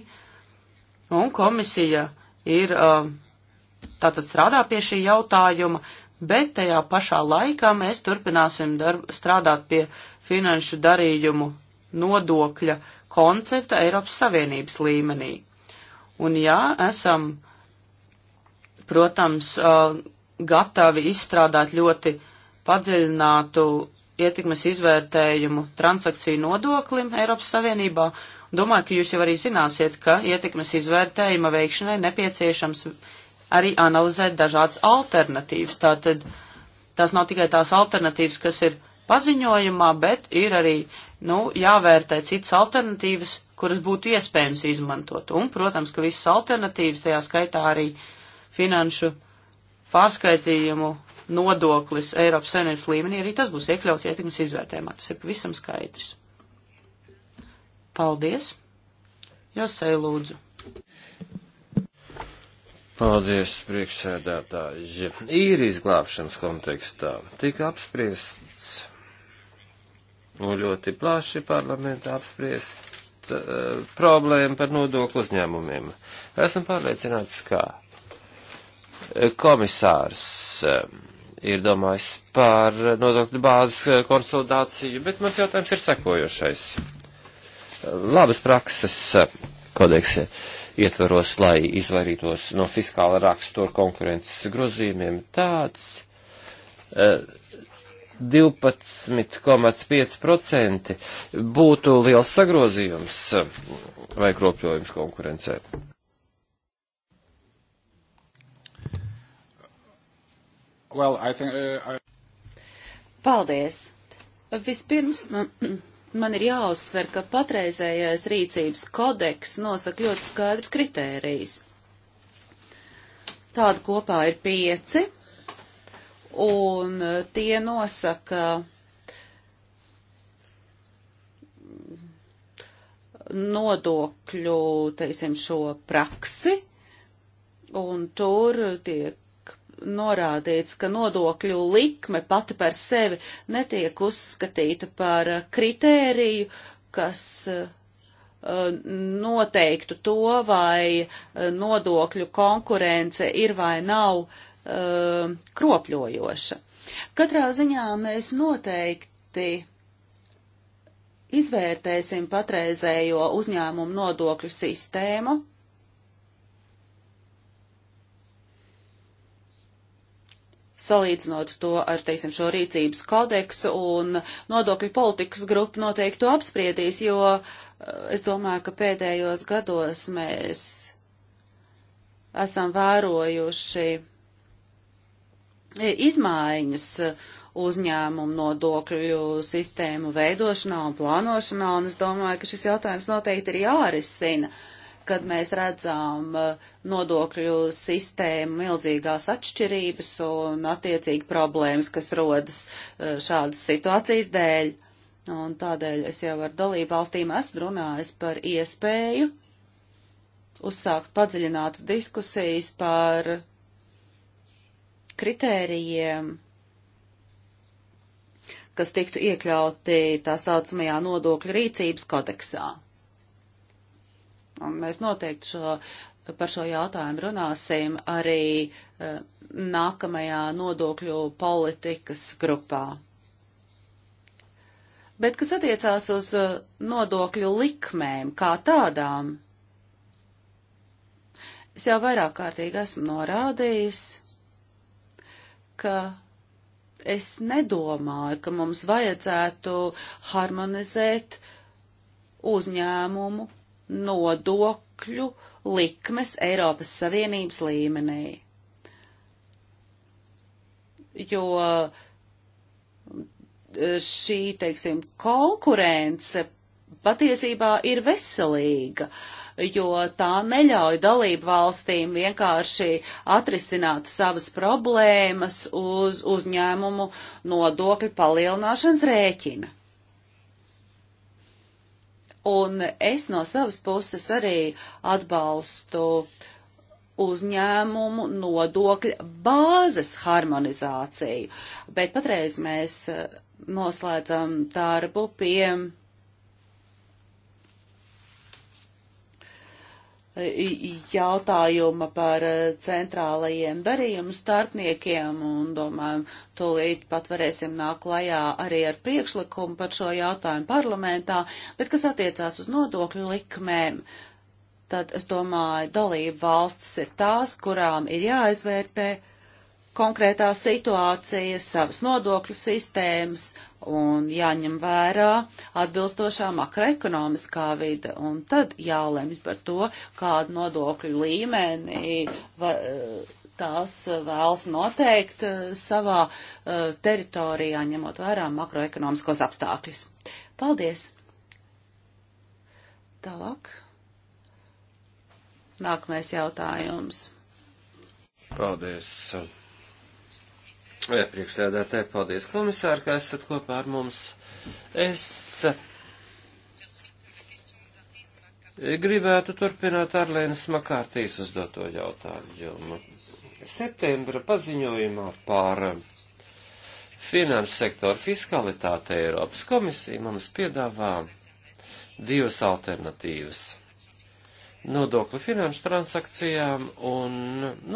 un komisija ir uh, tātad strādā pie šī jautājuma, bet tajā pašā laikā mēs turpināsim darb, strādāt pie finanšu darījumu nodokļa koncepta Eiropas Savienības līmenī. Un jā, esam, protams, uh, gatavi izstrādāt ļoti padziļinātu ietekmes izvērtējumu transakciju nodoklim Eiropas Savienībā. Domāju, ka jūs jau arī zināsiet, ka ietekmes izvērtējuma veikšanai nepieciešams arī analizēt dažādas alternatīvas. Tātad tās nav tikai tās alternatīvas, kas ir paziņojumā, bet ir arī nu, jāvērtē citas alternatīvas, kuras būtu iespējams izmantot. Un, protams, ka visas alternatīvas, tajā skaitā arī finanšu pārskaitījumu nodoklis Eiropas Savienības līmenī, arī tas būs iekļauts ietekmes izvērtējumā. Tas ir pavisam skaidrs. Paldies! Josei lūdzu. Paldies, priekšsēdētāji. Ir izglābšanas kontekstā. Tika apspriests, un ļoti plaši parlamentā apspriests uh, eh, problēma par nodoklu uzņēmumiem. Esmu pārliecināts, ka eh, komisārs uh, ir domājis par nodokļu bāzes konsolidāciju, bet mans jautājums ir sekojošais. Labas prakses kodeksē ietvaros, lai izvairītos no fiskāla rakstura konkurences grozījumiem, tāds uh, e, 12,5% būtu liels sagrozījums e, vai kropļojums konkurencē. Well, I think, uh, I... Paldies! Vispirms man mm, mm, man ir jāuzsver, ka patreizējais rīcības kodeks nosaka ļoti skaidrs kritērijus. Tādu kopā ir pieci, un eh, tie nosaka mm, nodokļu, teiksim, šo praksi, un tur tiek norādīts, ka nodokļu likme pati par sevi netiek uzskatīta par uh, kritēriju, kas uh, noteiktu to, vai uh, nodokļu konkurence ir vai nav kropļojoša. Katrā ziņā mēs noteikti izvērtēsim patreizējo uzņēmumu nodokļu sistēmu salīdzinot to ar, teiksim, šo rīcības kodeksu un nodokļu politikas grupu noteikti to apspriedīs, jo eh, es domāju, ka pēdējos gados mēs esam vērojuši eh, izmaiņas eh, uzņēmumu nodokļu sistēmu veidošanā un plānošanā, un es domāju, ka šis jautājums noteikti ir jārisina. Uh, kad mēs redzam uh, nodokļu sistēmu milzīgās atšķirības un attiecīgi problēmas, kas rodas uh, šādas situācijas dēļ. Un tādēļ es jau ar dalību valstīm esmu runājis par iespēju uzsākt padziļinātas diskusijas par kritērijiem, kas tiktu iekļauti tā saucamajā nodokļu rīcības kodeksā. Un mēs noteikti šo, par šo jautājumu runāsim arī uh, nākamajā nodokļu politikas grupā. Bet kas attiecās uz e, nodokļu likmēm kā tādām, es jau vairāk kārtīgi esmu norādījis, ka es nedomāju, ka mums vajadzētu harmonizēt uzņēmumu nodokļu likmes Eiropas Savienības līmenī. Jo šī, teiksim, konkurence patiesībā ir veselīga, jo tā neļauj dalību valstīm vienkārši atrisināt savas problēmas uz uzņēmumu nodokļu palielināšanas rēķina. Un es no savas puses arī atbalstu uzņēmumu nodokļa bāzes harmonizāciju, bet patreiz mēs eh, noslēdzam darbu pie E, jautājuma par e, centrālajiem darījumu starpniekiem un domājam, tūlīt pat varēsim nākt klajā arī ar priekšlikumu par šo jautājumu parlamentā, bet kas attiecās uz nodokļu likmēm, tad es domāju, dalība valstis ir tās, kurām ir jāizvērtē konkrētās situācijas, savas nodokļu sistēmas un jāņem vērā atbilstošā makroekonomiskā vide. Un tad jālemj par to, kādu nodokļu līmeni va, tās vēlas noteikt eh, savā eh, teritorijā, ņemot vērā makroekonomiskos apstākļus. Paldies! Tālāk. Nākamais jautājums. Paldies. Priekšsēdētāji, paldies komisāri, ka esat kopā ar mums. Es eh, gribētu turpināt Arlēnas Makārtīs uzdoto jautājumu. Septembra paziņojumā par eh, finanšu sektoru fiskalitāte Eiropas komisija mums piedāvā divas alternatīvas nodokli finanšu transakcijām un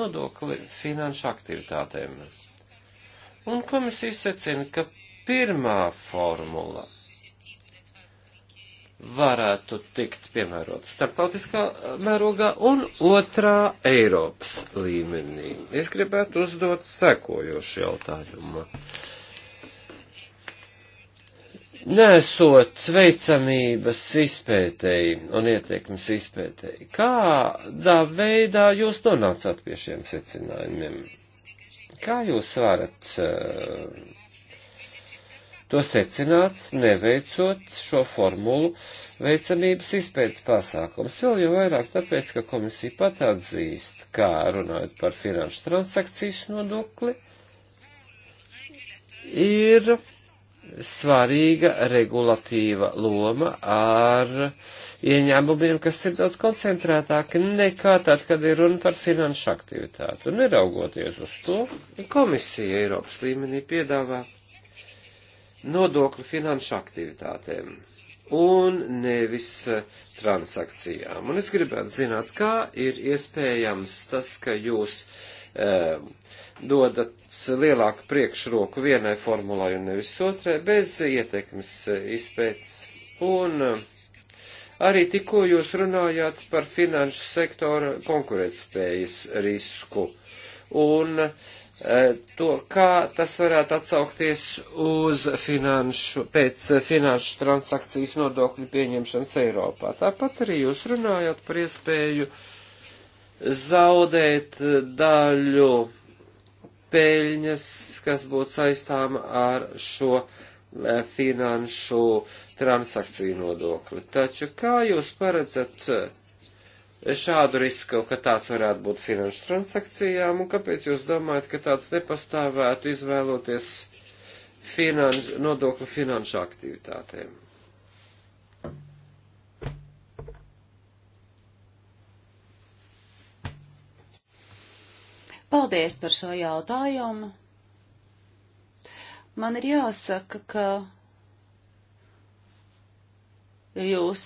nodokli finanšu aktivitātēm. Un komisija secina, ka pirmā formula varētu tikt piemērot starptautiskā mērogā un otrā Eiropas līmenī. Es gribētu uzdot sekojošu jautājumu. Nesot sveicamības izpētēji un ieteikums izpētēji, kādā veidā jūs nonācāt pie šiem secinājumiem? Kā jūs varat eh, to secināt, neveicot šo formulu veicamības izpētes pasākums? Vēl jau vairāk tāpēc, ka komisija pat atzīst, kā runājot par finanšu transakcijas nodokli, ir svarīga regulatīva loma ar ieņēmumiem, kas ir daudz koncentrētāki nekā tad, kad ir runa par finanšu aktivitāti. Un neraugoties uz to, komisija Eiropas līmenī piedāvā nodokli finanšu aktivitātēm un nevis transakcijām. Un es gribētu zināt, kā ir iespējams tas, ka jūs uh, Eh, dodat lielāku priekšroku vienai formulai un nevis otrai, bez ietekmes eh, izpētes. Un eh, arī tikko jūs runājāt par finanšu sektora konkurētspējas risku. Un uh, to, kā tas varētu atsaukties uz finanšu, pēc finanšu transakcijas nodokļu pieņemšanas Eiropā. Tāpat arī jūs runājat par iespēju uh, zaudēt eh, daļu peļņas, kas būtu saistāma ar šo eh, finanšu transakciju nodokli. Taču kā jūs paredzat eh, šādu risku, ka tāds varētu būt finanšu transakcijām, un kāpēc jūs domājat, ka tāds nepastāvētu izvēloties finanš, nodokli finanšu aktivitātēm? Paldies par šo jautājumu. Man ir jāsaka, ka jūs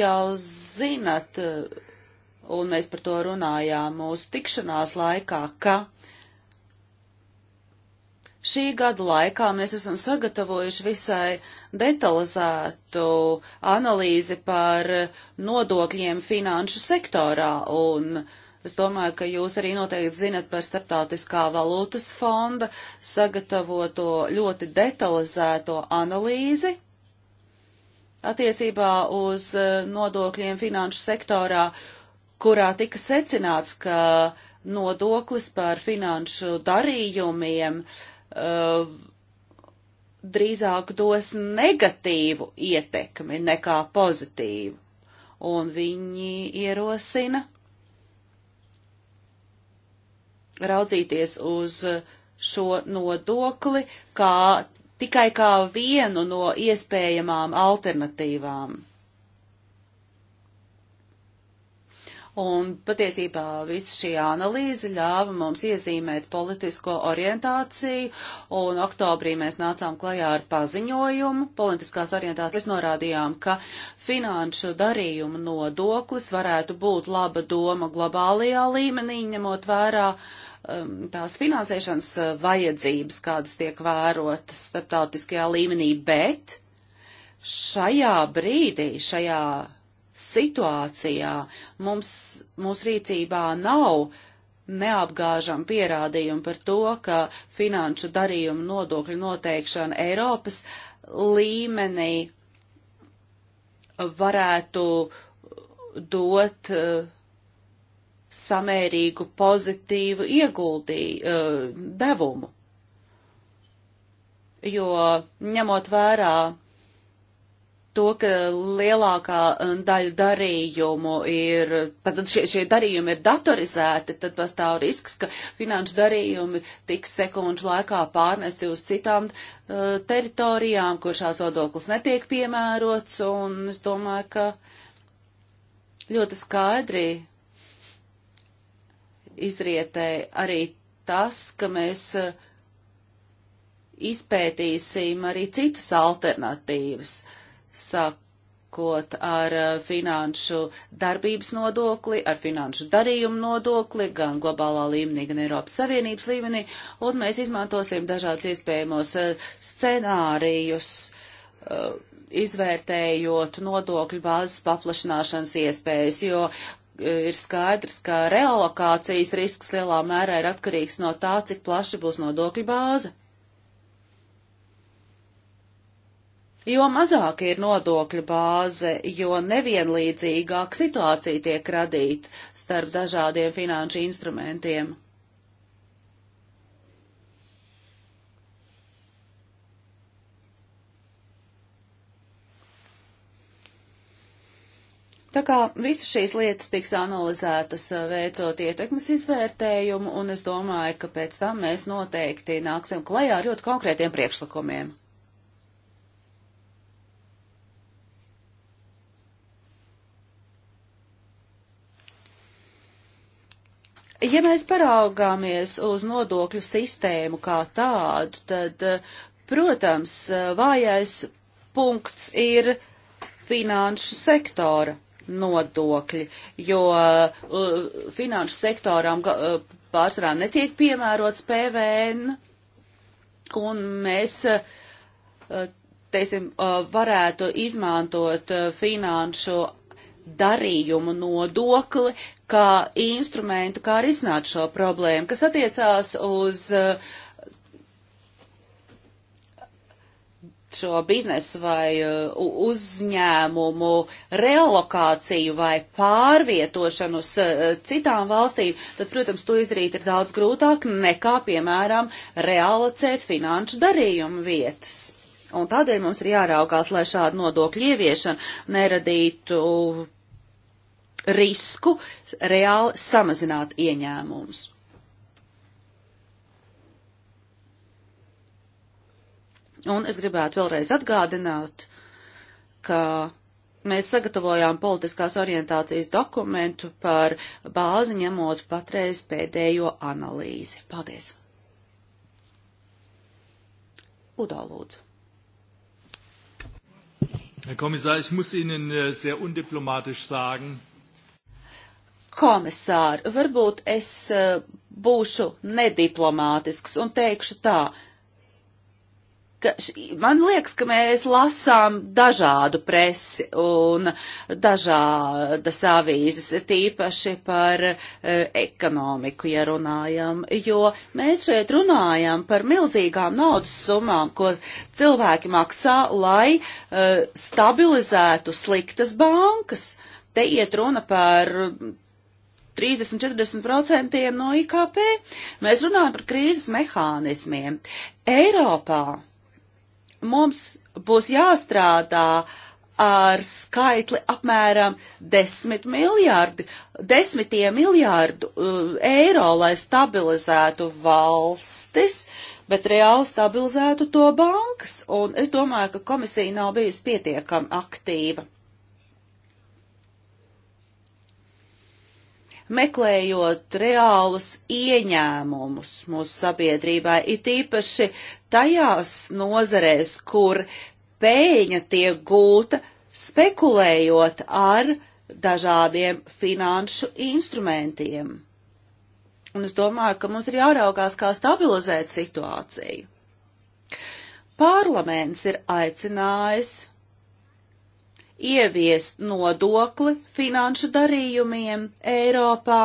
jau zinat, un mēs par to runājām mūsu tikšanās laikā, ka šī gada laikā mēs esam sagatavojuši visai detalizētu analīzi par nodokļiem finanšu sektorā, un Es domāju, ka jūs arī noteikti zinat par Startautiskā valūtas fonda sagatavoto ļoti detalizēto analīzi attiecībā uz eh, nodokļiem finanšu sektorā, kurā tika secināts, ka nodoklis par finanšu darījumiem uh, drīzāk dos negatīvu ietekmi nekā pozitīvu. Un viņi ierosina raudzīties uz šo nodokli kā tikai kā vienu no iespējamām alternatīvām. Un patiesībā visa šī analīze ļāva mums iezīmēt politisko orientāciju, un oktobrī mēs nācām klajā ar paziņojumu politiskās orientācijas. Mēs norādījām, ka finanšu darījumu nodoklis varētu būt laba doma globālajā līmenī, ņemot vērā uh, Um, tās finansēšanas uh, vajadzības, kādas tiek vērotas starptautiskajā līmenī, bet šajā brīdī, šajā situācijā mums, mūsu rīcībā nav neapgāžam pierādījumu par to, ka finanšu darījumu nodokļu noteikšana Eiropas līmenī varētu dot uh, samērīgu pozitīvu ieguldīju, eh, devumu. Jo ņemot vērā to, ka lielākā eh, daļa darījumu ir, pat šie, šie darījumi ir datorizēti, tad pastāv risks, ka finanšu darījumi tiks sekundžu laikā pārnesti uz citām uh, teritorijām, kur šās nodoklis netiek piemērots, un es domāju, ka ļoti skaidri izrietēja arī tas, ka mēs eh, izpētīsim arī citas alternatīvas, sākot ar eh, finanšu darbības nodokli, ar finanšu darījumu nodokli, gan globālā līmenī, gan Eiropas Savienības līmenī, un mēs izmantosim dažādas iespējamos eh, scenārijus, izvērtējot nodokļu bāzes paplašināšanas iespējas, jo ir skaidrs, ka realokācijas risks lielā mērā ir atkarīgs no tā, cik plaši būs nodokļu bāze. Jo mazāk ir nodokļu bāze, jo nevienlīdzīgāk situācija tiek radīta starp dažādiem finanšu instrumentiem. Tā kā visas šīs lietas tiks analizētas eh, veicot ietekmes izvērtējumu, un es domāju, ka pēc tam mēs noteikti nāksim klajā ar ļoti konkrētiem priekšlikumiem. Ja mēs paraugāmies uz nodokļu sistēmu kā tādu, tad, eh, protams, eh, vājais punkts ir finanšu sektora nodokļi, jo uh, finanšu sektoram uh, pārsvarā netiek piemērots PVN, un mēs, uh, teiksim, uh, varētu izmantot uh, finanšu darījumu nodokli kā instrumentu, kā risināt šo problēmu, kas attiecās uz uh, šo biznesu vai uh, uzņēmumu relokāciju vai pārvietošanu uz uh, citām valstīm, tad, protams, to izdarīt ir daudz grūtāk nekā, piemēram, realocēt finanšu darījumu vietas. Un tādēļ mums ir jāraukās, lai šāda nodokļa ieviešana neradītu risku reāli samazināt ieņēmumus. Un es gribētu vēlreiz atgādināt, ka mēs sagatavojām politiskās orientācijas dokumentu par bāzi ņemot patreiz pēdējo analīzi. Paldies! Udo lūdzu. Herr Kommissar, ich muss Ihnen äh, sehr undiplomatisch sagen. Komisār, varbūt es äh, būšu nediplomātisks un teikšu tā, ka š, man liekas, ka mēs lasām dažādu presi un dažādas avīzes, tīpaši par e, ekonomiku, ja runājam, jo mēs šeit runājam par milzīgām naudas summām, ko cilvēki maksā, lai e, stabilizētu sliktas bankas. Te iet runa par 30-40% no IKP. Mēs runājam par krīzes mehānismiem. Eiropā mums būs jāstrādā ar skaitli apmēram 10 miljārdi, desmitiem miljārdu uh, eiro, lai stabilizētu valstis, bet reāli stabilizētu to bankas. Un es domāju, ka komisija nav bijusi pietiekami aktīva. meklējot reālus ieņēmumus mūsu sabiedrībai, it īpaši tajās nozarēs, kur pēļņa tiek gūta spekulējot ar dažādiem finanšu instrumentiem. Un es domāju, ka mums ir jāraugās, kā stabilizēt situāciju. Parlaments ir aicinājis ieviest nodokli finanšu darījumiem Eiropā.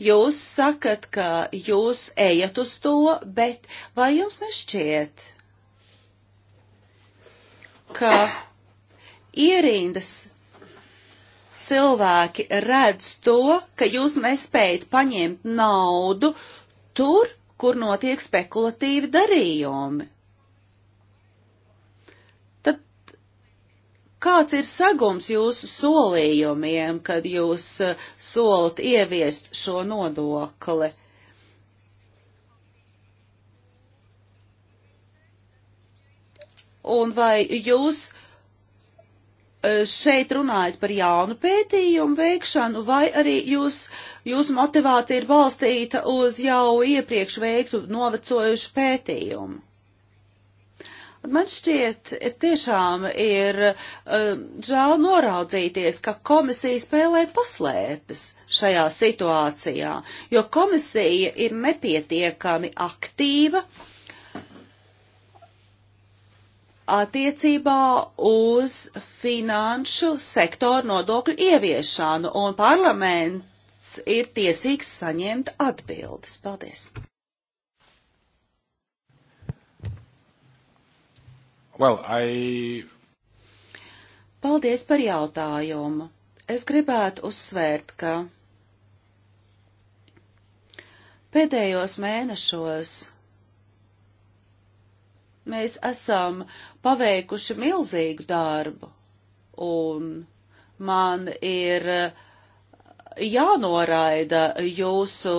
Jūs sakat, ka jūs ejat uz to, bet vai jums nešķiet, ka ierindas cilvēki redz to, ka jūs nespējat paņemt naudu tur, kur notiek spekulatīvi darījumi? Kāds ir segums jūsu solījumiem, kad jūs eh, solat ieviest šo nodokli? Un vai jūs eh, šeit runājat par jaunu pētījumu veikšanu, vai arī jūs, jūsu motivācija ir balstīta uz jau iepriekš veiktu novecojušu pētījumu? Man šķiet, e, tiešām ir uh, žēl noraudzīties, ka komisija spēlē paslēpes šajā situācijā, jo komisija ir nepietiekami aktīva attiecībā uz finanšu sektoru nodokļu ieviešanu, un parlaments ir tiesīgs saņemt atbildes. Paldies! Well, I... Paldies par jautājumu. Es gribētu uzsvērt, ka pēdējos mēnešos mēs esam paveikuši milzīgu darbu, un man ir uh, jānoraida jūsu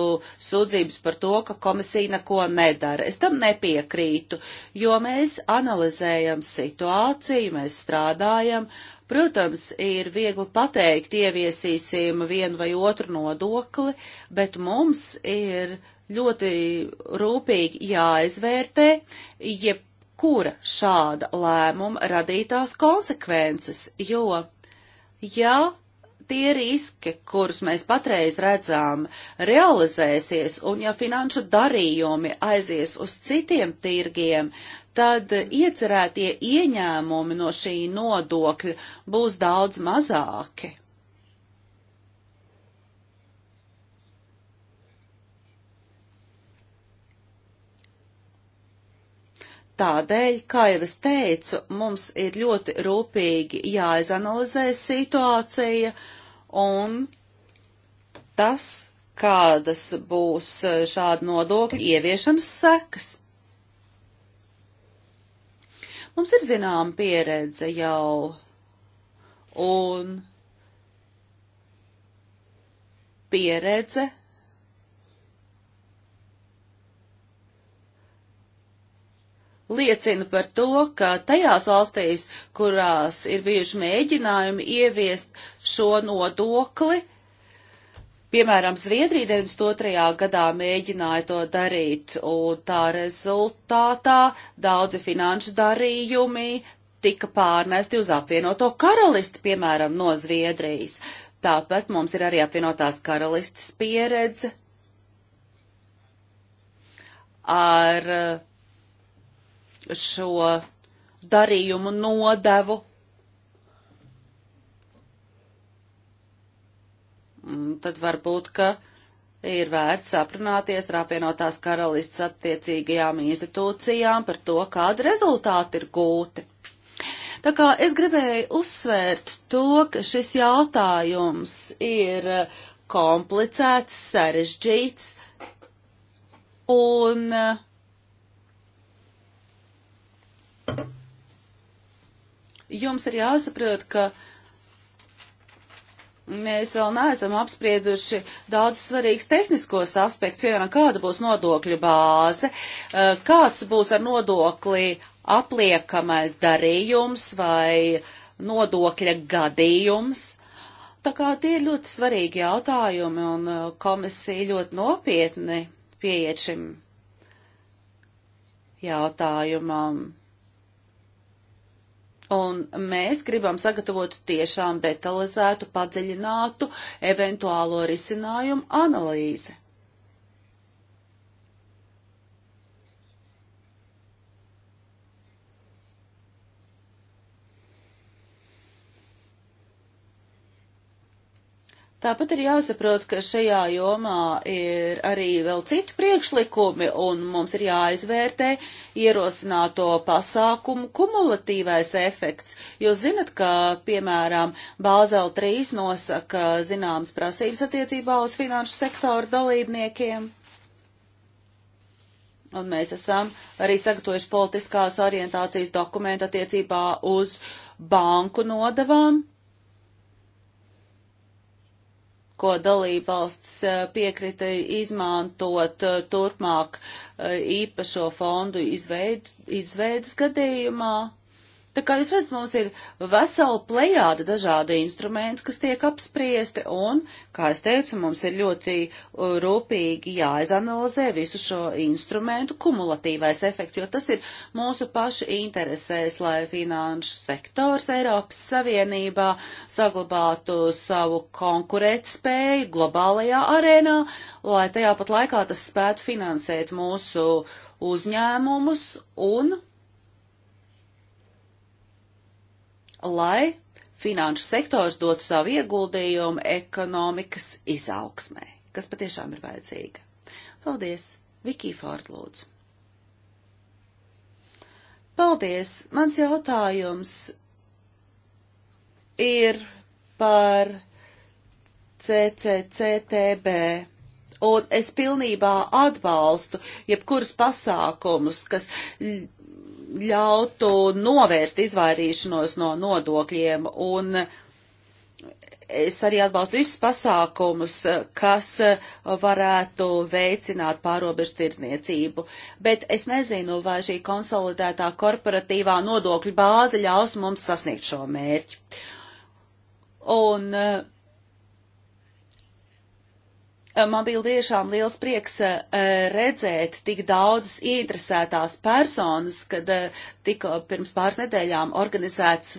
sūdzības par to, ka komisija neko nedara. Es tam nepiekrītu, jo mēs analizējam situāciju, mēs strādājam. Protams, ir viegli pateikt, ieviesīsim vienu vai otru nodokli, bet mums ir ļoti rūpīgi jāizvērtē, jebkura šāda lēmuma radītās konsekvences, jo, ja tie riski, kurus mēs patreiz redzam, realizēsies, un ja finanšu darījumi aizies uz citiem tirgiem, tad iecerētie ieņēmumi no šī nodokļa būs daudz mazāki. Tādēļ, kā jau es teicu, mums ir ļoti rūpīgi jāizanalizē situācija, uh, un tas, kādas būs e, šāda nodokļa ieviešanas sekas. Mums ir zināma pieredze jau, un pieredze liecina par to, ka tajās valstīs, kurās ir bijuši mēģinājumi ieviest šo nodokli, Piemēram, Zviedrija 92. gadā mēģināja to darīt, un tā rezultātā daudzi finanšu darījumi tika pārnesti uz apvienoto karalisti, piemēram, no Zviedrijas. Tāpat mums ir arī apvienotās karalistes pieredze ar šo darījumu nodevu. Tad varbūt, ka ir vērts aprunāties ar apvienotās karalists attiecīgajām institūcijām par to, kāda rezultāti ir gūti. Tā kā es gribēju uzsvērt to, ka šis jautājums ir komplicēts, sarežģīts un uh, Jums ir jāsaprot, ka mēs vēl neesam apsprieduši daudz svarīgs tehniskos aspektus, piemēram, kāda būs nodokļu bāze, eh, kāds būs ar nodokli apliekamais darījums vai nodokļa gadījums. Tā kā tie ir ļoti svarīgi jautājumi un eh, komisija ļoti nopietni pieiet šim jautājumam. Un mēs gribam sagatavot tiešām detalizētu, padziļinātu eventuālo risinājumu analīzi. Tāpat ir jāsaprot, ka šajā jomā ir arī vēl citi priekšlikumi, un mums ir jāizvērtē ierosināto pasākumu kumulatīvais efekts. Jūs zinat, ka, piemēram, Bāzel 3 nosaka zināmas prasības attiecībā uz finanšu sektoru dalībniekiem. Un mēs esam arī sagatavojuši politiskās orientācijas dokumentu attiecībā uz banku nodavām ko dalībvalsts eh, piekrita izmantot eh, turpmāk eh, īpašo fondu izveid, izveidas gadījumā. Tā kā jūs redzat, mums ir vesela plejāda dažādu instrumentu, kas tiek apspriesti, un, kā es teicu, mums ir ļoti uh, rūpīgi jāizanalizē visu šo instrumentu kumulatīvais efekts, jo tas ir mūsu pašu interesēs, lai finanšu sektors Eiropas Savienībā saglabātu savu konkurētspēju globālajā arēnā, lai tajā pat laikā tas spētu finansēt mūsu uzņēmumus un lai finanšu sektors dotu savu ieguldījumu ekonomikas izaugsmē, kas patiešām ir vajadzīga. Paldies, Viki Ford, lūdzu. Paldies, mans jautājums ir par CCCTB. Un es pilnībā atbalstu jebkurus pasākumus, kas ļautu novērst izvairīšanos no nodokļiem un es arī atbalstu visus pasākumus, kas varētu veicināt pārobežu tirdzniecību. Bet es nezinu, vai šī konsolidētā korporatīvā nodokļu bāze ļaus mums sasniegt šo mērķi. Un uh, Eh, man bija tiešām liels prieks eh, redzēt tik daudzas interesētās personas, kad eh, tika pirms pāris nedēļām organizēts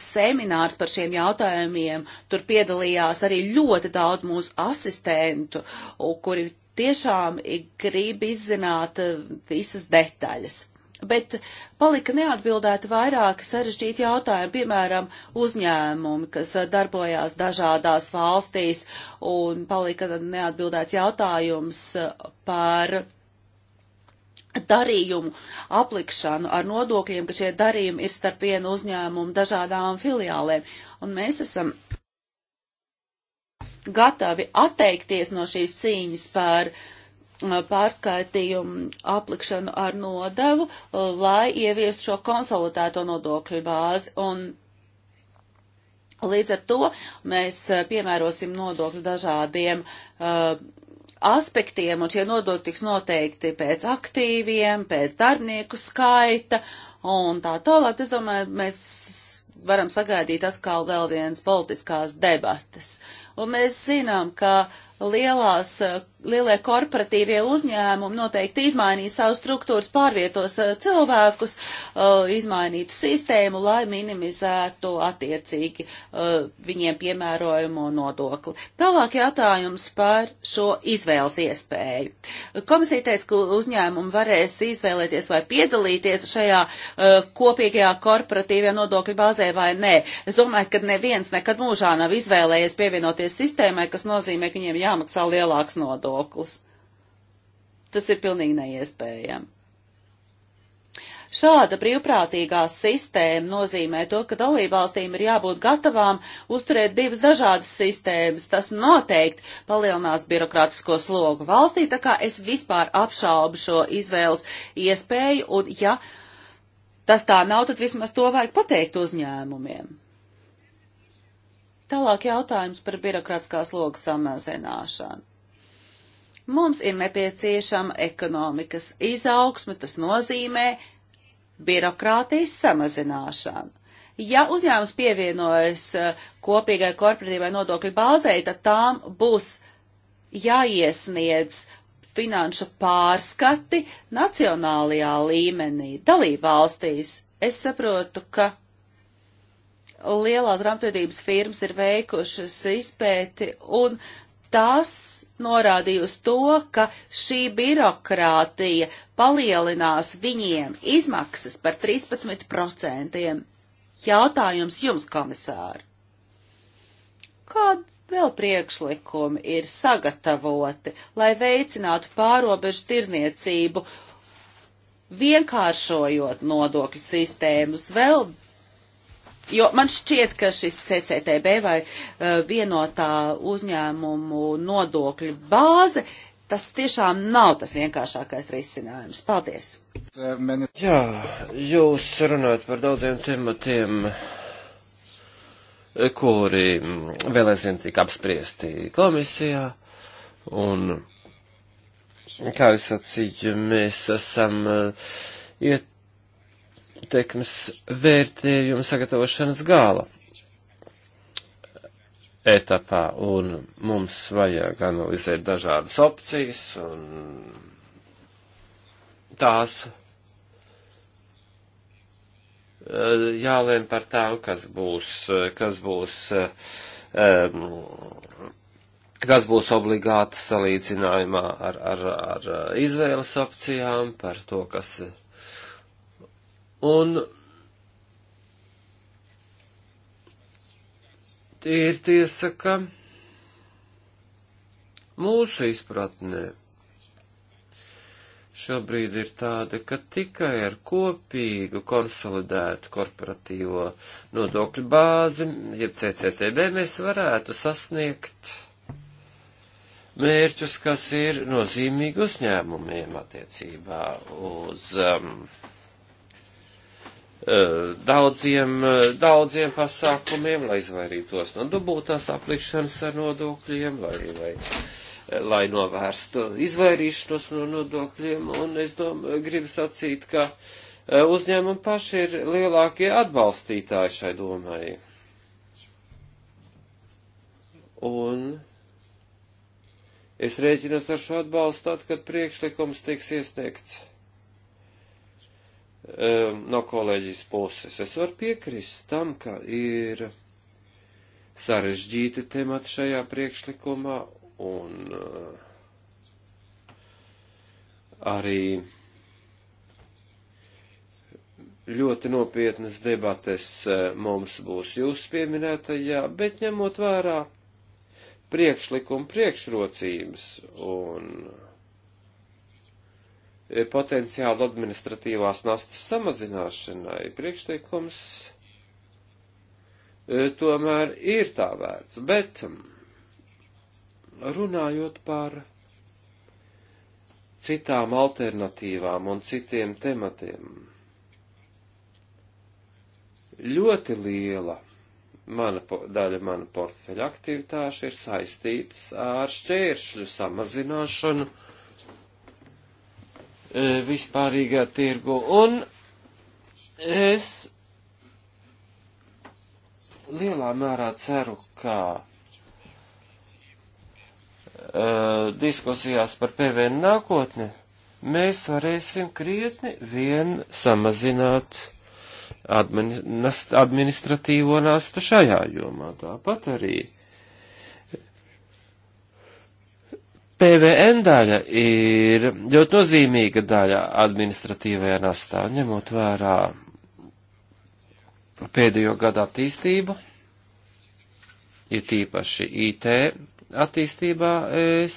seminārs par šiem jautājumiem. Tur piedalījās arī ļoti daudz mūsu asistentu, kuri tiešām grib izzināt visas detaļas. Bet palika neatbildēti vairāki sarežģīti jautājumi, piemēram, uzņēmumi, kas eh, darbojās dažādās valstīs, un palika neatbildēts jautājums eh, par darījumu aplikšanu ar nodokļiem, ka šie darījumi ir starp vienu uzņēmumu dažādām filiālēm. Un mēs esam gatavi atteikties no šīs cīņas par uh, Uh, pārskaitījumu aplikšanu ar nodevu, uh, lai ieviestu šo konsolidēto nodokļu bāzi. Un līdz ar to mēs uh, piemērosim nodokļu dažādiem uh, aspektiem, un šie nodokļi tiks noteikti pēc aktīviem, pēc darbinieku skaita un tā tālāk. Es domāju, mēs varam sagaidīt atkal vēl viens politiskās debatas. Un mēs zinām, ka lielās lielie korporatīvie uzņēmumi noteikti izmainīs savu struktūras, pārvietos eh, cilvēkus, eh, izmainītu sistēmu, lai minimizētu attiecīgi eh, viņiem piemērojamo nodokli. Tālāk jautājums par šo izvēles iespēju. Komisija teica, ka uzņēmumi varēs izvēlēties vai piedalīties šajā kopīgajā korporatīvajā nodokļu bāzē vai nē. Es domāju, ka neviens nekad mūžā nav izvēlējies pievienoties sistēmai, kas nozīmē, ka viņiem jāmaksā lielāks nodoklis nodoklis. Tas ir pilnīgi neiespējami. Šāda brīvprātīgā sistēma nozīmē to, ka dalībvalstīm ir jābūt gatavām uzturēt divas dažādas sistēmas. Tas noteikti palielinās birokrātisko slogu valstī, tā kā es vispār apšaubu šo izvēles iespēju, un ja tas tā nav, tad vismaz to vajag pateikt uzņēmumiem. Tālāk jautājums par birokrātiskā sloga samazināšanu. Mums ir nepieciešama ekonomikas izaugsme, tas nozīmē birokrātijas samazināšanu. Ja uzņēmums pievienojas eh, kopīgai korporatīvai nodokļu bāzei, tad tām būs jāiesniedz finanšu pārskati nacionālajā līmenī, dalībvalstīs. Es saprotu, ka lielās grāmatvedības firmas ir veikušas izpēti un tās norādīja uz to, ka šī birokrātija palielinās viņiem izmaksas par 13%. Jautājums jums, komisāri. Kādi vēl priekšlikumi ir sagatavoti, lai veicinātu pārobežu tirzniecību, vienkāršojot nodokļu sistēmas vēl Jo man šķiet, ka šis CCTB vai uh, vienotā uzņēmumu nodokļu bāze, tas tiešām nav tas vienkāršākais risinājums. Paldies! Jā, jūs runājat par daudziem tematiem, kuri vēl aizvien tika apspriesti komisijā. Un, kā es sacīju, mēs esam e, iet ietekmes vērtējuma sagatavošanas gala etapā, un mums vajag analizēt dažādas opcijas un tās eh, jālēm par tām, kas būs, kas būs, eh, kas būs obligāti salīdzinājumā ar, ar, ar izvēles opcijām, par to, kas ir Un ir tiesa, ka mūsu izpratnē šobrīd ir tāda, ka tikai ar kopīgu konsolidētu korporatīvo nodokļu bāzi, jeb CCTB, mēs varētu sasniegt mērķus, kas ir nozīmīgi uzņēmumiem attiecībā uz um, Eh, daudziem, eh, daudziem pasākumiem, lai izvairītos no dubultās aplikšanas ar nodokļiem, vai, vai eh, lai novērstu izvairīšanos no nodokļiem, un es domāju, gribu sacīt, ka uzņēmumi paši ir lielākie atbalstītāji šai domai. Un es rēķinos ar šo atbalstu tad, kad priekšlikums tiks iesniegts um, no kolēģijas puses. Es varu piekrist tam, ka ir sarežģīti temati šajā priekšlikumā un uh, arī ļoti nopietnas debates uh, mums būs jūsu pieminētajā, bet ņemot vērā priekšlikumu priekšrocības un uh, E, potenciālu administratīvās nastas samazināšanai. Priekšteikums e, tomēr ir tā vērts, bet runājot par citām alternatīvām un citiem tematiem, ļoti liela mana, daļa mana portfeļa aktivitāšu ir saistītas ar šķēršļu samazināšanu, uh, E, vispārīgā tirgu. Un es lielā mērā ceru, ka uh, diskusijās par PVN nākotni mēs varēsim krietni vien samazināt administratīvo nastu šajā jomā. Tāpat arī uh, PVN daļa ir ļoti nozīmīga daļa administratīvajā nastā, ņemot vērā pēdējo gadu attīstību, ir tīpaši IT attīstībā, es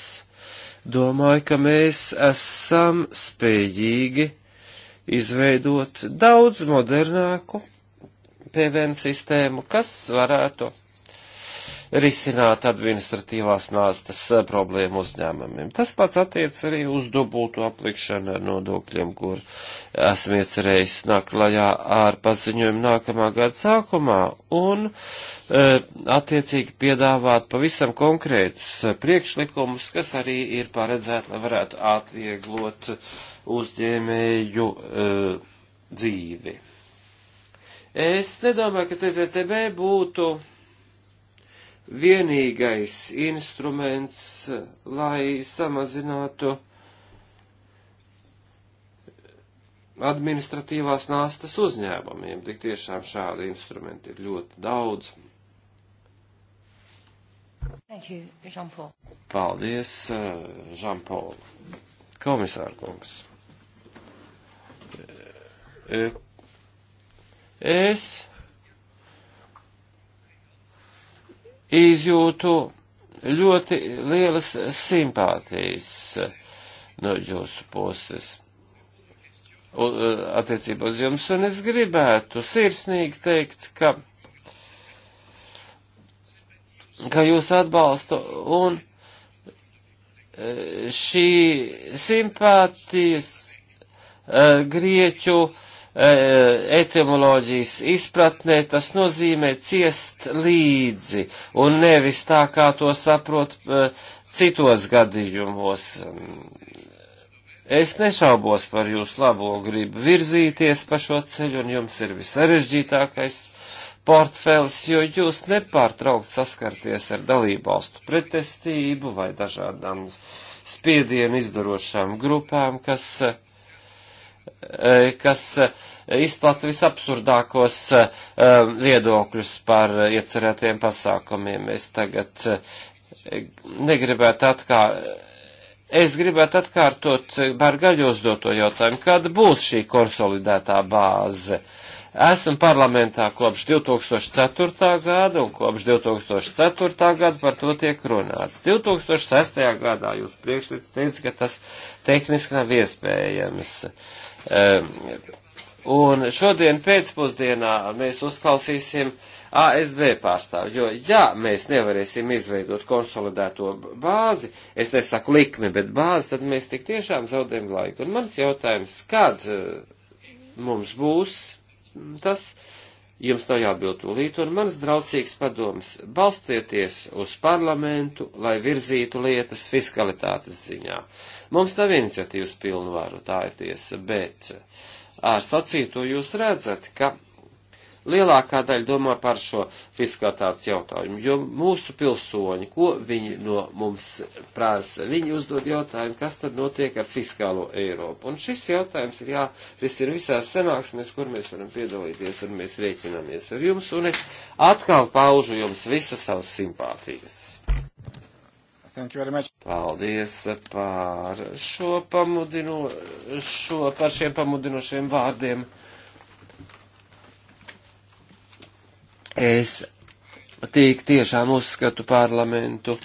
domāju, ka mēs esam spējīgi izveidot daudz modernāku PVN sistēmu, kas varētu risināt administratīvās nāstas eh, problēmu uzņēmumiem. Tas pats attiec arī uz dubultu aplikšanu ar nodokļiem, kur esmu iecerējis nāk klajā ar paziņojumu nākamā gada sākumā un e, attiecīgi piedāvāt pavisam konkrētus eh, priekšlikumus, kas arī ir paredzēti, lai varētu atvieglot uzņēmēju e, dzīvi. Es nedomāju, ka CZTB būtu vienīgais instruments, lai samazinātu administratīvās nāstas uzņēmumiem. Tik tiešām šādi instrumenti ir ļoti daudz. Thank you, Jean-Paul. Paldies, Žanpaul. Eh, Komisāra kungs. Eh, eh, es izjūtu ļoti lielas simpātijas no jūsu puses e, attiecībā uz jums, un es gribētu sirsnīgi teikt, ka, ka jūs atbalstu un e, šī simpātijas e, grieķu uh, E, etimoloģijas izpratnē, tas nozīmē ciest līdzi un nevis tā, kā to saprot e, citos gadījumos. Es nešaubos par jūsu labo gribu virzīties pa šo ceļu, un jums ir visarežģītākais portfels, jo jūs nepārtraukt saskarties ar dalībvalstu pretestību vai dažādām spiedienu izdarošām grupām, kas uh, Eh, kas eh, izplata visabsurdākos eh, viedokļus par iecerētiem pasākumiem. Es tagad negribētu atkārt. Es gribētu atkārtot Bargaļos doto jautājumu, kāda būs šī konsolidētā bāze. Uh, Esmu parlamentā kopš 2004. gada un kopš 2004. gada par to tiek runāts. 2006. gadā jūs priekšlīdz teica, ka tas tehniski nav iespējams. Um, un šodien pēcpusdienā mēs uzklausīsim ASV pārstāvju, jo ja mēs nevarēsim izveidot konsolidēto bāzi, es nesaku likmi, bet bāzi, tad mēs tik tiešām zaudējam laiku. Un mans jautājums, kad uh, mums būs Tas jums nav jāatbild tūlīt, un mans draudzīgs padoms - balstieties uz parlamentu, lai virzītu lietas fiskalitātes ziņā. Mums nav iniciatīvas pilnvaru, tā ir tiesa, bet ar sacīto jūs redzat, ka lielākā daļa domā par šo fiskalitātes jautājumu, jo mūsu pilsoņi, ko viņi no mums prasa, viņi uzdod jautājumu, kas tad notiek ar fiskālo Eiropu. Un šis jautājums ir jārisina visās sanāksmēs, kur mēs varam piedalīties, un mēs rēķināmies ar jums, un es atkal paužu jums visas savas simpātijas. Paldies par šo pamudino, šo, par šiem pamudinošiem vārdiem. Es tik tiešām uzskatu parlamentu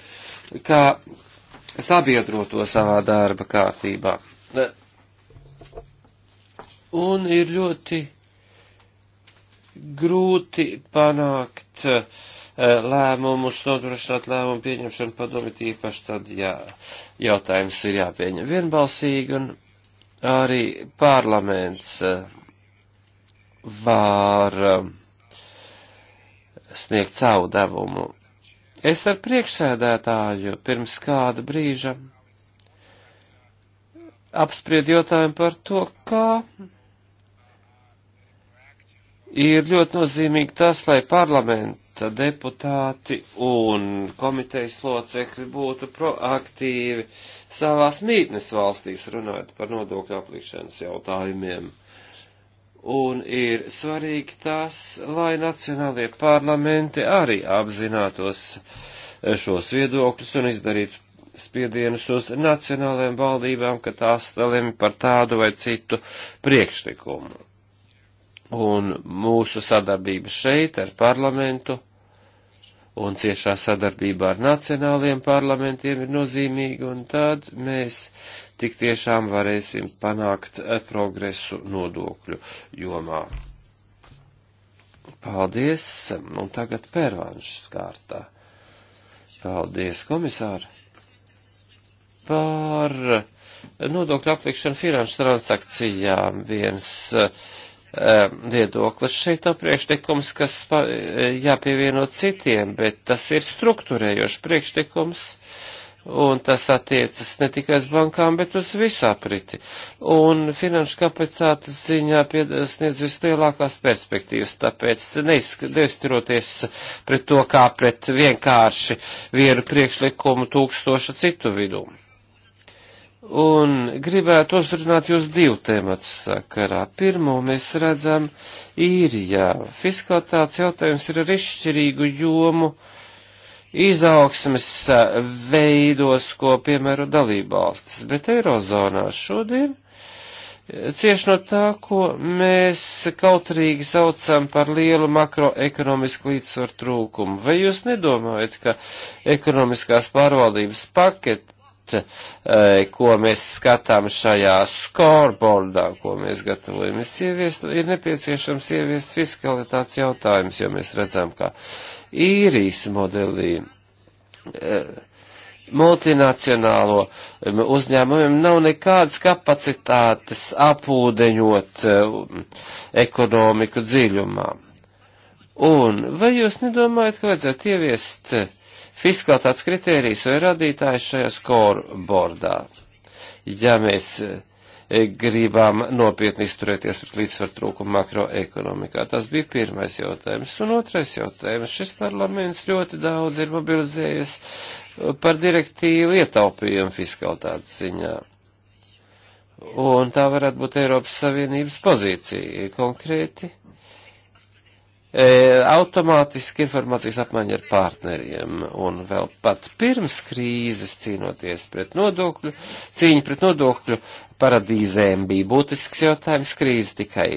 kā sabiedroto savā darba kārtībā. Un ir ļoti grūti panākt eh, lēmumus, nodrošināt lēmumu pieņemšanu padomi tīpaši tad, ja jautājums ir jāpieņem vienbalsīgi un arī parlaments eh, var eh, sniegt savu devumu. Es ar priekšsēdētāju pirms kāda brīža apspried jautājumu par to, kā ir ļoti nozīmīgi tas, lai parlamenta deputāti un komitejas locekļi būtu proaktīvi savās mītnes valstīs runājot par nodokļu aplikšanas jautājumiem un ir svarīgi tas, lai nacionālie parlamenti arī apzinātos eh, šos viedokļus un izdarītu spiedienus uz nacionālajām valdībām, ka tās lemj par tādu vai citu priekšlikumu. Un mūsu sadarbība šeit ar parlamentu un ciešā sadarbībā ar nacionāliem parlamentiem ir nozīmīgi, un tad mēs tik tiešām varēsim panākt eh, progresu nodokļu jomā. Paldies, un tagad pērvanšas kārtā. Paldies, komisāri, par nodokļu aplikšanu finanšu transakcijām viens uh, Um, viedoklis. Šeit nav priekšlikums, kas eh, jāpievieno citiem, bet tas ir struktūrējošs priekšlikums, un tas attiecas ne tikai uz bankām, bet uz visu apriti. Un finanšu kapacitātes ziņā sniedz vislielākās perspektīvas, tāpēc neizturoties pret to kā pret vienkārši vienu priekšlikumu tūkstošu citu vidumu. Un gribētu uzrunāt jūs divu tēmatu sakarā. Pirmo mēs redzam īrijā. Fiskalitātes jautājums ir ar izšķirīgu jomu izaugsmes eh, veidos, ko piemēro dalībvalstis. Bet Eirozonā šodien eh, cieši no tā, ko mēs kautrīgi saucam par lielu makroekonomisku līdzsvaru trūkumu. Vai jūs nedomājat, ka ekonomiskās pārvaldības paketi Eh, ko mēs skatām šajā skorbordā, ko mēs gatavojamies ieviest, ir nepieciešams ieviest fiskalitātes jautājumus, jo mēs redzam, ka īrijas modelī eh, multinacionālo eh, uzņēmumiem nav nekādas kapacitātes apūdeņot ekonomiku dziļumā. Un vai jūs nedomājat, ka vajadzētu ieviest fiskalitātes kritērijas vai radītājs šajā skorbordā. Ja mēs e, gribam nopietni izturēties pret līdzsvaru trūkumu makroekonomikā. Tas bija pirmais jautājums. Un otrais jautājums. Šis parlaments ļoti daudz ir mobilizējies par direktīvu ietaupījumu fiskalitātes ziņā. Un tā varētu būt Eiropas Savienības pozīcija konkrēti e, automātiski informācijas apmaiņa ar partneriem un vēl pat pirms krīzes cīnoties pret nodokļu, cīņa pret nodokļu paradīzēm bija būtisks jautājums, krīze tikai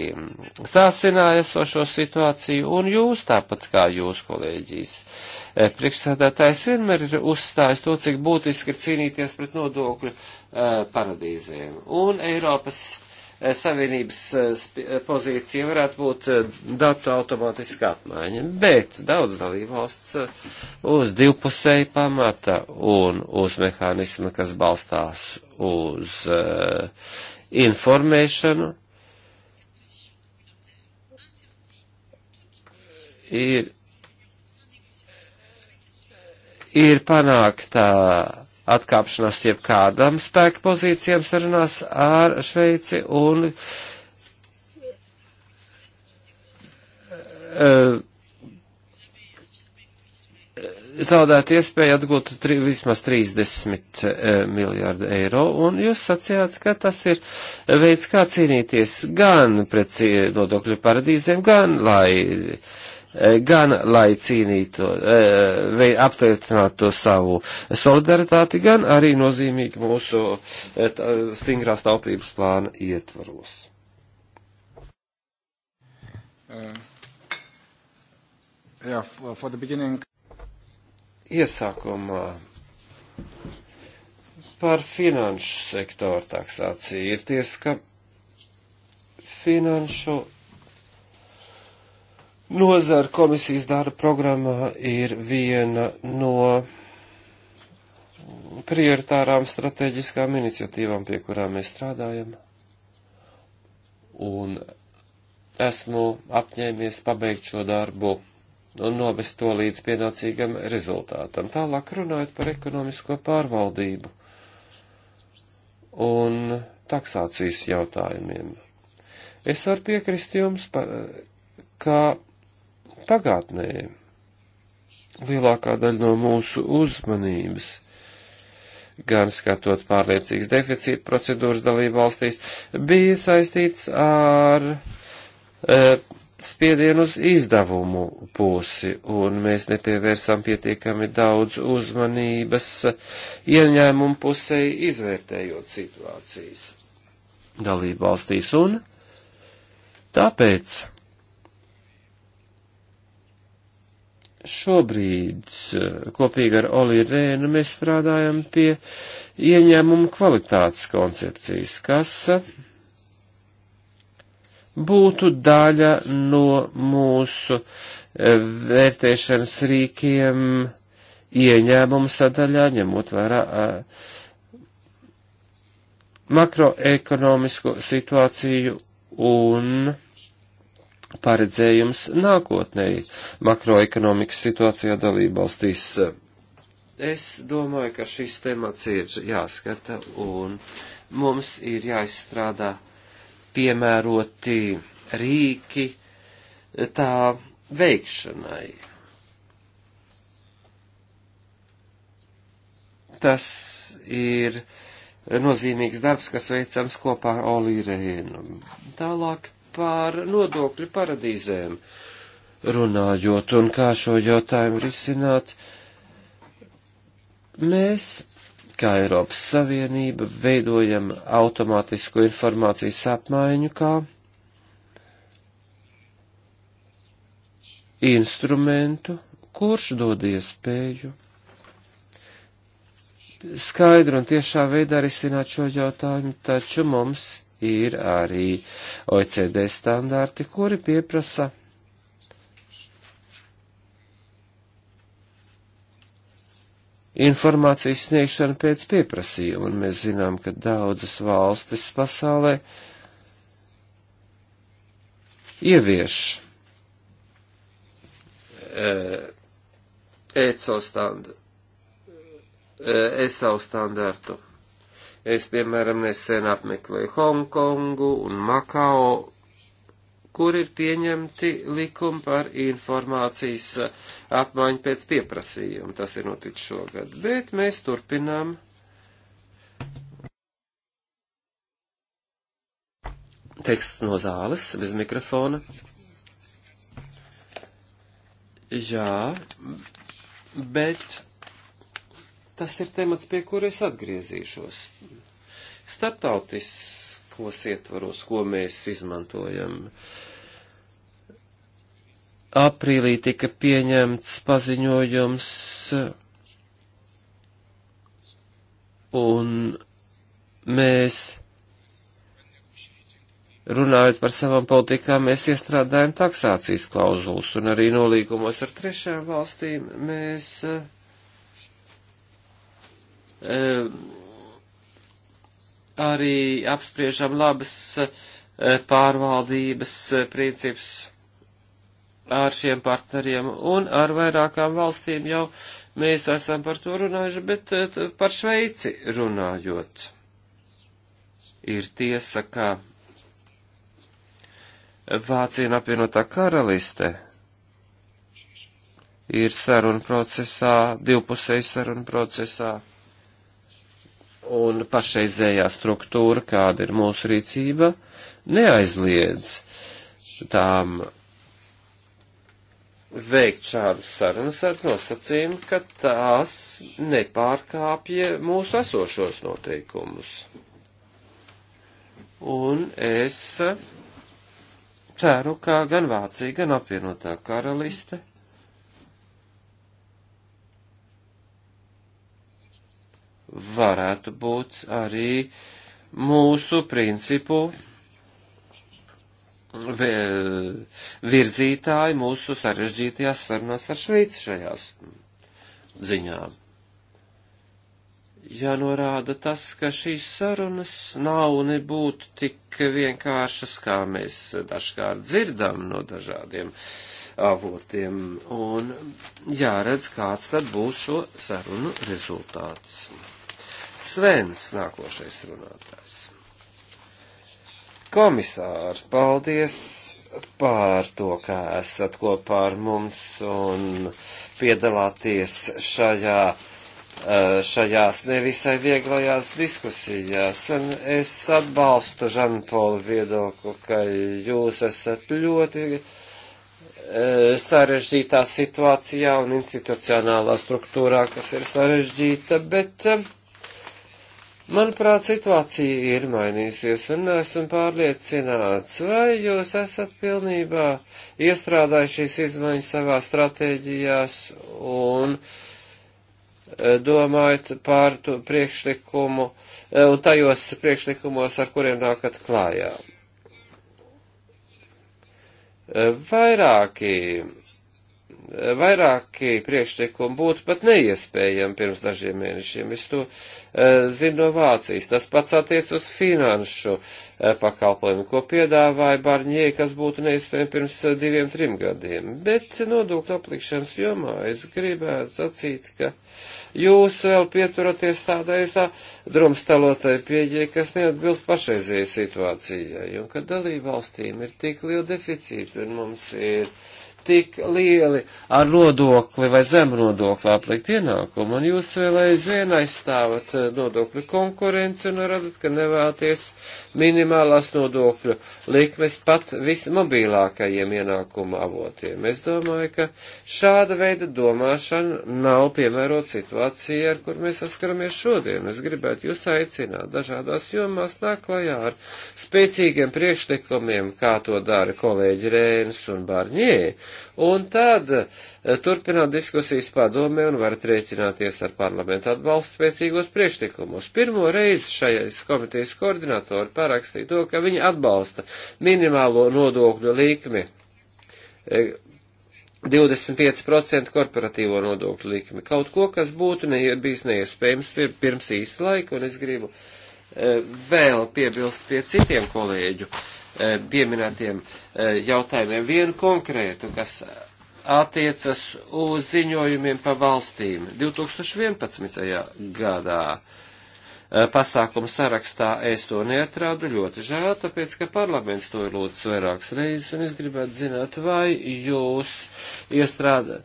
sāsināja esošo situāciju un jūs tāpat kā jūs kolēģijas e, priekšsēdētājs vienmēr ir uzstājis to, cik būtiski ir cīnīties pret nodokļu e, paradīzēm un Eiropas Savienības eh, eh, pozīcija varētu būt eh, datu automātiska apmaiņa, bet daudz dalībvalsts uz divpusēju pamata un uz mehānismu, kas balstās uz informēšanu, ir, ir panāktā atkāpšanās jebkādām spēku pozīcijām sarunās ar Šveici un uh, zaudēt iespēju atgūt tri, vismaz 30 e, eh, miljārdu eiro, un jūs sacījāt, ka tas ir veids, kā cīnīties gan pret nodokļu paradīzēm, gan lai Eh, gan lai cīnītu, eh, apstiprinātu savu solidaritāti, gan arī nozīmīgi mūsu eh, stingrā staupības plāna ietvaros. Uh, yeah, for the beginning. Iesākumā par finanšu sektoru taksāciju ir ties, ka finanšu Nozara komisijas darba programmā ir viena no prioritārām strateģiskām iniciatīvām, pie kurām mēs strādājam. Un esmu apņēmies pabeigt šo darbu un novest to līdz pienācīgam rezultātam. Tālāk runājot par ekonomisko pārvaldību un taksācijas jautājumiem. Es varu piekrist jums, par, ka Pagātnē lielākā daļa no mūsu uzmanības gan skatot pārliecīgas deficīta procedūras dalību valstīs, bija saistīts ar e, spiedienu uz izdevumu pusi, un mēs nepievērsām pietiekami daudz uzmanības ieņēmumu pusei, izvērtējot situācijas dalību valstīs, un tāpēc šobrīd eh, kopīgi ar Oli Rēnu mēs strādājam pie ieņēmumu kvalitātes koncepcijas, kas būtu daļa no mūsu eh, vērtēšanas rīkiem ieņēmumu sadaļā, ņemot vērā eh, makroekonomisku situāciju un paredzējums nākotnēji makroekonomikas situācijā dalībvalstīs. Es domāju, ka šis temats ir jāskata un mums ir jāizstrādā piemēroti rīki tā veikšanai. Tas ir nozīmīgs darbs, kas veicams kopā ar Olī Rēnu. Tālāk par nodokļu paradīzēm runājot un kā šo jautājumu risināt. Mēs, kā Eiropas Savienība, veidojam automātisku informācijas apmaiņu kā instrumentu, kurš dod iespēju skaidru un tiešā veidā risināt šo jautājumu, taču mums ir arī OECD standarti, kuri pieprasa informācijas sniegšanu pēc pieprasījuma, un mēs zinām, ka daudzas valstis pasaulē ievieš ECO e e standartu. ESO standartu. Es, piemēram, nesen apmeklēju Hongkongu un Makao, kur ir pieņemti likumi par informācijas apmaiņu pēc pieprasījuma. Tas ir noticis šogad. Bet mēs turpinām. Teksts no zāles, bez mikrofona. Jā, bet Tas ir temats, pie kura es atgriezīšos. Startautiskos ietvaros, ko mēs izmantojam. Aprīlī tika pieņemts paziņojums un mēs runājot par savām politikām, mēs iestrādājam taksācijas klauzulas un arī nolīgumos ar trešām valstīm mēs uh, Ehm, arī apspriežam labas eh, pārvaldības eh, principus ar šiem partneriem un ar vairākām valstīm jau mēs esam par to runājuši, bet eh, par Šveici runājot. Ir tiesa, ka Vācija un apvienotā karaliste ir saruna procesā, divpusēji saruna procesā un pašreizējā struktūra, kāda ir mūsu rīcība, neaizliedz tām veikt šādas sarunas ar nosacījumu, ka tās nepārkāpja mūsu esošos noteikumus. Un es ceru, ka gan Vācija, gan apvienotā karaliste varētu būt arī mūsu principu virzītāji mūsu sarežģītajās sarunās ar Šveici šajās ziņām. Jānorāda tas, ka šīs sarunas nav nebūtu tik vienkāršas, kā mēs dažkārt dzirdam no dažādiem avotiem, un jāredz, kāds tad būs šo sarunu rezultāts. Svens nākošais runātājs. Komisāri, paldies par to, ka esat kopā ar mums un piedalāties šajā, eh, šajās nevisai vieglajās diskusijās. Un es atbalstu Žanpolu viedokli, ka jūs esat ļoti eh, sarežģītā situācijā un institucionālā struktūrā, kas ir sarežģīta, bet uh, Manuprāt, situācija ir mainīsies, un esmu pārliecināts, vai jūs esat pilnībā iestrādājušies izmaiņas savā stratēģijās un e, domājat pār to priekšlikumu, e, un tajos priekšlikumos, ar kuriem nākat klājā. E, vairāki vairāki priekšlikumi būtu pat neiespējami pirms dažiem mēnešiem. Es to eh, zinu no Vācijas. Tas pats attiec uz finanšu eh, pakalpojumu, ko piedāvāja Barņē, kas būtu neiespējami pirms eh, diviem, trim gadiem. Bet nodokļu aplikšanas jomā es gribētu sacīt, ka jūs vēl pieturaties tādai drumstalotai pieejai, kas neatbilst pašreizējai situācijai. Un ka dalībvalstīm ir tik liela deficīta, un mums ir. Uh, tik lieli ar nodokli vai zem nodokli aplikt ienākumu, un jūs vēl aizvien aizstāvat eh, nodokļu konkurenci un radat, ka nevēlaties minimālās nodokļu likmes pat vismobīlākajiem ienākumu avotiem. Es domāju, ka šāda veida domāšana nav piemērot situācija, ar kur mēs saskaramies šodien. Es gribētu jūs aicināt dažādās jomās nāk klajā ar spēcīgiem priekšlikumiem, kā to dara kolēģi Rēns un Barņē Un tad eh, turpinām diskusijas padomē un varat rēķināties ar parlamentu atbalstu spēcīgos priekšlikumus. Pirmo reizi šajais komitejas koordinatori parakstīja to, ka viņi atbalsta minimālo nodokļu likmi 25% eh, korporatīvo nodokļu likmi. Kaut ko, kas būtu ne, bijis neiespējams pirms īsa laika, un es gribu e, vēl piebilst pie citiem kolēģu Eh, pieminētiem eh, jautājumiem. Vienu konkrētu, kas attiecas uz ziņojumiem pa valstīm 2011. gadā eh, pasākumu sarakstā es to neatrādu ļoti žēl, tāpēc, ka parlaments to ir lūdzis vairākas reizes, un es gribētu zināt, vai jūs iestrādā,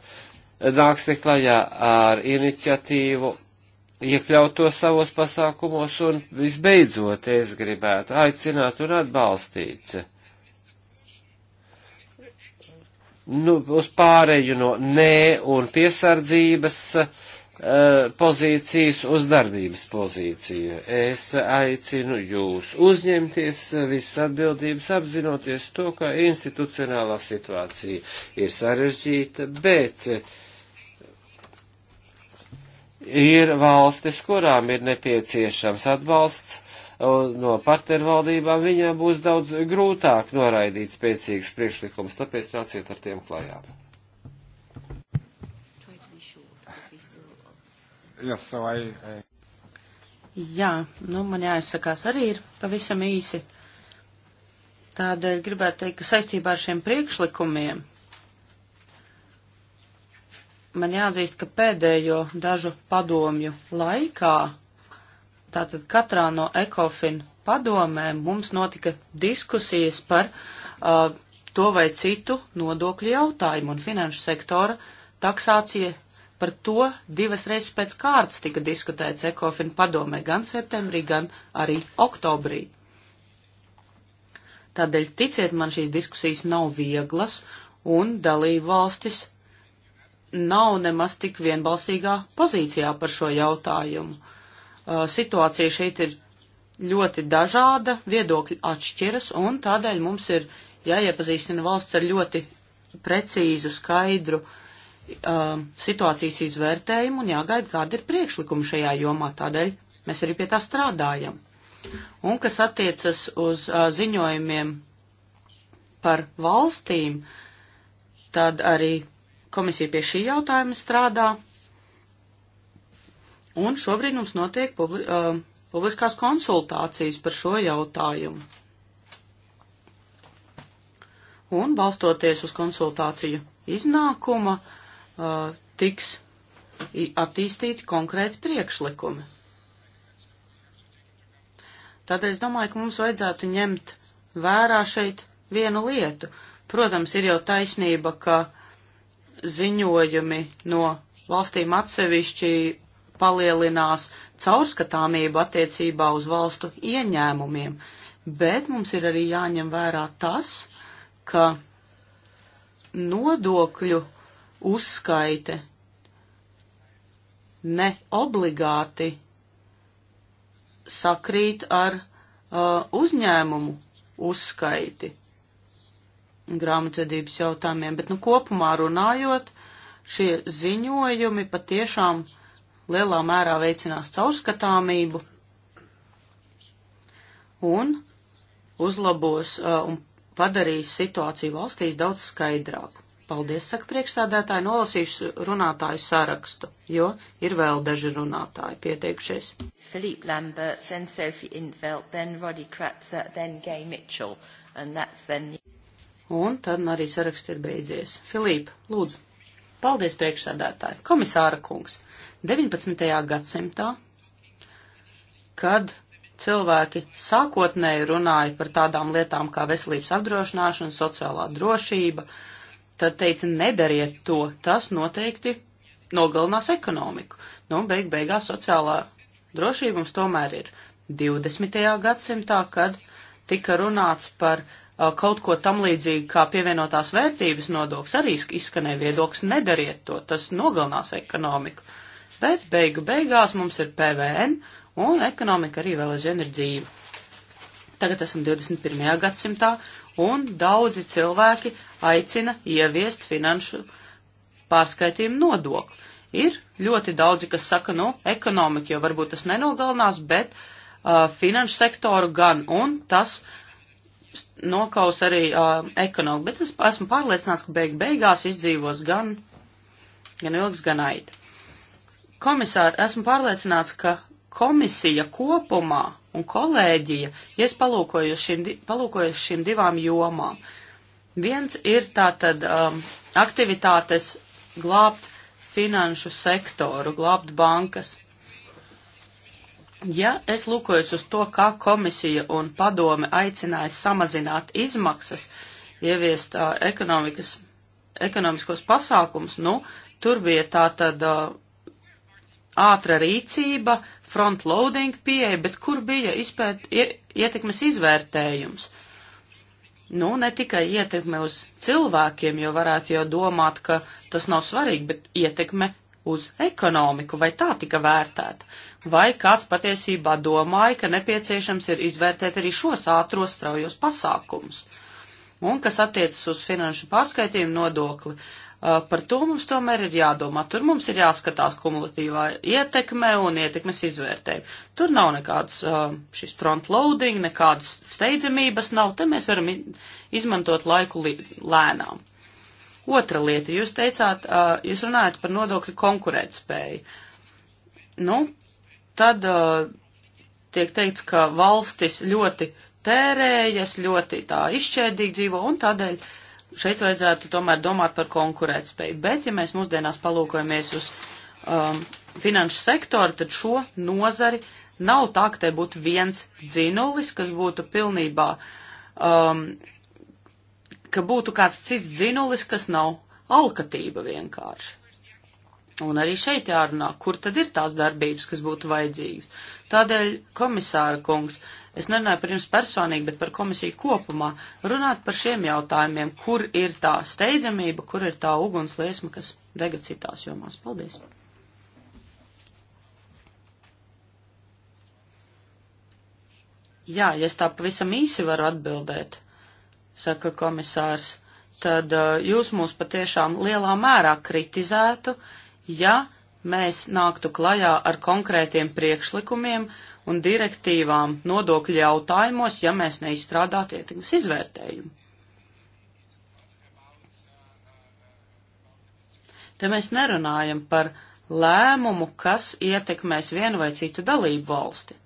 nāksiet klajā ar iniciatīvu iekļaut to savos pasākumos, un visbeidzot es gribētu aicināt un atbalstīt nu, uz pārēju no nē un piesardzības uh, pozīcijas uz darbības pozīciju. Es aicinu jūs uzņemties visas atbildības, apzinoties to, ka institucionālā situācija ir sarežģīta, bet uh, ir valstis, kurām ir nepieciešams atbalsts no partnervaldībām, viņām būs daudz grūtāk noraidīt spēcīgus priekšlikumus, tāpēc nāciet ar tiem klajā. Yes, so I, I... Jā, nu man jāizsakās arī ir pavisam īsi. Tādēļ gribētu teikt, ka saistībā ar šiem priekšlikumiem man jāatzīst, ka pēdējo dažu padomju laikā, tātad katrā no ECOFIN padomēm, mums notika diskusijas par uh, to vai citu nodokļu jautājumu un finanšu sektora taksācija. Par to divas reizes pēc kārtas tika diskutēts ECOFIN padomē gan septembrī, gan arī oktobrī. Tādēļ ticiet man šīs diskusijas nav vieglas un dalību valstis nav nemaz tik vienbalsīgā pozīcijā par šo jautājumu. Uh, situācija šeit ir ļoti dažāda, viedokļi atšķiras, un tādēļ mums ir jāiepazīstina valsts ar ļoti precīzu, skaidru uh, situācijas izvērtējumu un jāgaida, kāda ir priekšlikuma šajā jomā. Tādēļ mēs arī pie tā strādājam. Un kas attiecas uz uh, ziņojumiem par valstīm, tad arī Komisija pie šī jautājuma strādā. Un šobrīd mums notiek publi uh, publiskās konsultācijas par šo jautājumu. Un balstoties uz konsultāciju iznākuma, uh, tiks attīstīti konkrēti priekšlikumi. Tādēļ es domāju, ka mums vajadzētu ņemt vērā šeit vienu lietu. Protams, ir jau taisnība, ka uh, ziņojumi no valstīm atsevišķi palielinās caurskatāmību attiecībā uz valstu ieņēmumiem, bet mums ir arī jāņem vērā tas, ka nodokļu uzskaite ne obligāti sakrīt ar uh, uzņēmumu uzskaiti grāmatvedības jautājumiem, bet nu kopumā runājot, šie ziņojumi patiešām lielā mērā veicinās caurskatāmību un uzlabos uh, un padarīs situāciju valstī daudz skaidrāku. Paldies, saka priekšsādētāji, nolasīšu runātāju sarakstu, jo ir vēl daži runātāji pieteikušies. Philippe Lambert, then Sophie Infeld, then Roddy Kratzer, then Gay Mitchell, and that's then... Un tad arī saraksts ir beidzies. Filipa, lūdzu. Paldies, priekšsēdētāji. Komisāra kungs. 19. gadsimtā, kad cilvēki sākotnēji runāja par tādām lietām kā veselības apdrošināšana, sociālā drošība, tad teica, nedariet to, tas noteikti nogalinās ekonomiku. Nu, beig beigās sociālā drošība mums tomēr ir 20. gadsimtā, kad tika runāts par uh, Uh, kaut ko tam līdzīgu kā pievienotās vērtības nodoklis, arī izskanēja viedoklis, nedariet to, tas nogalinās ekonomiku. Bet beigu beigās mums ir PVN, un ekonomika arī vēl aizvien ir dzīva. Tagad esam 21. gadsimtā, un daudzi cilvēki aicina ieviest finanšu pārskaitījumu nodokli. Ir ļoti daudzi, kas saka, nu, ekonomika jau varbūt tas nenogalinās, bet uh, finanšu sektoru gan, un tas uh, nokaus arī uh, ekonomiku, bet es esmu pārliecināts, ka beig beigās izdzīvos gan, gan ilgs, gan aita. Komisāri, esmu pārliecināts, ka komisija kopumā un kolēģija, ja es palūkoju šīm, palūkoju šīm divām jomām, viens ir tātad um, aktivitātes glābt finanšu sektoru, glābt bankas. Ja es lūkojos uz to, kā komisija un padome aicināja samazināt izmaksas, ieviest uh, ekonomikas, ekonomiskos pasākums, nu, tur bija tā tad uh, ātra rīcība, front-loading pieeja, bet kur bija izpēt, ietekmes izvērtējums? Nu, ne tikai ietekme uz cilvēkiem, jo varētu jau domāt, ka tas nav svarīgi, bet ietekme uz ekonomiku, vai tā tika vērtēta? Vai kāds patiesībā domāja, ka nepieciešams ir izvērtēt arī šos ātros straujos pasākumus? Un kas attiecas uz finanšu pārskaitījumu nodokli, uh, par to mums tomēr ir jādomā. Tur mums ir jāskatās kumulatīvā ietekme un ietekmes izvērtējumi. Tur nav nekādas uh, šis frontloading, nekādas steidzamības nav, te mēs varam izmantot laiku lēnām. Otra lieta, jūs teicāt, uh, jūs runājat par nodokļu konkurētspēju. Nu, tad uh, tiek teikts, ka valstis ļoti tērējas, ļoti tā izšķēdīgi dzīvo un tādēļ šeit vajadzētu tomēr domāt par konkurētspēju. Bet, ja mēs mūsdienās palūkojamies uz um, finanšu sektoru, tad šo nozari nav tā, ka te būtu viens dzinulis, kas būtu pilnībā um, ka būtu kāds cits dzinulis, kas nav alkatība vienkārši. Un arī šeit jārunā, kur tad ir tās darbības, kas būtu vajadzīgas. Tādēļ, komisāra kungs, es nerunāju par jums personīgi, bet par komisiju kopumā, runāt par šiem jautājumiem, kur ir tā steidzamība, kur ir tā ugunsliesma, kas dega citās jomās. Paldies! Jā, ja es tā pavisam īsi varu atbildēt saka komisārs, tad uh, jūs mūs patiešām lielā mērā kritizētu, ja mēs nāktu klajā ar konkrētiem priekšlikumiem un direktīvām nodokļu jautājumos, ja mēs neizstrādātu ietekmes izvērtējumu. Te mēs nerunājam par lēmumu, kas ietekmēs vienu vai citu dalību valsti.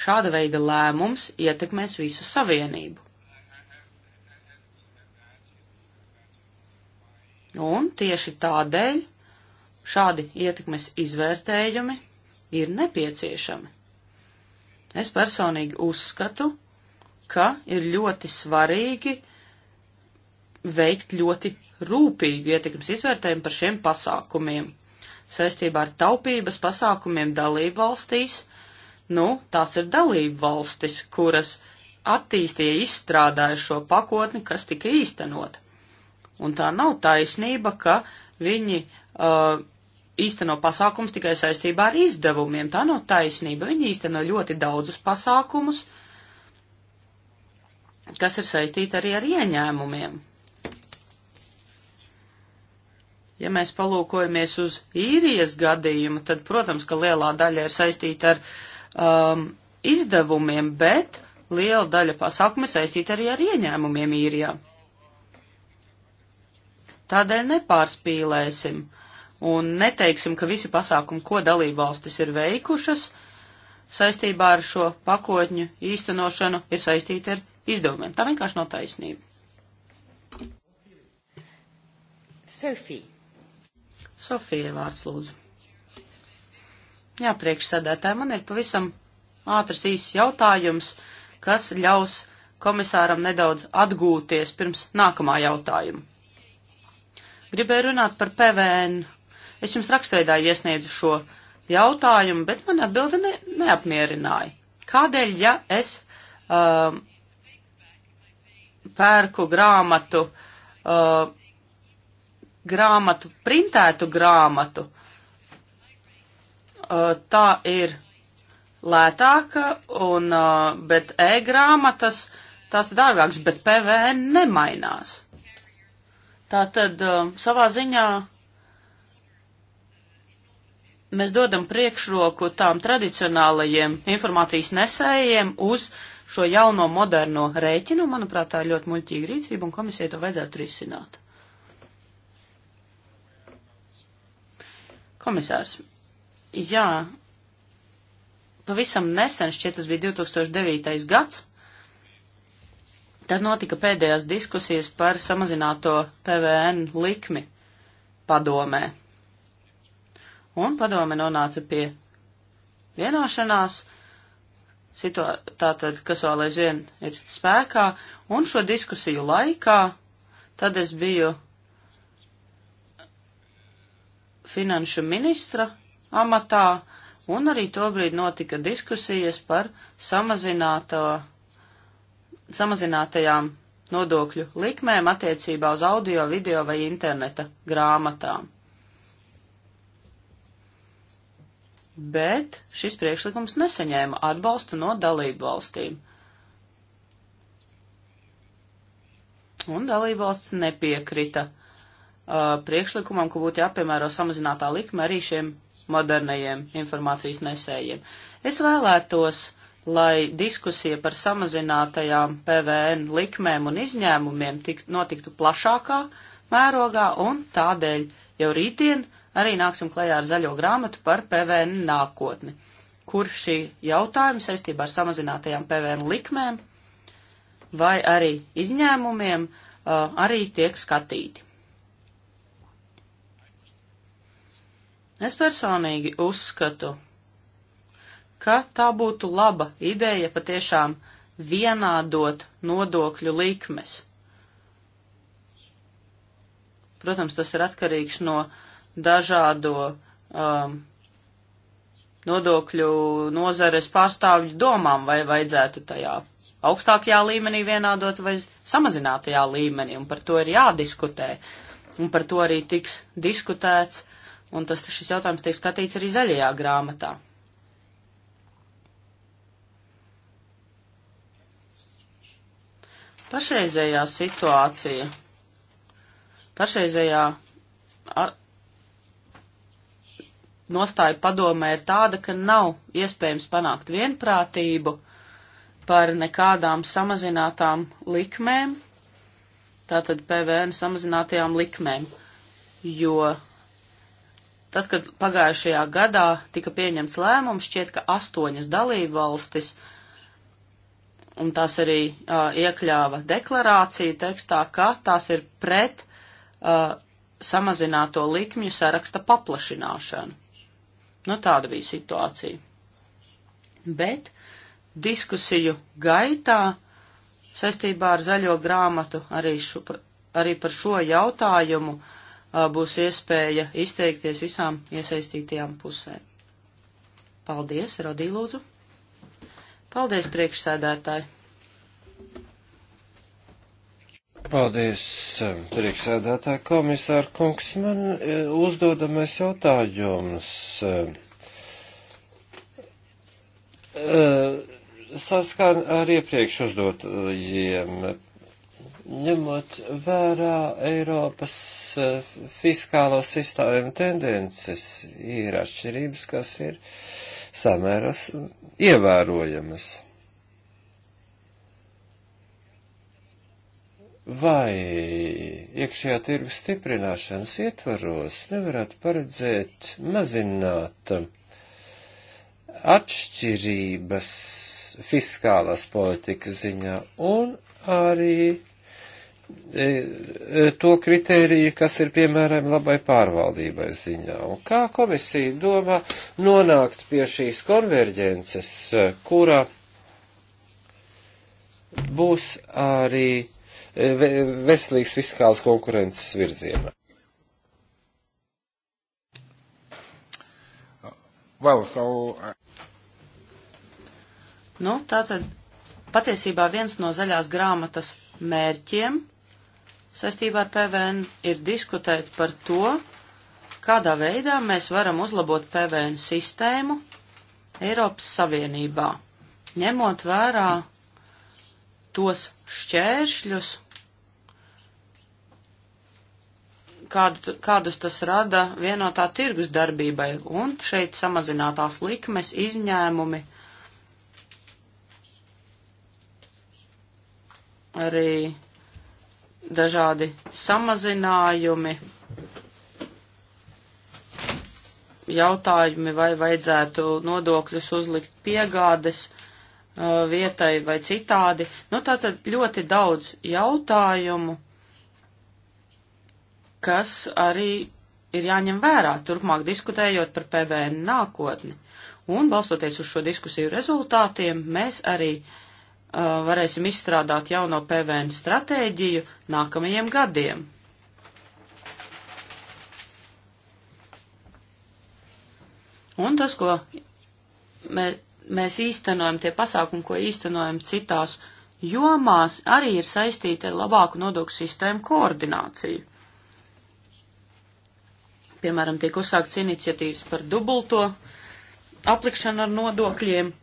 Šāda veida lēmums ietekmēs visu savienību. Un tieši tādēļ šādi ietekmes izvērtējumi ir nepieciešami. Es personīgi uzskatu, ka ir ļoti svarīgi veikt ļoti rūpīgu ietekmes izvērtējumu par šiem pasākumiem. Saistībā ar taupības pasākumiem dalību valstīs Nu, tās ir dalību valstis, kuras attīstīja, izstrādāja šo pakotni, kas tika īstenot. Un tā nav taisnība, ka viņi uh, īsteno pasākums tikai saistībā ar izdevumiem. Tā nav taisnība. Viņi īsteno ļoti daudzus pasākumus, kas ir saistīti arī ar ieņēmumiem. Ja mēs palūkojamies uz īrijas gadījumu, tad, protams, ka lielā daļa ir saistīta ar uh, um, izdevumiem, bet liela daļa pasākumu ir saistīta arī ar ieņēmumiem īrijā. Tādēļ nepārspīlēsim un neteiksim, ka visi pasākumi, ko dalībvalstis ir veikušas saistībā ar šo pakotņu īstenošanu, ir saistīti ar izdevumiem. Tā vienkārši nav taisnība. Sofija. Sofija vārds lūdzu. Jā, priekšsēdētāji, man ir pavisam ātrs īsts jautājums, kas ļaus komisāram nedaudz atgūties pirms nākamā jautājuma. Gribēju runāt par PVN. Es jums rakstveidā iesniedzu šo jautājumu, bet man atbilde ne, neapmierināja. Kādēļ, ja es um, pērku grāmatu, uh, grāmatu, printētu grāmatu, uh, tā ir lētāka, un, uh, bet e-grāmatas tās ir dārgākas, bet PVN nemainās. Tā tad uh, savā ziņā mēs dodam priekšroku tām tradicionālajiem informācijas nesējiem uz šo jauno moderno rēķinu. Manuprāt, tā ir ļoti muļķīga rīcība, un komisijai to vajadzētu risināt. Komisārs, Jā, pavisam nesen, šķiet tas bija 2009. gads, tad notika pēdējās diskusijas par samazināto PVN likmi padomē. Un padome nonāca pie vienošanās, tātad, kas vēl aizvien ir spēkā, un šo diskusiju laikā tad es biju finanšu ministra amatā, un arī tobrīd notika diskusijas par uh, samazinātajām nodokļu likmēm attiecībā uz audio, video vai interneta grāmatām. Bet šis priekšlikums nesaņēma atbalstu no dalību valstīm. Un dalībvalsts nepiekrita uh, priekšlikumam, ka būtu jāpiemēro samazinātā likme arī šiem modernajiem informācijas nesējiem. Es vēlētos, lai diskusija par samazinātajām PVN likmēm un izņēmumiem tik, notiktu plašākā mērogā un tādēļ jau rītdien arī nāksim klajā ar zaļo grāmatu par PVN nākotni, kur šī jautājuma saistībā ar samazinātajām PVN likmēm vai arī izņēmumiem uh, arī tiek skatīti. Es personīgi uzskatu, ka tā būtu laba ideja patiešām vienādot nodokļu likmes. Protams, tas ir atkarīgs no dažādo um, nodokļu nozares pārstāvju domām, vai vajadzētu tajā augstākajā līmenī vienādot vai samazinātajā līmenī, un par to ir jādiskutē, un par to arī tiks diskutēts Un tas šis jautājums tiek skatīts arī zaļajā grāmatā. Pašreizējā situācija, pašreizējā ar, nostāja padomē ir tāda, ka nav iespējams panākt vienprātību par nekādām samazinātām likmēm, tātad PVN samazinātajām likmēm, jo Tad, kad pagājušajā gadā tika pieņemts lēmums, šķiet, ka astoņas dalību valstis, un tās arī uh, iekļāva deklarāciju tekstā, ka tās ir pret uh, samazināto likmju saraksta paplašināšanu. Nu, tāda bija situācija. Bet diskusiju gaitā saistībā ar zaļo grāmatu arī, šo, arī par šo jautājumu uh, Uh, būs iespēja izteikties visām iesaistītajām pusēm. Paldies, Rodī lūdzu. Paldies, priekšsēdētāji. Paldies, um, priekšsēdētāji komisāra kungs. Man uh, uzdodamais jautājums. Um, uh, saskan ar iepriekš uzdotajiem ņemot vērā Eiropas eh, fiskālo sistēmu tendences, ir atšķirības, kas ir samēras ievērojamas. Vai iekšējā tirgus stiprināšanas ietvaros nevarētu paredzēt mazināt atšķirības fiskālās politikas ziņā un arī E, e, to kritēriju, kas ir piemēram labai pārvaldībai ziņā. Un kā komisija domā nonākt pie šīs konverģences, e, kura būs arī veselīgs fiskāls konkurences virzienā? Well, so... Uh, nu, tātad patiesībā viens no zaļās grāmatas mērķiem saistībā ar PVN ir diskutēt par to, kādā veidā mēs varam uzlabot PVN sistēmu Eiropas Savienībā, ņemot vērā tos šķēršļus, kādu, kādus tas rada vienotā tirgus darbībai, un šeit samazinātās likmes, izņēmumi, arī dažādi samazinājumi, jautājumi, vai vajadzētu nodokļus uzlikt piegādes uh, vietai vai citādi. Nu, tātad ļoti daudz jautājumu, kas arī ir jāņem vērā, turpmāk diskutējot par PVN nākotni. Un, balstoties uz šo diskusiju rezultātiem, mēs arī uh, Uh, varēsim izstrādāt jauno PVN stratēģiju nākamajiem gadiem. Un tas, ko mē, mēs īstenojam, tie pasākumi, ko īstenojam citās jomās, arī ir saistīti ar labāku nodokļu sistēmu koordināciju. Piemēram, tiek uzsākts iniciatīvas par dubulto aplikšanu ar nodokļiem,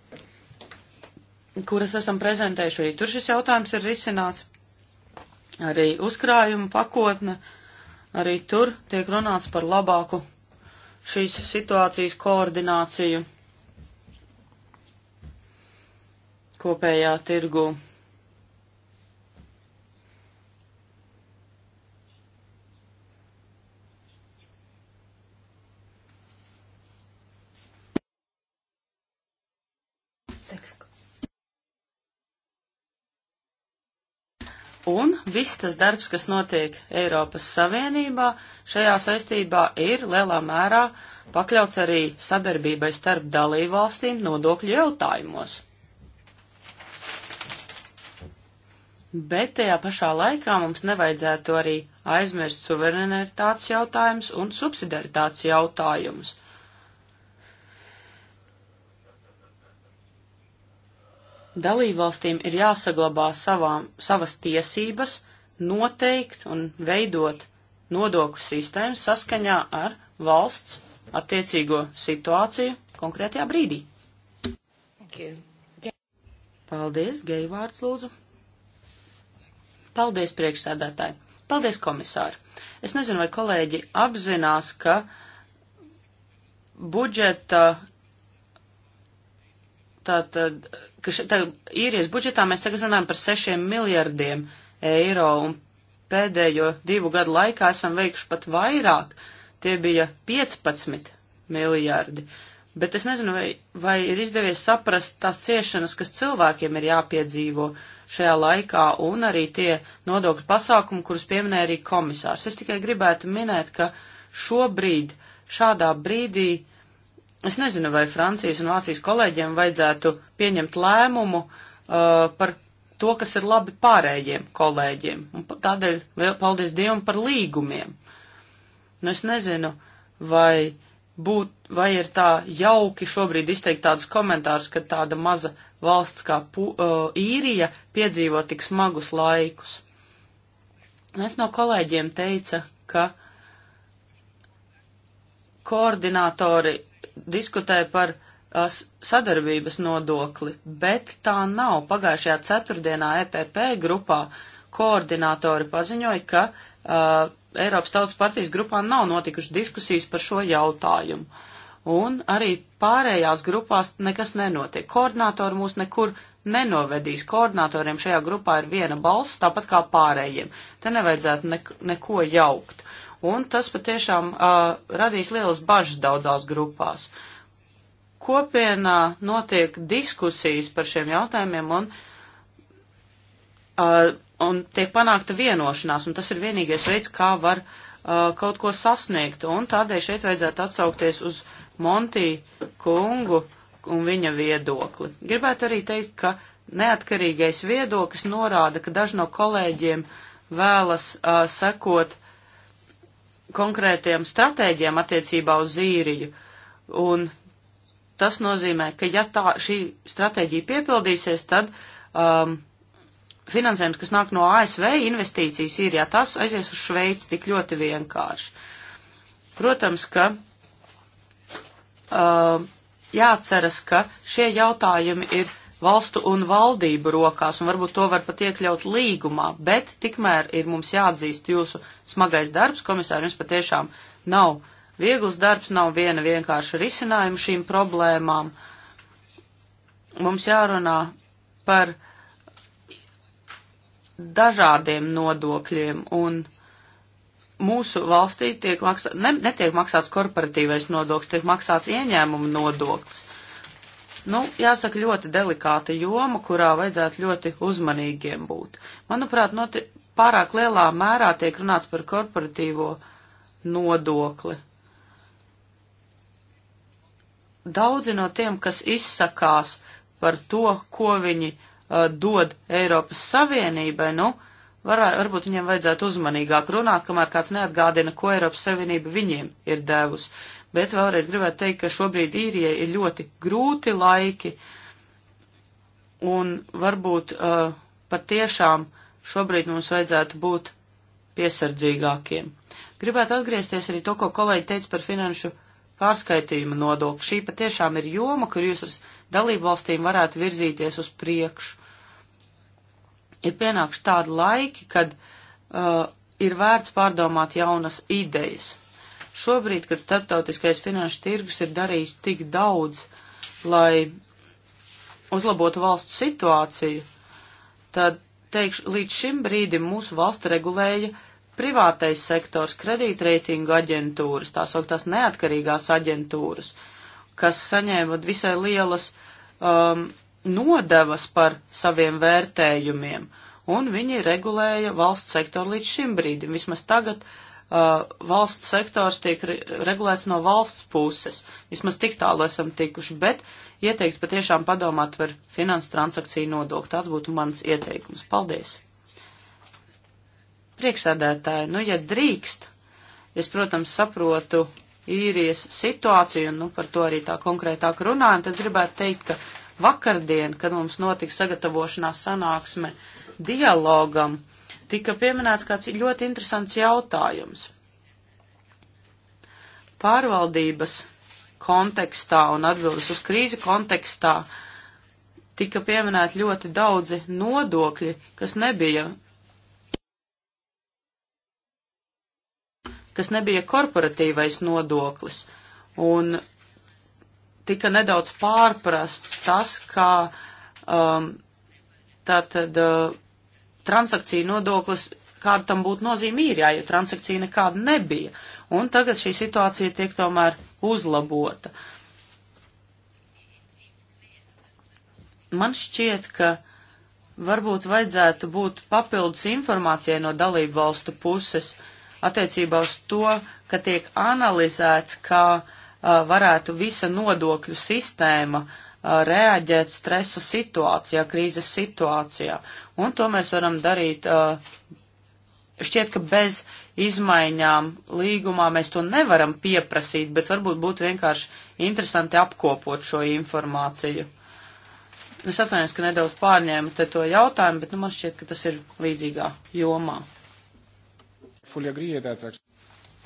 kuras esam prezentējuši. Arī tur šis jautājums ir risināts. Arī uzkrājuma pakotne, arī tur tiek runāts par labāku šīs situācijas koordināciju kopējā tirgū. Un viss tas darbs, kas notiek Eiropas Savienībā, šajā saistībā ir lielā mērā pakļauts arī sadarbībai starp dalībvalstīm nodokļu jautājumos. Bet tajā pašā laikā mums nevajadzētu arī aizmirst suverenitātes jautājumus un subsidiaritātes jautājumus. dalībvalstīm ir jāsaglabā savām, savas tiesības noteikt un veidot nodokļu sistēmas saskaņā ar valsts attiecīgo situāciju konkrētajā brīdī. Paldies, geju vārds lūdzu. Paldies, priekšsēdētāji. Paldies, komisāri. Es nezinu, vai kolēģi apzinās, ka budžeta tātad ka šitā īrijas budžetā mēs tagad runājam par 6 miljardiem eiro un pēdējo divu gadu laikā esam veikuši pat vairāk. Tie bija 15 miljardi. Bet es nezinu, vai, vai ir izdevies saprast tās ciešanas, kas cilvēkiem ir jāpiedzīvo šajā laikā, un arī tie nodokļu pasākumi, kurus pieminēja arī komisārs. Es tikai gribētu minēt, ka šobrīd, šādā brīdī, uh, Es nezinu, vai Francijas un Vācijas kolēģiem vajadzētu pieņemt lēmumu uh, par to, kas ir labi pārējiem kolēģiem. Un tādēļ liel, paldies Dievam par līgumiem. Nu, es nezinu, vai, būt, vai ir tā jauki šobrīd izteikt tādus komentārus, ka tāda maza valsts kā pu, uh, īrija piedzīvo tik smagus laikus. Es no kolēģiem teica, ka koordinātori diskutē par as, uh, sadarbības nodokli, bet tā nav. Pagājušajā ceturtdienā EPP grupā koordinātori paziņoja, ka uh, Eiropas Tautas partijas grupā nav notikušas diskusijas par šo jautājumu. Un arī pārējās grupās nekas nenotiek. Koordinātori mūs nekur nenovedīs. Koordinatoriem šajā grupā ir viena balss, tāpat kā pārējiem. Te nevajadzētu nek neko jaukt. Uh, un tas patiešām uh, radīs lielas bažas daudzās grupās. Kopienā notiek diskusijas par šiem jautājumiem un, uh, un tiek panākta vienošanās, un tas ir vienīgais veids, kā var uh, kaut ko sasniegt, un tādēļ šeit vajadzētu atsaukties uz Monti kungu un viņa viedokli. Gribētu arī teikt, ka neatkarīgais viedoklis norāda, ka daži no kolēģiem vēlas uh, sekot konkrētiem stratēģiem attiecībā uz īriju. Un tas nozīmē, ka ja tā, šī stratēģija piepildīsies, tad um, finansējums, kas nāk no ASV investīcijas īrijā, tas aizies uz Šveici tik ļoti vienkārši. Protams, ka uh, jāatceras, ka šie jautājumi ir valstu un valdību rokās, un varbūt to var pat iekļaut līgumā, bet tikmēr ir mums jāatzīst jūsu smagais darbs, komisāri, jums patiešām nav viegls darbs, nav viena vienkārša risinājuma šīm problēmām. Mums jārunā par dažādiem nodokļiem, un mūsu valstī tiek maksā, ne, netiek maksāts korporatīvais nodoklis, tiek maksāts ieņēmuma nodoklis Nu, jāsaka, ļoti delikāta joma, kurā vajadzētu ļoti uzmanīgiem būt. Manuprāt, noti, pārāk lielā mērā tiek runāts par korporatīvo nodokli. Daudzi no tiem, kas izsakās par to, ko viņi uh, dod Eiropas Savienībai, nu, varā, varbūt viņiem vajadzētu uzmanīgāk runāt, kamēr kāds neatgādina, ko Eiropas Savienība viņiem ir devusi. Uh, bet vēlreiz gribētu teikt, ka šobrīd īrijai ir ļoti grūti laiki, un varbūt uh, patiešām šobrīd mums vajadzētu būt piesardzīgākiem. Gribētu atgriezties arī to, ko kolēģi teica par finanšu pārskaitījuma nodokli. Šī patiešām ir joma, kur jūs ar dalību valstīm varētu virzīties uz priekšu. Ir pienākuši tādi laiki, kad uh, ir vērts pārdomāt jaunas idejas. Šobrīd, kad starptautiskais finanšu tirgus ir darījis tik daudz, lai uzlabotu valstu situāciju, tad teikšu, līdz šim brīdim mūsu valsts regulēja privātais sektors, kredītreitingu aģentūras, tās augtās neatkarīgās aģentūras, kas saņēma visai lielas um, nodevas par saviem vērtējumiem, un viņi regulēja valsts sektoru līdz šim brīdim. Vismaz tagad Uh, valsts sektors tiek re regulēts no valsts puses. Vismaz tik tālu esam tikuši, bet ieteikt patiešām padomāt par finansu transakciju nodokli. Tas būtu mans ieteikums. Paldies! Prieksēdētāji, nu ja drīkst, es, protams, saprotu īrijas situāciju, un nu, par to arī tā konkrētāk runājam, tad gribētu teikt, ka vakardien, kad mums notika sagatavošanās sanāksme dialogam, uh, tika pieminēts kāds ļoti interesants jautājums. Pārvaldības kontekstā un atbildes uz krīzi kontekstā tika pieminēti ļoti daudzi nodokļi, kas nebija, kas nebija korporatīvais nodoklis. Un tika nedaudz pārprasts tas, kā um, tātad. Uh, transakciju nodoklis, kāda tam būtu nozīme īrijā, jo transakcija nekāda nebija. Un tagad šī situācija tiek tomēr uzlabota. Man šķiet, ka varbūt vajadzētu būt papildus informācijai no dalību valstu puses attiecībā uz to, ka tiek analizēts, kā uh, varētu visa nodokļu sistēma uh, reaģēt stresa situācijā, krīzes situācijā. Un to mēs varam darīt. Šķiet, ka bez izmaiņām līgumā mēs to nevaram pieprasīt, bet varbūt būtu vienkārši interesanti apkopot šo informāciju. Es atvainojos, ka nedaudz pārņēmu te to jautājumu, bet nu, man šķiet, ka tas ir līdzīgā jomā.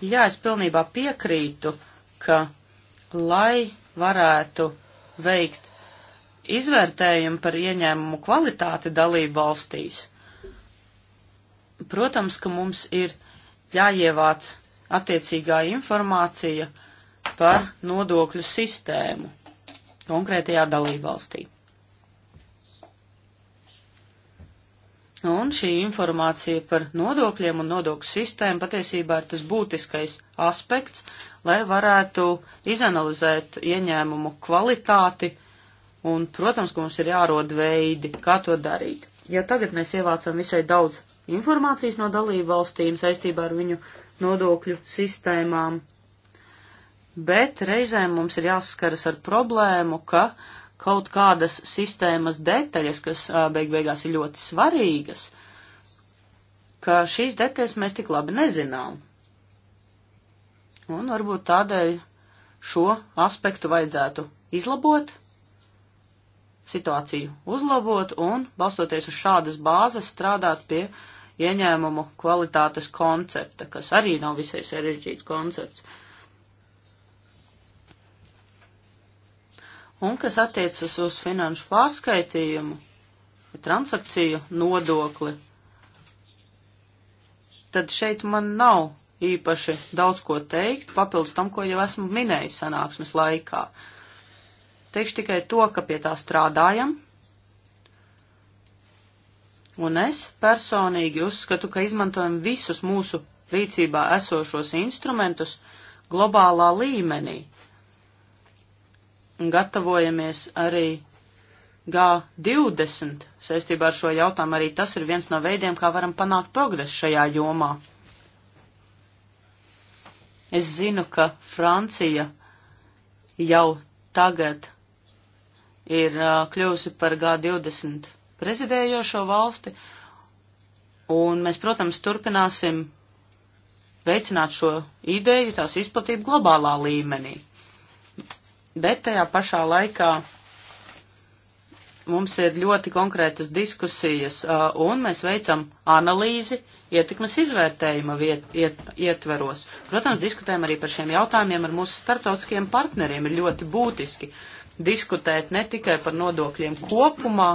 Jā, es pilnībā piekrītu, ka lai varētu veikt izvērtējumu par ieņēmumu kvalitāti dalību valstīs. Protams, ka mums ir jāievāc attiecīgā informācija par nodokļu sistēmu konkrētajā dalību valstī. Un šī informācija par nodokļiem un nodokļu sistēmu patiesībā ir tas būtiskais aspekts, lai varētu izanalizēt ieņēmumu kvalitāti, un, protams, ka mums ir jārod veidi, kā to darīt. Ja tagad mēs ievācam visai daudz informācijas no dalību valstīm saistībā ar viņu nodokļu sistēmām, bet reizēm mums ir jāsaskaras ar problēmu, ka kaut kādas sistēmas detaļas, kas beig beigās ir ļoti svarīgas, ka šīs detaļas mēs tik labi nezinām. Un varbūt tādēļ šo aspektu vajadzētu izlabot, situāciju uzlabot un, balstoties uz šādas bāzes, strādāt pie ieņēmumu kvalitātes koncepta, kas arī nav visai sarežģīts koncepts. Un kas attiecas uz finanšu pārskaitījumu, transakciju nodokli, tad šeit man nav īpaši daudz ko teikt, papildus tam, ko jau esmu minējis sanāksmes laikā. Teikšu tikai to, ka pie tā strādājam, un es personīgi uzskatu, ka izmantojam visus mūsu rīcībā esošos instrumentus globālā līmenī. Un gatavojamies arī G20 saistībā ar šo jautājumu. Arī tas ir viens no veidiem, kā varam panākt progresu šajā jomā. Es zinu, ka Francija jau tagad ir uh, kļuvusi par G20 prezidējošo valsti, un mēs, protams, turpināsim veicināt šo ideju, tās izplatību globālā līmenī. Bet tajā pašā laikā mums ir ļoti konkrētas diskusijas, un mēs veicam analīzi ietekmes izvērtējuma viet, iet, ietveros. Protams, diskutējam arī par šiem jautājumiem ar mūsu starptautiskajiem partneriem. Ir ļoti būtiski diskutēt ne tikai par nodokļiem kopumā,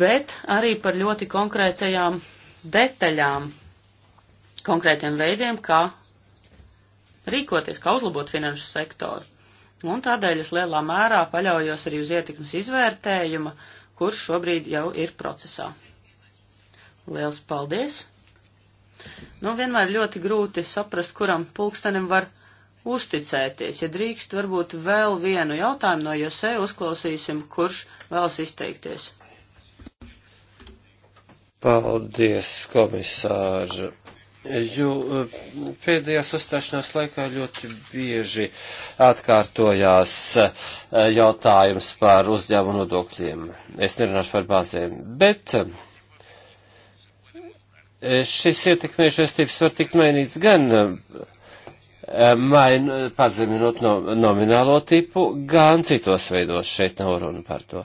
bet arī par ļoti konkrētajām detaļām, konkrētiem veidiem, kā rīkoties, kā uzlabot finanšu sektoru un tādēļ es lielā mērā paļaujos arī uz ietekmes izvērtējuma, kurš šobrīd jau ir procesā. Liels paldies! Nu, vienmēr ļoti grūti saprast, kuram pulkstenim var uzticēties. Ja drīkst, varbūt vēl vienu jautājumu no Jose uzklausīsim, kurš vēlas izteikties. Paldies, komisāra jo eh, pēdējās uzstāšanās laikā ļoti bieži atkārtojās eh, jautājums par uzņēmu nodokļiem. Es nerunāšu par bāzēm, bet eh, šis ietekmējušais tips var tikt mainīts gan main, pazeminot no, nominālo tipu, gan citos veidos. Šeit nav runa par to.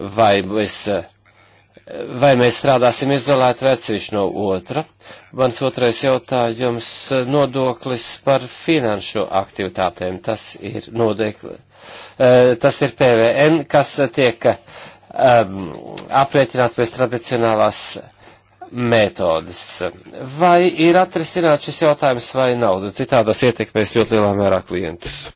Vai mēs. Es, vai mēs strādāsim izolēti vai atsevišķi no otra. Mans otrais jautājums - nodoklis par finanšu aktivitātēm. Tas ir nodokli, eh, tas ir PVN, kas tiek um, aprēķināts pēc tradicionālās metodas. Vai ir atrisināt šis jautājums vai nav? Citādas ietekmēs ļoti lielā mērā klientus.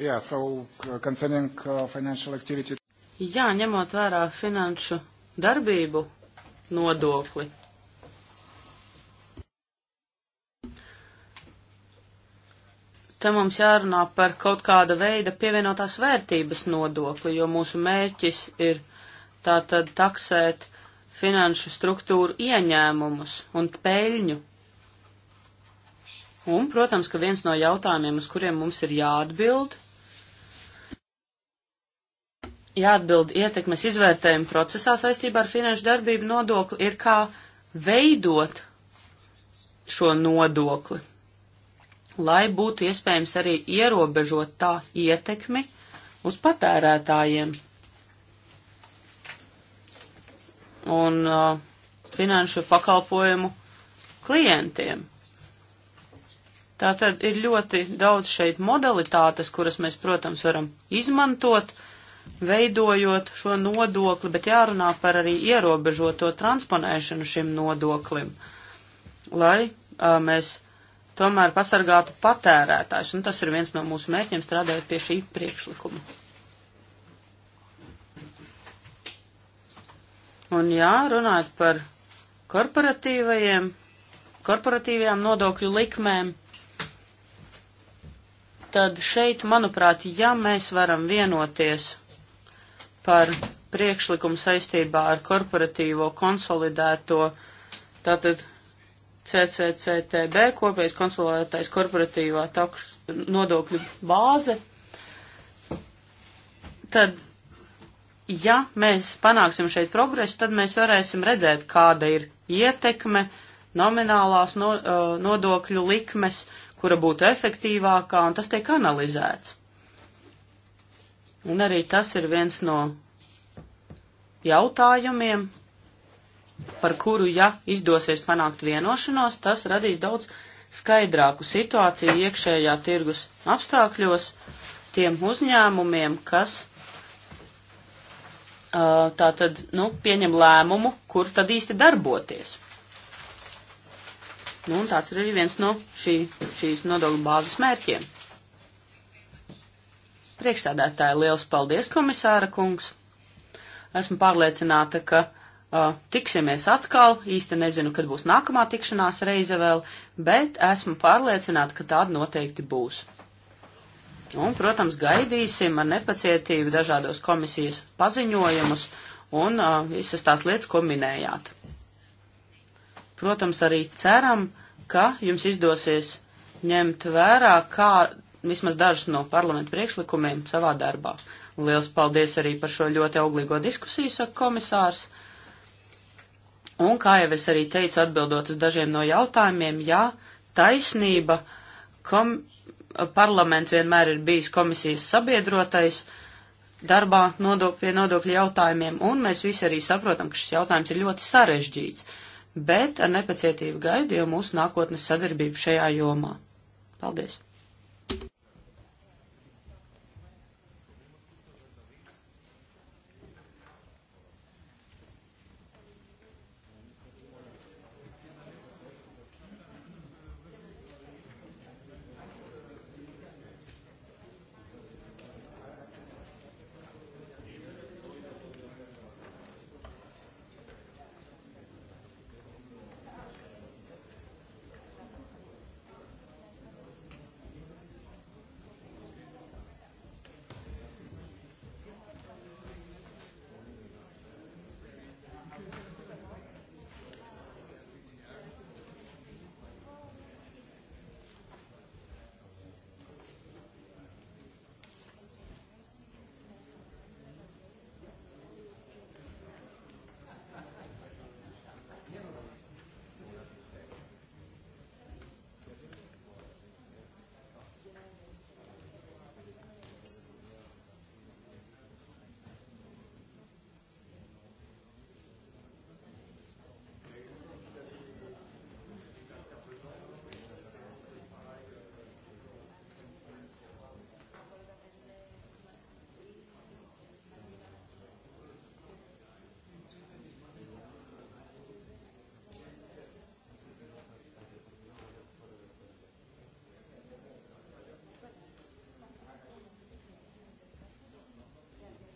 yeah, so uh, concerning uh, financial activity. Jā, ņemot vērā finanšu darbību nodokli. Te mums jārunā par kaut kāda veida pievienotās vērtības nodokli, jo mūsu mērķis ir tātad taksēt finanšu struktūru ieņēmumus un peļņu. Un, protams, ka viens no jautājumiem, uz kuriem mums ir jāatbild, jāatbild ietekmes izvērtējumu procesā saistībā ar finanšu darbību nodokli ir kā veidot šo nodokli, lai būtu iespējams arī ierobežot tā ietekmi uz patērētājiem. Un uh, finanšu pakalpojumu klientiem. Tātad ir ļoti daudz šeit modalitātes, kuras mēs, protams, varam izmantot, uh, veidojot šo nodokli, bet jārunā par arī ierobežoto transponēšanu šim nodoklim, lai uh, mēs tomēr pasargātu patērētājs, un tas ir viens no mūsu mērķiem strādājot pie šī priekšlikuma. Un jā, runājot par korporatīvajiem, korporatīvajām nodokļu likmēm, tad šeit, manuprāt, ja mēs varam vienoties par priekšlikumu saistībā ar korporatīvo konsolidēto, tātad CCCTB, kopējais konsolidētais korporatīvā takš, nodokļu bāze, tad, ja mēs panāksim šeit progresu, tad mēs varēsim redzēt, kāda ir ietekme, nominālās no, uh, nodokļu likmes, kura būtu efektīvākā, un tas tiek analizēts. Un arī tas ir viens no jautājumiem, par kuru, ja izdosies panākt vienošanos, tas radīs daudz skaidrāku situāciju iekšējā tirgus apstākļos tiem uzņēmumiem, kas uh, tā tad, nu, pieņem lēmumu, kur tad īsti darboties. Nu, un tāds ir arī viens no šī, šīs nodokļu bāzes mērķiem. Priekšsēdētāji, liels paldies, komisāra kungs. Esmu pārliecināta, ka uh, tiksimies atkal. Īsti nezinu, kad būs nākamā tikšanās reize vēl, bet esmu pārliecināta, ka tāda noteikti būs. Un, protams, gaidīsim ar nepacietību dažādos komisijas paziņojumus un uh, visas tās lietas, ko minējāt. Protams, arī ceram, ka jums izdosies ņemt vērā, kā vismaz dažus no parlamenta priekšlikumiem savā darbā. Liels paldies arī par šo ļoti auglīgo diskusiju, saka komisārs. Un, kā jau es arī teicu, atbildot uz dažiem no jautājumiem, jā, taisnība, kom, parlaments vienmēr ir bijis komisijas sabiedrotais darbā nodok, pie nodokļu jautājumiem, un mēs visi arī saprotam, ka šis jautājums ir ļoti sarežģīts, bet ar nepacietību gaidu jau mūsu nākotnes sadarbību šajā jomā. Paldies!